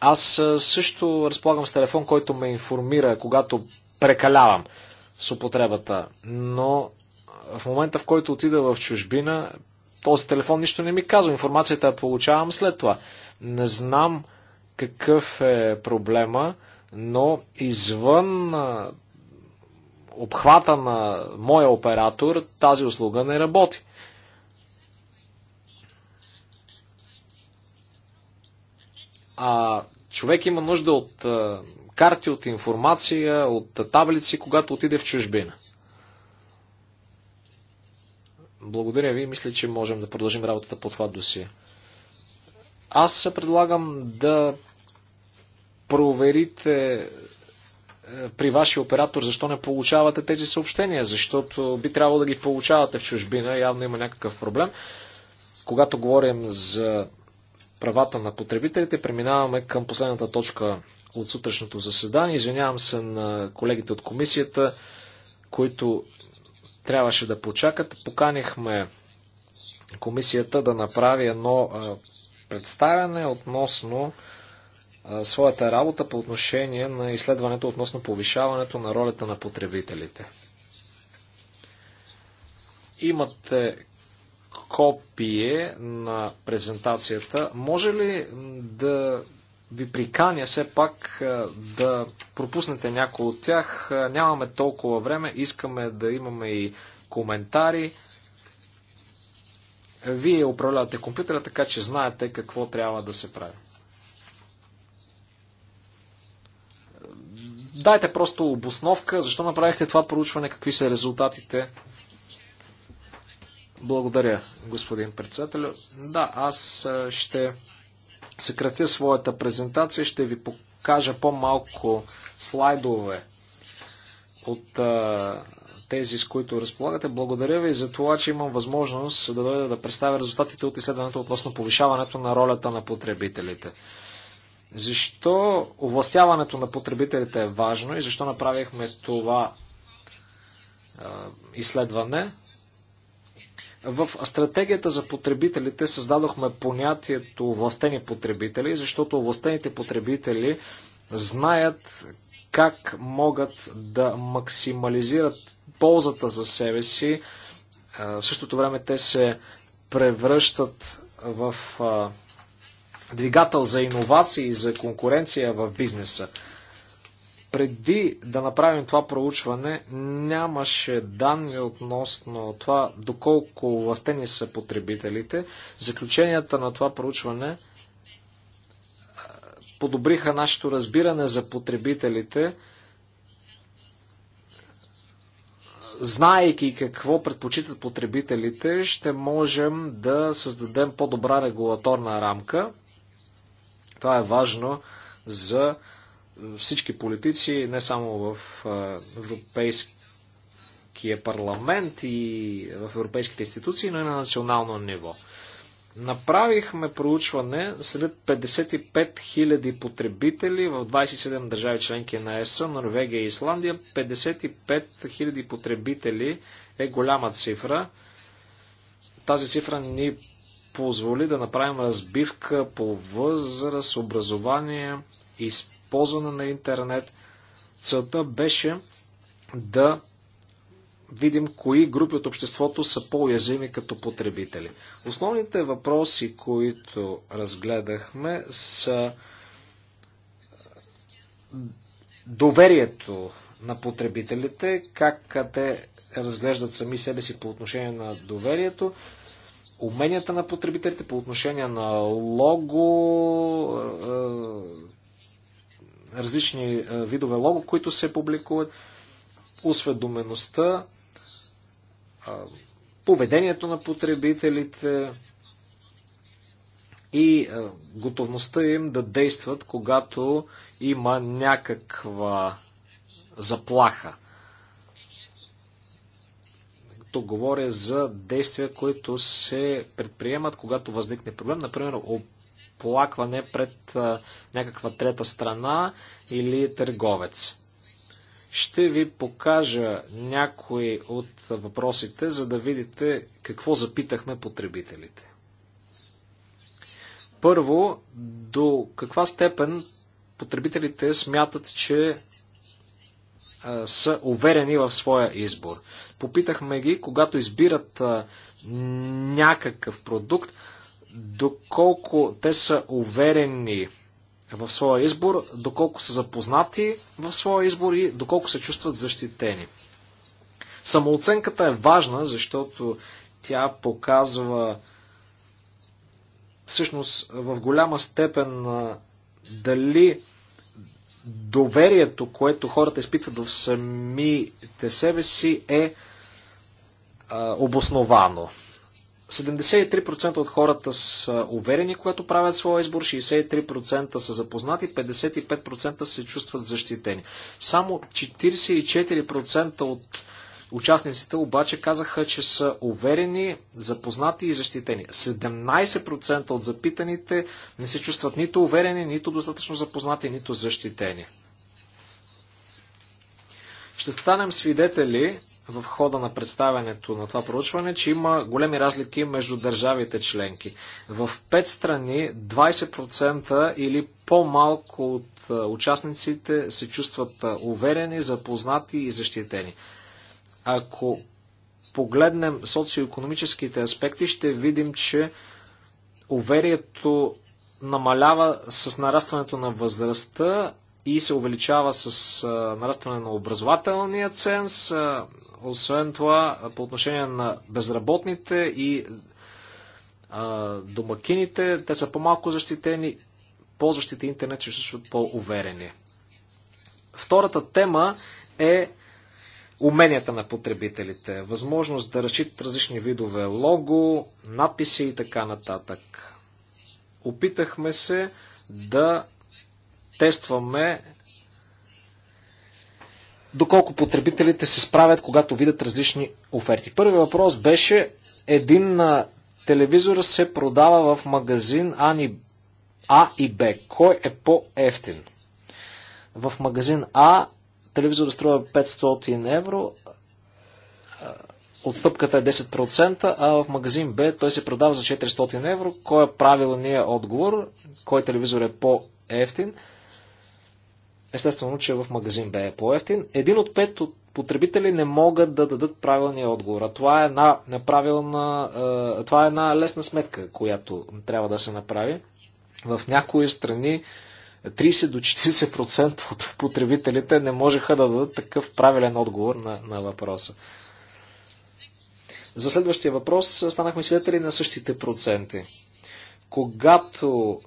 Аз а, също разполагам с телефон, който ме информира, когато прекалявам с употребата, но в момента, в който отида в чужбина, този телефон нищо не ми казва. Информацията я получавам след това. Не знам какъв е проблема, но извън обхвата на моя оператор тази услуга не работи. А човек има нужда от карти, от информация, от таблици, когато отиде в чужбина. Благодаря ви. Мисля, че можем да продължим работата по това досие. Аз предлагам да проверите е, при вашия оператор, защо не получавате тези съобщения, защото би трябвало да ги получавате в чужбина, явно има някакъв проблем. Когато говорим за правата на потребителите, преминаваме към последната точка от сутрешното заседание. Извинявам се на колегите от комисията, които трябваше да почакат. Поканихме комисията да направи едно е, представяне относно своята работа по отношение на изследването относно повишаването на ролята на потребителите. Имате копие на презентацията. Може ли да ви приканя все пак да пропуснете някои от тях? Нямаме толкова време, искаме да имаме и коментари. Вие управлявате компютъра, така че знаете какво трябва да се прави. Дайте просто обосновка, защо направихте това проучване, какви са резултатите. Благодаря, господин председател. Да, аз ще съкратя своята презентация, ще ви покажа по-малко слайдове от тези, с които разполагате. Благодаря ви за това, че имам възможност да дойда да представя резултатите от изследването относно повишаването на ролята на потребителите. Защо овластяването на потребителите е важно и защо направихме това изследване? В стратегията за потребителите създадохме понятието властени потребители, защото властените потребители знаят как могат да максимализират ползата за себе си. В същото време те се превръщат в двигател за иновации и за конкуренция в бизнеса. Преди да направим това проучване, нямаше данни относно това доколко властени са потребителите. Заключенията на това проучване подобриха нашето разбиране за потребителите знаейки какво предпочитат потребителите, ще можем да създадем по-добра регулаторна рамка. Това е важно за всички политици, не само в Европейския парламент и в европейските институции, но и на национално ниво. Направихме проучване сред 55 000 потребители в 27 държави членки на ЕС, Норвегия и Исландия. 55 000 потребители е голяма цифра. Тази цифра ни позволи да направим разбивка по възраст, образование, използване на интернет. Целта беше да видим кои групи от обществото са по-уязвими като потребители. Основните въпроси, които разгледахме, са доверието на потребителите, как те разглеждат сами себе си по отношение на доверието, уменията на потребителите по отношение на лого, е, различни е, видове лого, които се публикуват, осведомеността поведението на потребителите и готовността им да действат, когато има някаква заплаха. Тук говоря за действия, които се предприемат, когато възникне проблем, например оплакване пред някаква трета страна или търговец. Ще ви покажа някои от въпросите, за да видите какво запитахме потребителите. Първо, до каква степен потребителите смятат, че са уверени в своя избор. Попитахме ги, когато избират някакъв продукт, доколко те са уверени в своя избор, доколко са запознати в своя избор и доколко се чувстват защитени. Самооценката е важна, защото тя показва всъщност в голяма степен дали доверието, което хората изпитват в самите себе си е обосновано. 73% от хората са уверени, когато правят своя избор, 63% са запознати, 55% се чувстват защитени. Само 44% от участниците обаче казаха, че са уверени, запознати и защитени. 17% от запитаните не се чувстват нито уверени, нито достатъчно запознати, нито защитени. Ще станем свидетели в хода на представянето на това проучване, че има големи разлики между държавите членки. В пет страни 20% или по-малко от участниците се чувстват уверени, запознати и защитени. Ако погледнем социоекономическите аспекти, ще видим, че уверието намалява с нарастването на възрастта, и се увеличава с нарастване на образователния ценз. Освен това, по отношение на безработните и домакините, те са по-малко защитени, ползващите интернет се чувстват по-уверени. Втората тема е уменията на потребителите. Възможност да разчитат различни видове лого, надписи и така нататък. Опитахме се да тестваме доколко потребителите се справят, когато видят различни оферти. Първи въпрос беше един на телевизора се продава в магазин А, а и Б. Кой е по-ефтин? В магазин А телевизор струва 500 евро, отстъпката е 10%, а в магазин Б той се продава за 400 евро. Кой е правилният отговор? Кой телевизор е по-ефтин? Естествено, че в магазин бе е по-ефтин. Един от пет от потребители не могат да дадат правилния отговор. А това е една неправилна, е, това е една лесна сметка, която трябва да се направи. В някои страни 30 до 40% от потребителите не можеха да дадат такъв правилен отговор на, на въпроса. За следващия въпрос станахме свидетели на същите проценти. Когато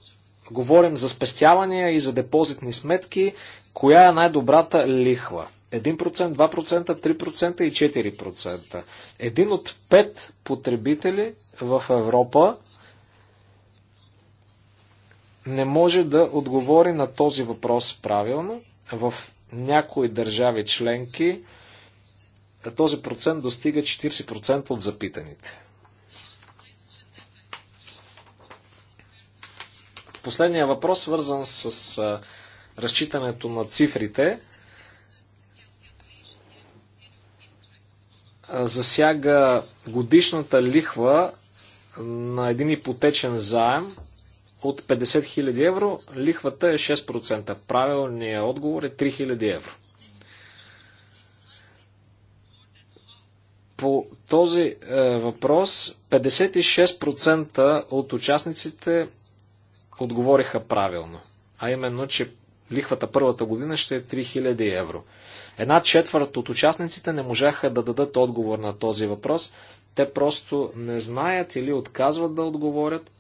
Говорим за спестявания и за депозитни сметки. Коя е най-добрата лихва? 1%, 2%, 3% и 4%. Един от пет потребители в Европа не може да отговори на този въпрос правилно. В някои държави членки този процент достига 40% от запитаните. Последния въпрос, свързан с а, разчитането на цифрите, а, засяга годишната лихва на един ипотечен заем от 50 000 евро. Лихвата е 6%. Правилният отговор е 3000 евро. по този е, въпрос 56% от участниците отговориха правилно. А именно, че лихвата първата година ще е 3000 евро. Една четвърт от участниците не можаха да дадат отговор на този въпрос. Те просто не знаят или отказват да отговорят.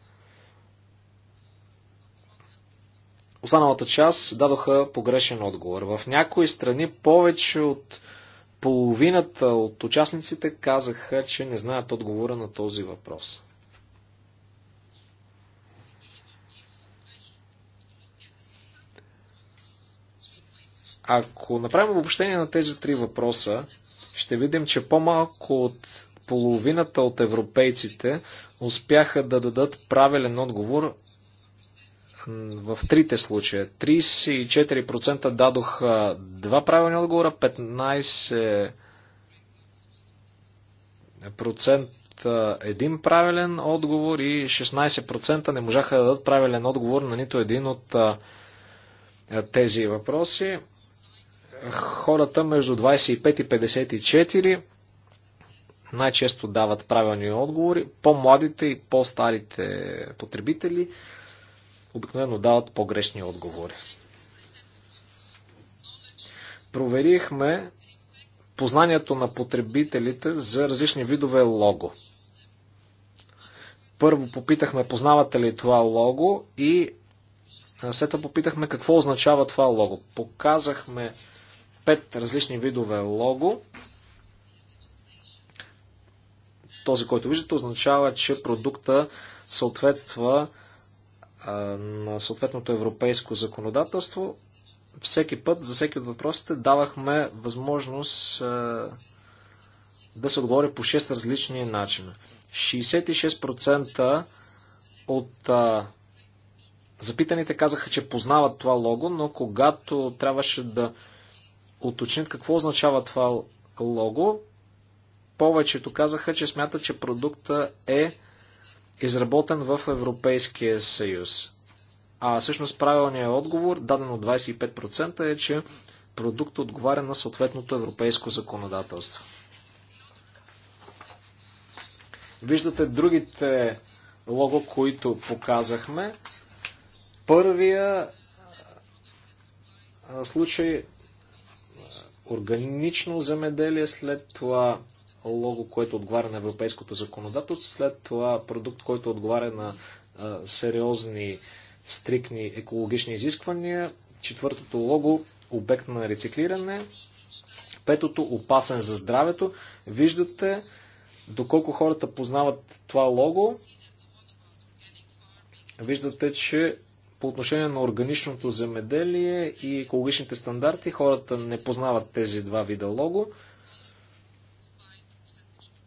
Останалата част дадоха погрешен отговор. В някои страни повече от половината от участниците казаха, че не знаят отговора на този въпрос. Ако направим обобщение на тези три въпроса, ще видим, че по-малко от половината от европейците успяха да дадат правилен отговор в трите случая. 34% дадоха два правилни отговора, 15% един правилен отговор и 16% не можаха да дадат правилен отговор на нито един от тези въпроси хората между 25 и 54 най-често дават правилни отговори. По-младите и по-старите потребители обикновено дават по-грешни отговори. Проверихме познанието на потребителите за различни видове лого. Първо попитахме, познавате ли това лого и след това попитахме какво означава това лого. Показахме пет различни видове лого. Този, който виждате, означава, че продукта съответства на съответното европейско законодателство. Всеки път, за всеки от въпросите, давахме възможност да се отговори по 6 различни начина. 66% от а, запитаните казаха, че познават това лого, но когато трябваше да уточнят какво означава това лого. Повечето казаха, че смятат, че продукта е изработен в Европейския съюз. А всъщност правилният отговор, даден от 25%, е, че продукт отговаря на съответното европейско законодателство. Виждате другите лого, които показахме. Първия случай органично земеделие, след това лого, което отговаря на европейското законодателство, след това продукт, който отговаря на а, сериозни, стрикни екологични изисквания, четвъртото лого обект на рециклиране, петото опасен за здравето. Виждате доколко хората познават това лого. Виждате, че по отношение на органичното земеделие и екологичните стандарти. Хората не познават тези два вида лого.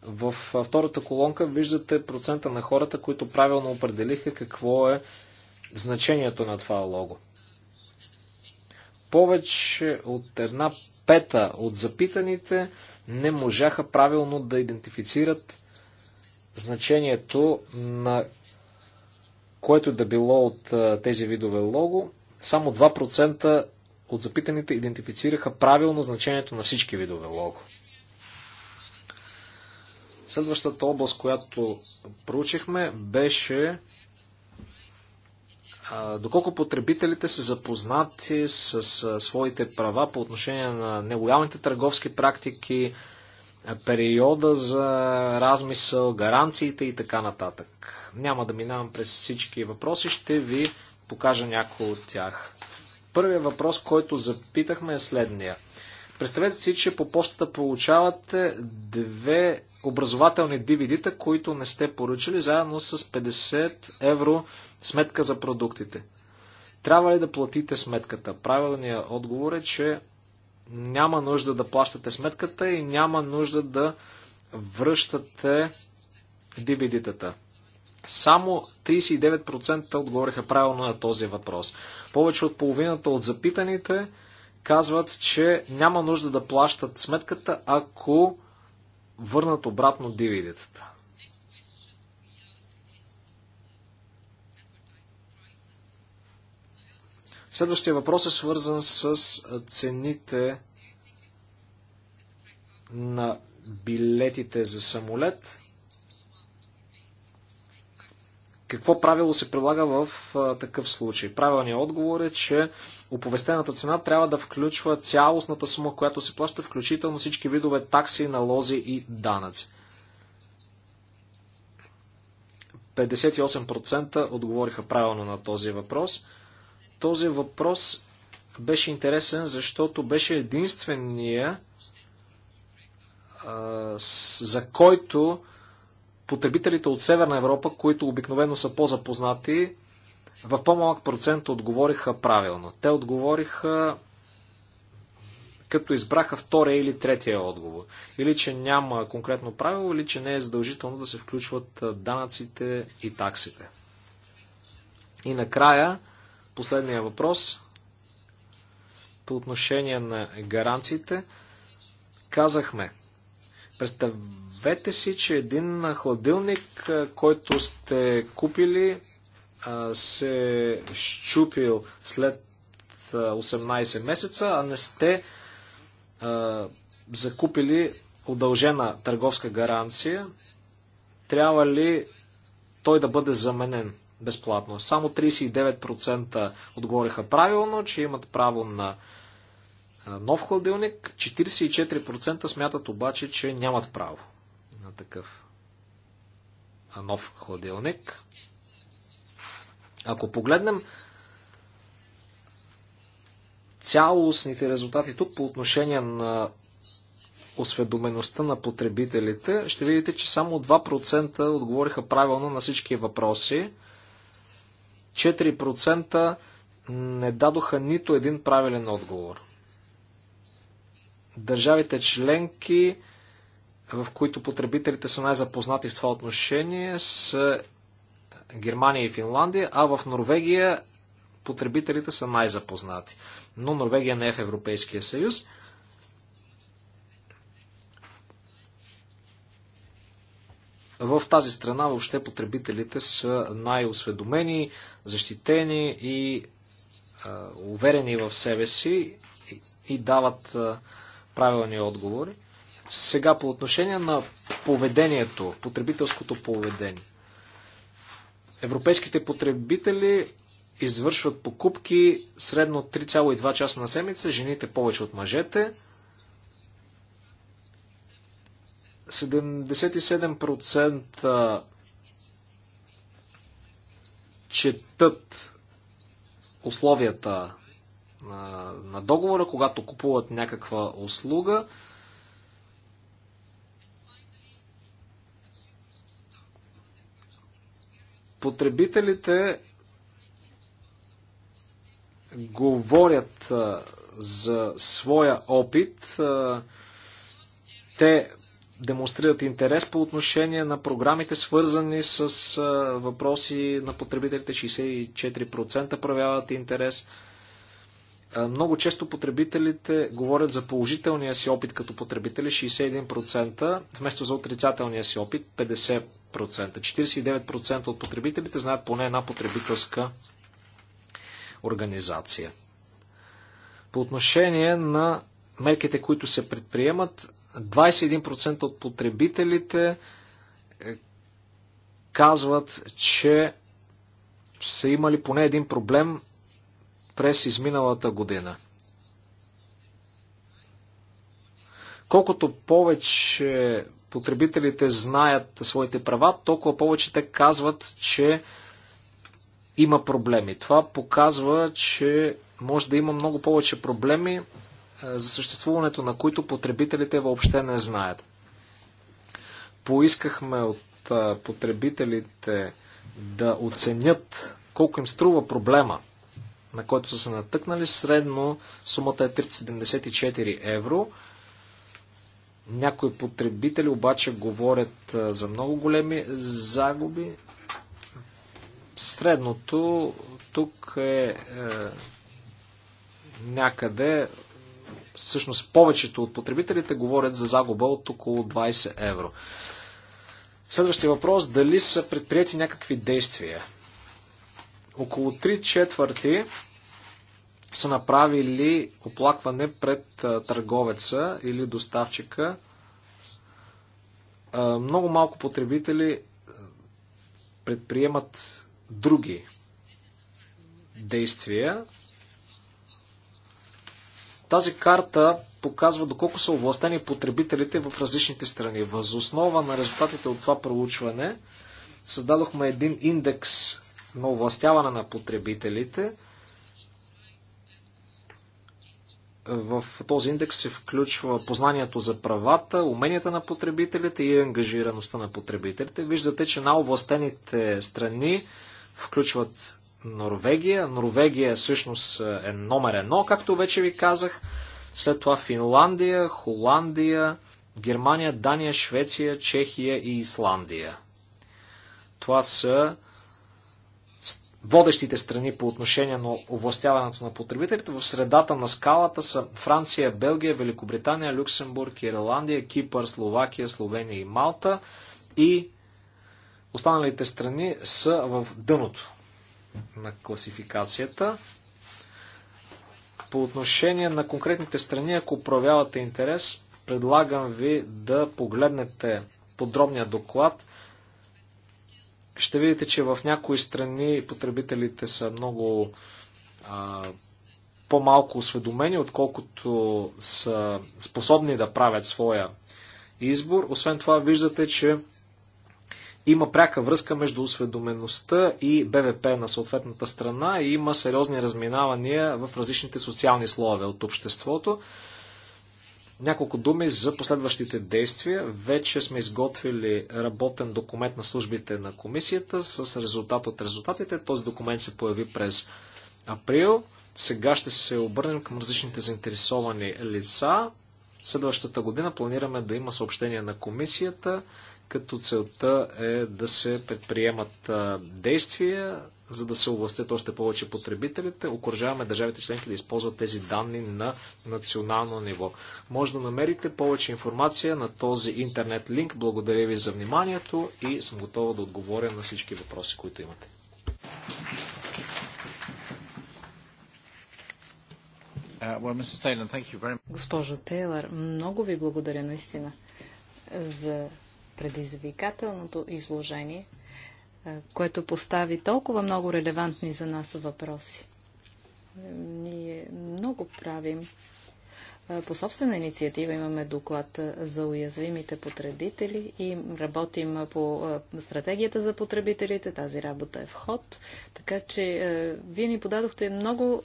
В втората колонка виждате процента на хората, които правилно определиха какво е значението на това лого. Повече от една пета от запитаните не можаха правилно да идентифицират значението на което да било от тези видове лого, само 2% от запитаните идентифицираха правилно значението на всички видове лого. Следващата област, която проучихме, беше доколко потребителите са запознати с своите права по отношение на нелоялните търговски практики, периода за размисъл, гаранциите и така нататък. Няма да минавам през всички въпроси, ще ви покажа някои от тях. Първият въпрос, който запитахме е следния. Представете си, че по постата получавате две образователни DVD-та, които не сте поръчали, заедно с 50 евро сметка за продуктите. Трябва ли да платите сметката? Правилният отговор е, че няма нужда да плащате сметката и няма нужда да връщате дивидитата. Само 39% отговориха правилно на този въпрос. Повече от половината от запитаните казват, че няма нужда да плащат сметката, ако върнат обратно дивидитата. Следващия въпрос е свързан с цените на билетите за самолет. Какво правило се прилага в а, такъв случай? Правилният отговор е, че оповестената цена трябва да включва цялостната сума, която се плаща, включително всички видове такси, налози и данъци. 58% отговориха правилно на този въпрос. Този въпрос беше интересен, защото беше единствения, за който потребителите от Северна Европа, които обикновено са по-запознати, в по-малък процент отговориха правилно. Те отговориха като избраха втория или третия отговор. Или че няма конкретно правило, или че не е задължително да се включват данъците и таксите. И накрая, Последния въпрос по отношение на гаранциите. Казахме, представете си, че един хладилник, който сте купили, се щупил след 18 месеца, а не сте закупили удължена търговска гаранция, трябва ли той да бъде заменен? безплатно. Само 39% отговориха правилно, че имат право на нов хладилник. 44% смятат обаче, че нямат право на такъв нов хладилник. Ако погледнем цялостните резултати тук по отношение на осведомеността на потребителите, ще видите, че само 2% отговориха правилно на всички въпроси. 4% не дадоха нито един правилен отговор. Държавите членки, в които потребителите са най-запознати в това отношение, са Германия и Финландия, а в Норвегия потребителите са най-запознати. Но Норвегия не е в Европейския съюз. В тази страна въобще потребителите са най-осведомени, защитени и а, уверени в себе си и, и дават а, правилни отговори. Сега по отношение на поведението, потребителското поведение. Европейските потребители извършват покупки средно 3,2 часа на седмица, жените повече от мъжете. 77% четат условията на договора, когато купуват някаква услуга. Потребителите говорят за своя опит. Те демонстрират интерес по отношение на програмите, свързани с въпроси на потребителите. 64% проявяват интерес. Много често потребителите говорят за положителния си опит като потребители 61%, вместо за отрицателния си опит 50%. 49% от потребителите знаят поне една потребителска организация. По отношение на мерките, които се предприемат, 21% от потребителите е, казват, че са имали поне един проблем през изминалата година. Колкото повече потребителите знаят своите права, толкова повече те казват, че има проблеми. Това показва, че може да има много повече проблеми, е, за съществуването на които потребителите въобще не знаят. Поискахме от е, потребителите да оценят колко им струва проблема, на който са се натъкнали. Средно сумата е 374 евро. Някои потребители обаче говорят е, за много големи загуби. Средното тук е, е някъде всъщност повечето от потребителите говорят за загуба от около 20 евро. Следващия въпрос, дали са предприяти някакви действия? Около 3 четвърти са направили оплакване пред търговеца или доставчика. Много малко потребители предприемат други действия. Тази карта показва доколко са овластени потребителите в различните страни. Въз основа на резултатите от това проучване създадохме един индекс на овластяване на потребителите. В този индекс се включва познанието за правата, уменията на потребителите и ангажираността на потребителите. Виждате, че на овластените страни включват Норвегия. Норвегия всъщност е номер едно, както вече ви казах. След това Финландия, Холандия, Германия, Дания, Швеция, Чехия и Исландия. Това са водещите страни по отношение на овластяването на потребителите. В средата на скалата са Франция, Белгия, Великобритания, Люксембург, Ирландия, Кипър, Словакия, Словения и Малта. И останалите страни са в дъното на класификацията. По отношение на конкретните страни, ако проявявате интерес, предлагам ви да погледнете подробния доклад. Ще видите, че в някои страни потребителите са много по-малко осведомени, отколкото са способни да правят своя избор. Освен това, виждате, че има пряка връзка между осведомеността и БВП на съответната страна и има сериозни разминавания в различните социални слоеве от обществото. Няколко думи за последващите действия. Вече сме изготвили работен документ на службите на комисията с резултат от резултатите. Този документ се появи през април. Сега ще се обърнем към различните заинтересовани лица. Следващата година планираме да има съобщение на комисията като целта е да се предприемат действия, за да се областят още повече потребителите. Окоръжаваме държавите членки да използват тези данни на национално ниво. Може да намерите повече информация на този интернет линк. Благодаря ви за вниманието и съм готова да отговоря на всички въпроси, които имате. Uh, Госпожо Тейлър, много ви благодаря наистина за предизвикателното изложение, което постави толкова много релевантни за нас въпроси. Ние много правим. По собствена инициатива имаме доклад за уязвимите потребители и работим по стратегията за потребителите. Тази работа е в ход. Така че вие ни подадохте много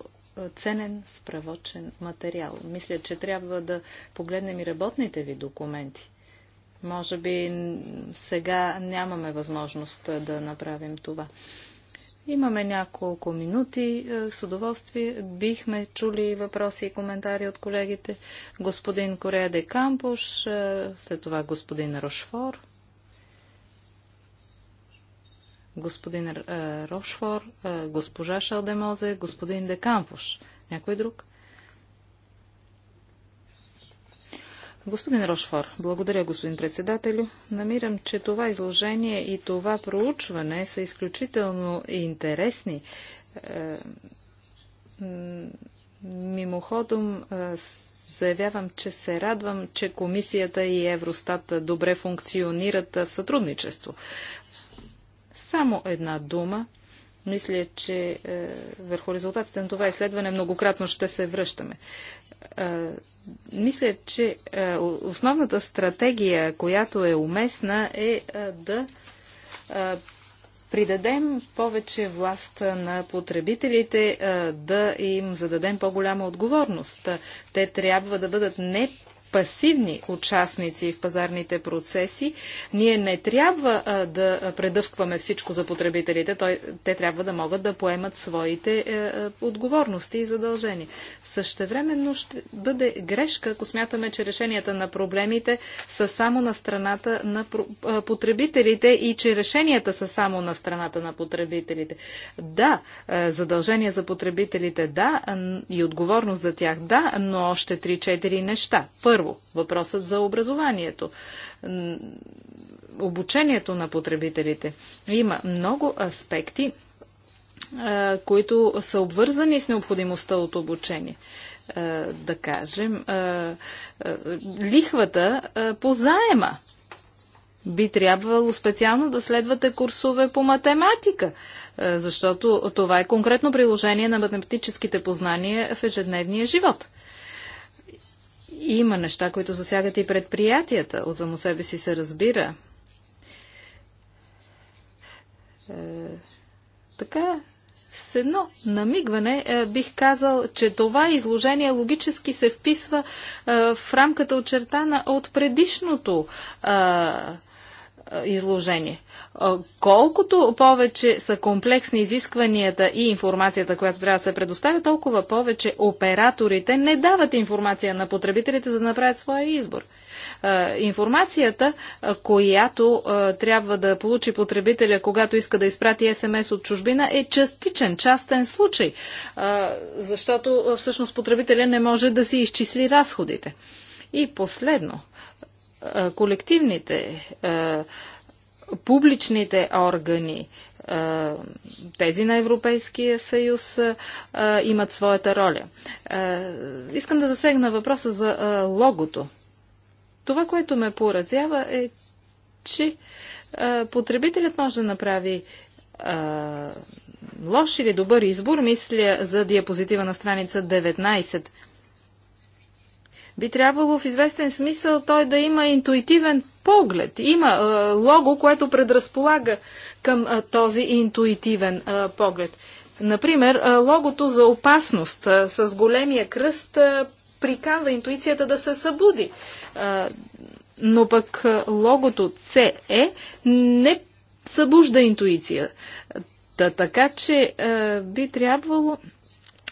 ценен справочен материал. Мисля, че трябва да погледнем и работните ви документи. Може би сега нямаме възможност да направим това. Имаме няколко минути. С удоволствие бихме чули въпроси и коментари от колегите. Господин Корея де Кампуш, след това господин Рошфор. Господин Рошфор, госпожа Шалдемозе, господин де Кампуш. Някой друг? Господин Рошфор, благодаря, господин председателю. Намирам, че това изложение и това проучване са изключително интересни. Е, мимоходом е, заявявам, че се радвам, че комисията и Евростат добре функционират в сътрудничество. Само една дума мисля, че е, върху резултатите на това изследване многократно ще се връщаме. Е, мисля, че е, основната стратегия, която е уместна, е, е да е, придадем повече власт на потребителите, е, да им зададем по-голяма отговорност. Те трябва да бъдат не пасивни участници в пазарните процеси, ние не трябва да предъвкваме всичко за потребителите. те трябва да могат да поемат своите е, е, отговорности и задължения. Същевременно ще бъде грешка, ако смятаме, че решенията на проблемите са само на страната на потребителите и че решенията са само на страната на потребителите. Да, е, задължения за потребителите, да, и отговорност за тях, да, но още 3-4 неща. Първо, първо, въпросът за образованието, обучението на потребителите. Има много аспекти, които са обвързани с необходимостта от обучение да кажем, лихвата по заема. Би трябвало специално да следвате курсове по математика, защото това е конкретно приложение на математическите познания в ежедневния живот. Има неща, които засягат и предприятията. От само себе си се разбира. Е, така, с едно намигване е, бих казал, че това изложение логически се вписва е, в рамката очертана от предишното е, е, изложение. Колкото повече са комплексни изискванията и информацията, която трябва да се предоставя, толкова повече операторите не дават информация на потребителите, за да направят своя избор. Информацията, която трябва да получи потребителя, когато иска да изпрати СМС от чужбина, е частичен, частен случай, защото всъщност потребителя не може да си изчисли разходите. И последно, колективните публичните органи, тези на Европейския съюз имат своята роля. Искам да засегна въпроса за логото. Това, което ме поразява е, че потребителят може да направи лош или добър избор, мисля за диапозитива на страница 19 би трябвало в известен смисъл той да има интуитивен поглед. Има а, лого, което предразполага към а, този интуитивен а, поглед. Например, а, логото за опасност а, с големия кръст а, приканва интуицията да се събуди. А, но пък а, логото CE не събужда интуиция. Та, така че а, би трябвало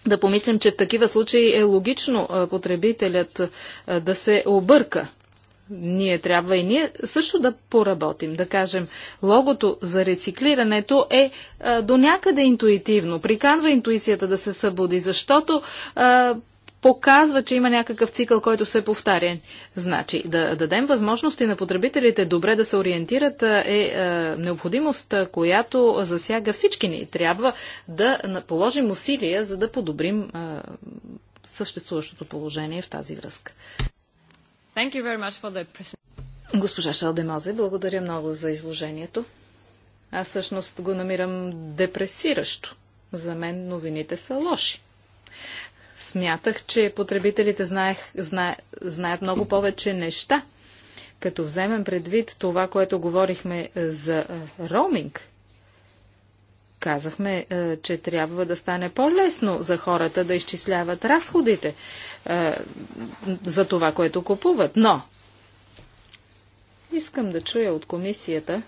да помислим, че в такива случаи е логично потребителят да се обърка. Ние трябва и ние също да поработим, да кажем, логото за рециклирането е до някъде интуитивно. Приканва интуицията да се събуди, защото показва, че има някакъв цикъл, който се повтаря. Значи, да дадем възможности на потребителите добре да се ориентират е, необходимост, която засяга всички ни. Трябва да положим усилия, за да подобрим съществуващото положение в тази връзка. Thank you very much for the Госпожа Шалдемозе, благодаря много за изложението. Аз всъщност го намирам депресиращо. За мен новините са лоши. Смятах, че потребителите знаех, зна, знаят много повече неща. Като вземем предвид това, което говорихме е, за е, роуминг, казахме, е, че трябва да стане по-лесно за хората да изчисляват разходите за това, което купуват. Но искам да чуя от комисията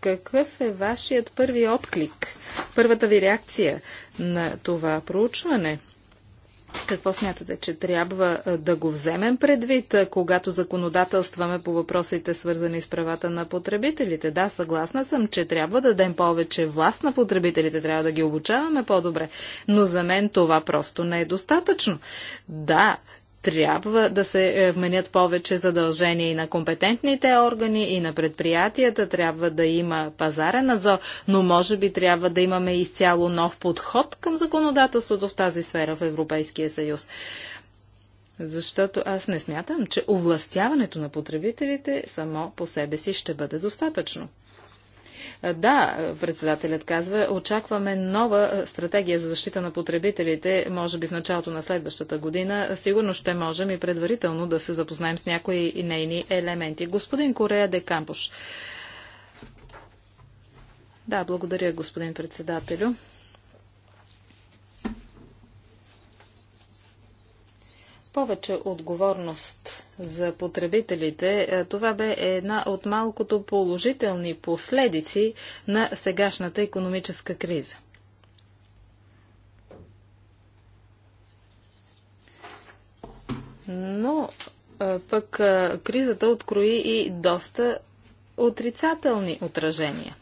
какъв е вашият първи отклик, първата ви реакция на това проучване какво смятате, че трябва да го вземем предвид, когато законодателстваме по въпросите, свързани с правата на потребителите? Да, съгласна съм, че трябва да дадем повече власт на потребителите, трябва да ги обучаваме по-добре, но за мен това просто не е достатъчно. Да, трябва да се е, вменят повече задължения и на компетентните органи, и на предприятията. Трябва да има пазарен надзор, но може би трябва да имаме изцяло нов подход към законодателството в тази сфера в Европейския съюз. Защото аз не смятам, че овластяването на потребителите само по себе си ще бъде достатъчно. Е, да, председателят казва, очакваме нова е, стратегия за защита на потребителите, може би в началото на следващата година. Сигурно ще можем и предварително да се запознаем с някои нейни елементи. Господин Корея де Кампуш. Да, благодаря, господин председателю. повече отговорност за потребителите. Е, това бе една от малкото положителни последици на сегашната економическа криза. Но е, пък е, кризата открои и доста отрицателни отражения.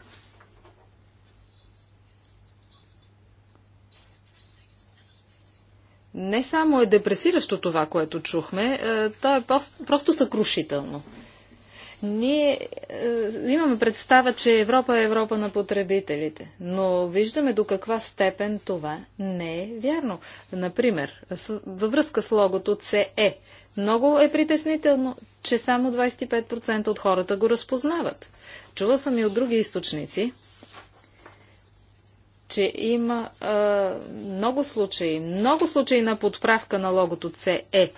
Не само е депресиращо това, което чухме, е, то е просто съкрушително. Ние е, имаме представа, че Европа е Европа на потребителите, но виждаме до каква степен това не е вярно. Например, във връзка с логото CE, е. много е притеснително, че само 25% от хората го разпознават. Чула съм и от други източници, че има а, много случаи, много случаи на подправка на логото CE. Е.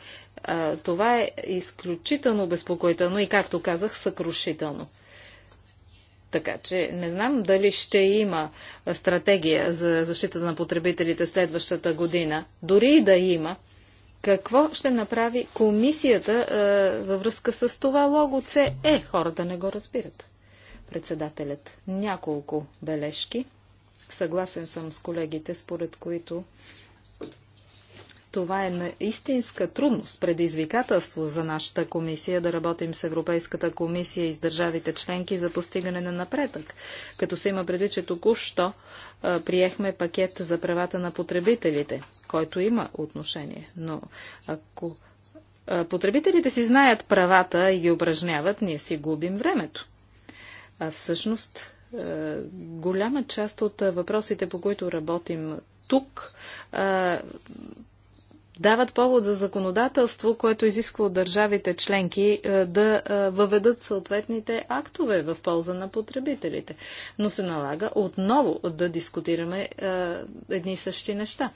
А, това е изключително безпокоително и, както казах, съкрушително. Така че не знам дали ще има стратегия за защита на потребителите следващата година. Дори и да има, какво ще направи комисията а, във връзка с това лого CE? Е? Хората не го разбират. Председателят. Няколко бележки. Съгласен съм с колегите, според които това е истинска трудност, предизвикателство за нашата комисия да работим с Европейската комисия и с държавите членки за постигане на напредък. Като се има преди, че току-що приехме пакет за правата на потребителите, който има отношение. Но ако потребителите си знаят правата и ги упражняват, ние си губим времето. А всъщност е, голяма част от е, въпросите, по които работим тук, е, дават повод за законодателство, което изисква от държавите членки да въведат съответните актове в полза на потребителите. Но се налага отново да дискутираме едни и същи неща.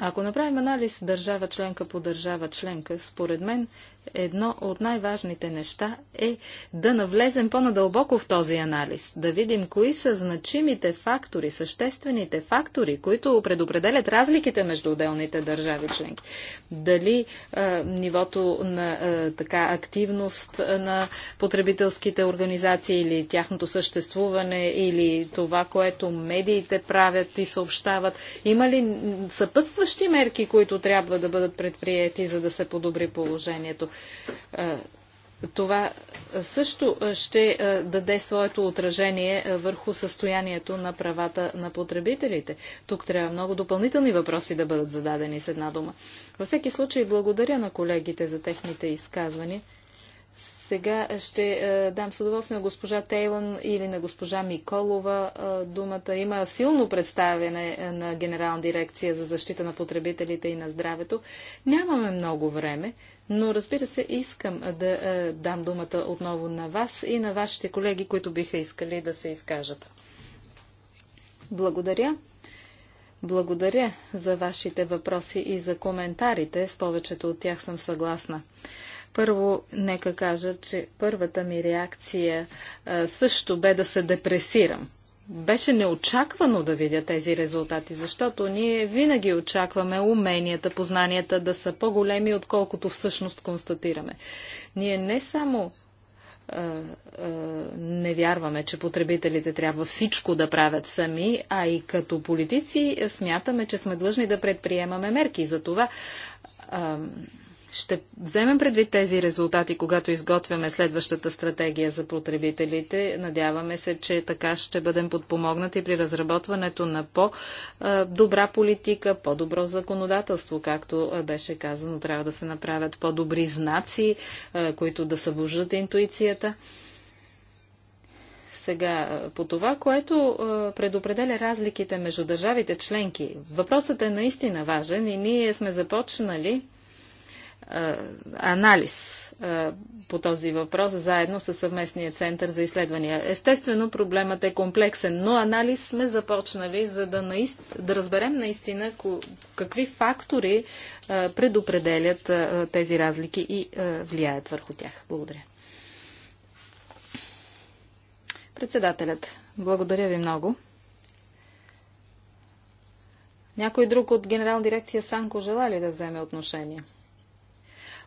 Ако направим анализ държава членка по държава членка, според мен едно от най-важните неща е да навлезем по-надълбоко в този анализ, да видим кои са значимите фактори, съществените фактори, които предопределят разликите между отделните държави членки. Дали е, нивото на е, така активност на потребителските организации или тяхното съществуване или това, което медиите правят и съобщават. Има ли съпътстващи мерки, които трябва да бъдат предприяти, за да се подобри положението? Това също ще даде своето отражение върху състоянието на правата на потребителите. Тук трябва много допълнителни въпроси да бъдат зададени с една дума. Във всеки случай благодаря на колегите за техните изказвания. Сега ще дам с удоволствие на госпожа Тейлън или на госпожа Миколова думата. Има силно представяне на Генерална дирекция за защита на потребителите и на здравето. Нямаме много време. Но разбира се, искам да е, дам думата отново на вас и на вашите колеги, които биха искали да се изкажат. Благодаря. Благодаря за вашите въпроси и за коментарите. С повечето от тях съм съгласна. Първо, нека кажа, че първата ми реакция е, също бе да се депресирам беше неочаквано да видя тези резултати, защото ние винаги очакваме уменията, познанията да са по-големи, отколкото всъщност констатираме. Ние не само не вярваме, че потребителите трябва всичко да правят сами, а и като политици смятаме, че сме длъжни да предприемаме мерки. За това ще вземем предвид тези резултати, когато изготвяме следващата стратегия за потребителите. Надяваме се, че така ще бъдем подпомогнати при разработването на по-добра политика, по-добро законодателство, както беше казано. Трябва да се направят по-добри знаци, които да събуждат интуицията. Сега, по това, което е, предопределя разликите между държавите членки, въпросът е наистина важен и ние сме започнали анализ по този въпрос, заедно с съвместния център за изследвания. Естествено, проблемът е комплексен, но анализ сме започнали, за да, наист... да разберем наистина какви фактори предопределят тези разлики и влияят върху тях. Благодаря. Председателят, благодаря ви много. Някой друг от генерал дирекция Санко желали да вземе отношение?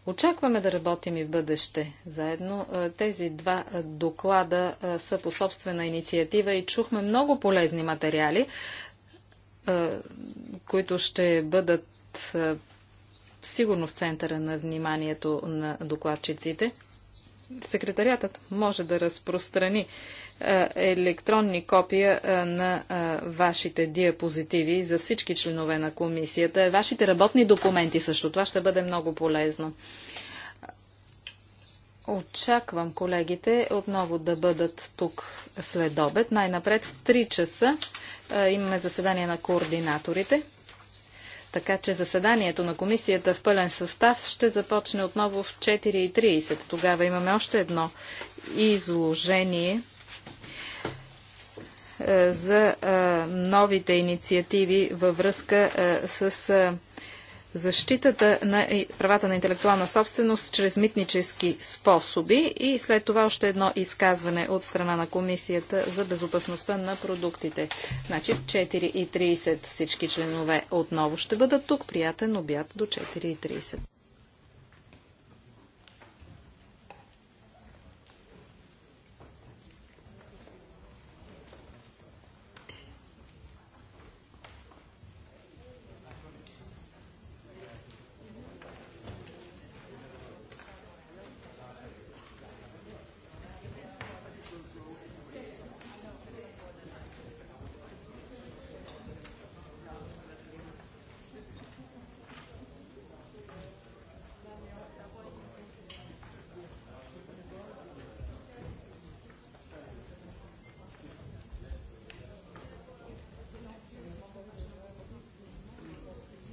Очакваме да работим и в бъдеще заедно. Е, тези два е, доклада е, са по собствена инициатива и чухме много полезни материали, които ще бъдат сигурно в центъра на вниманието на докладчиците секретариатът може да разпространи е, електронни копия е, на е, вашите диапозитиви за всички членове на комисията. Вашите работни документи също. Това ще бъде много полезно. Очаквам колегите отново да бъдат тук след обед. Най-напред в 3 часа имаме заседание на координаторите. Така че заседанието на комисията в пълен състав ще започне отново в 4.30. Тогава имаме още едно изложение е, за е, новите инициативи във връзка е, с защитата на правата на интелектуална собственост чрез митнически способи и след това още едно изказване от страна на Комисията за безопасността на продуктите. Значи в 4.30 всички членове отново ще бъдат тук. Приятен обяд до 4.30.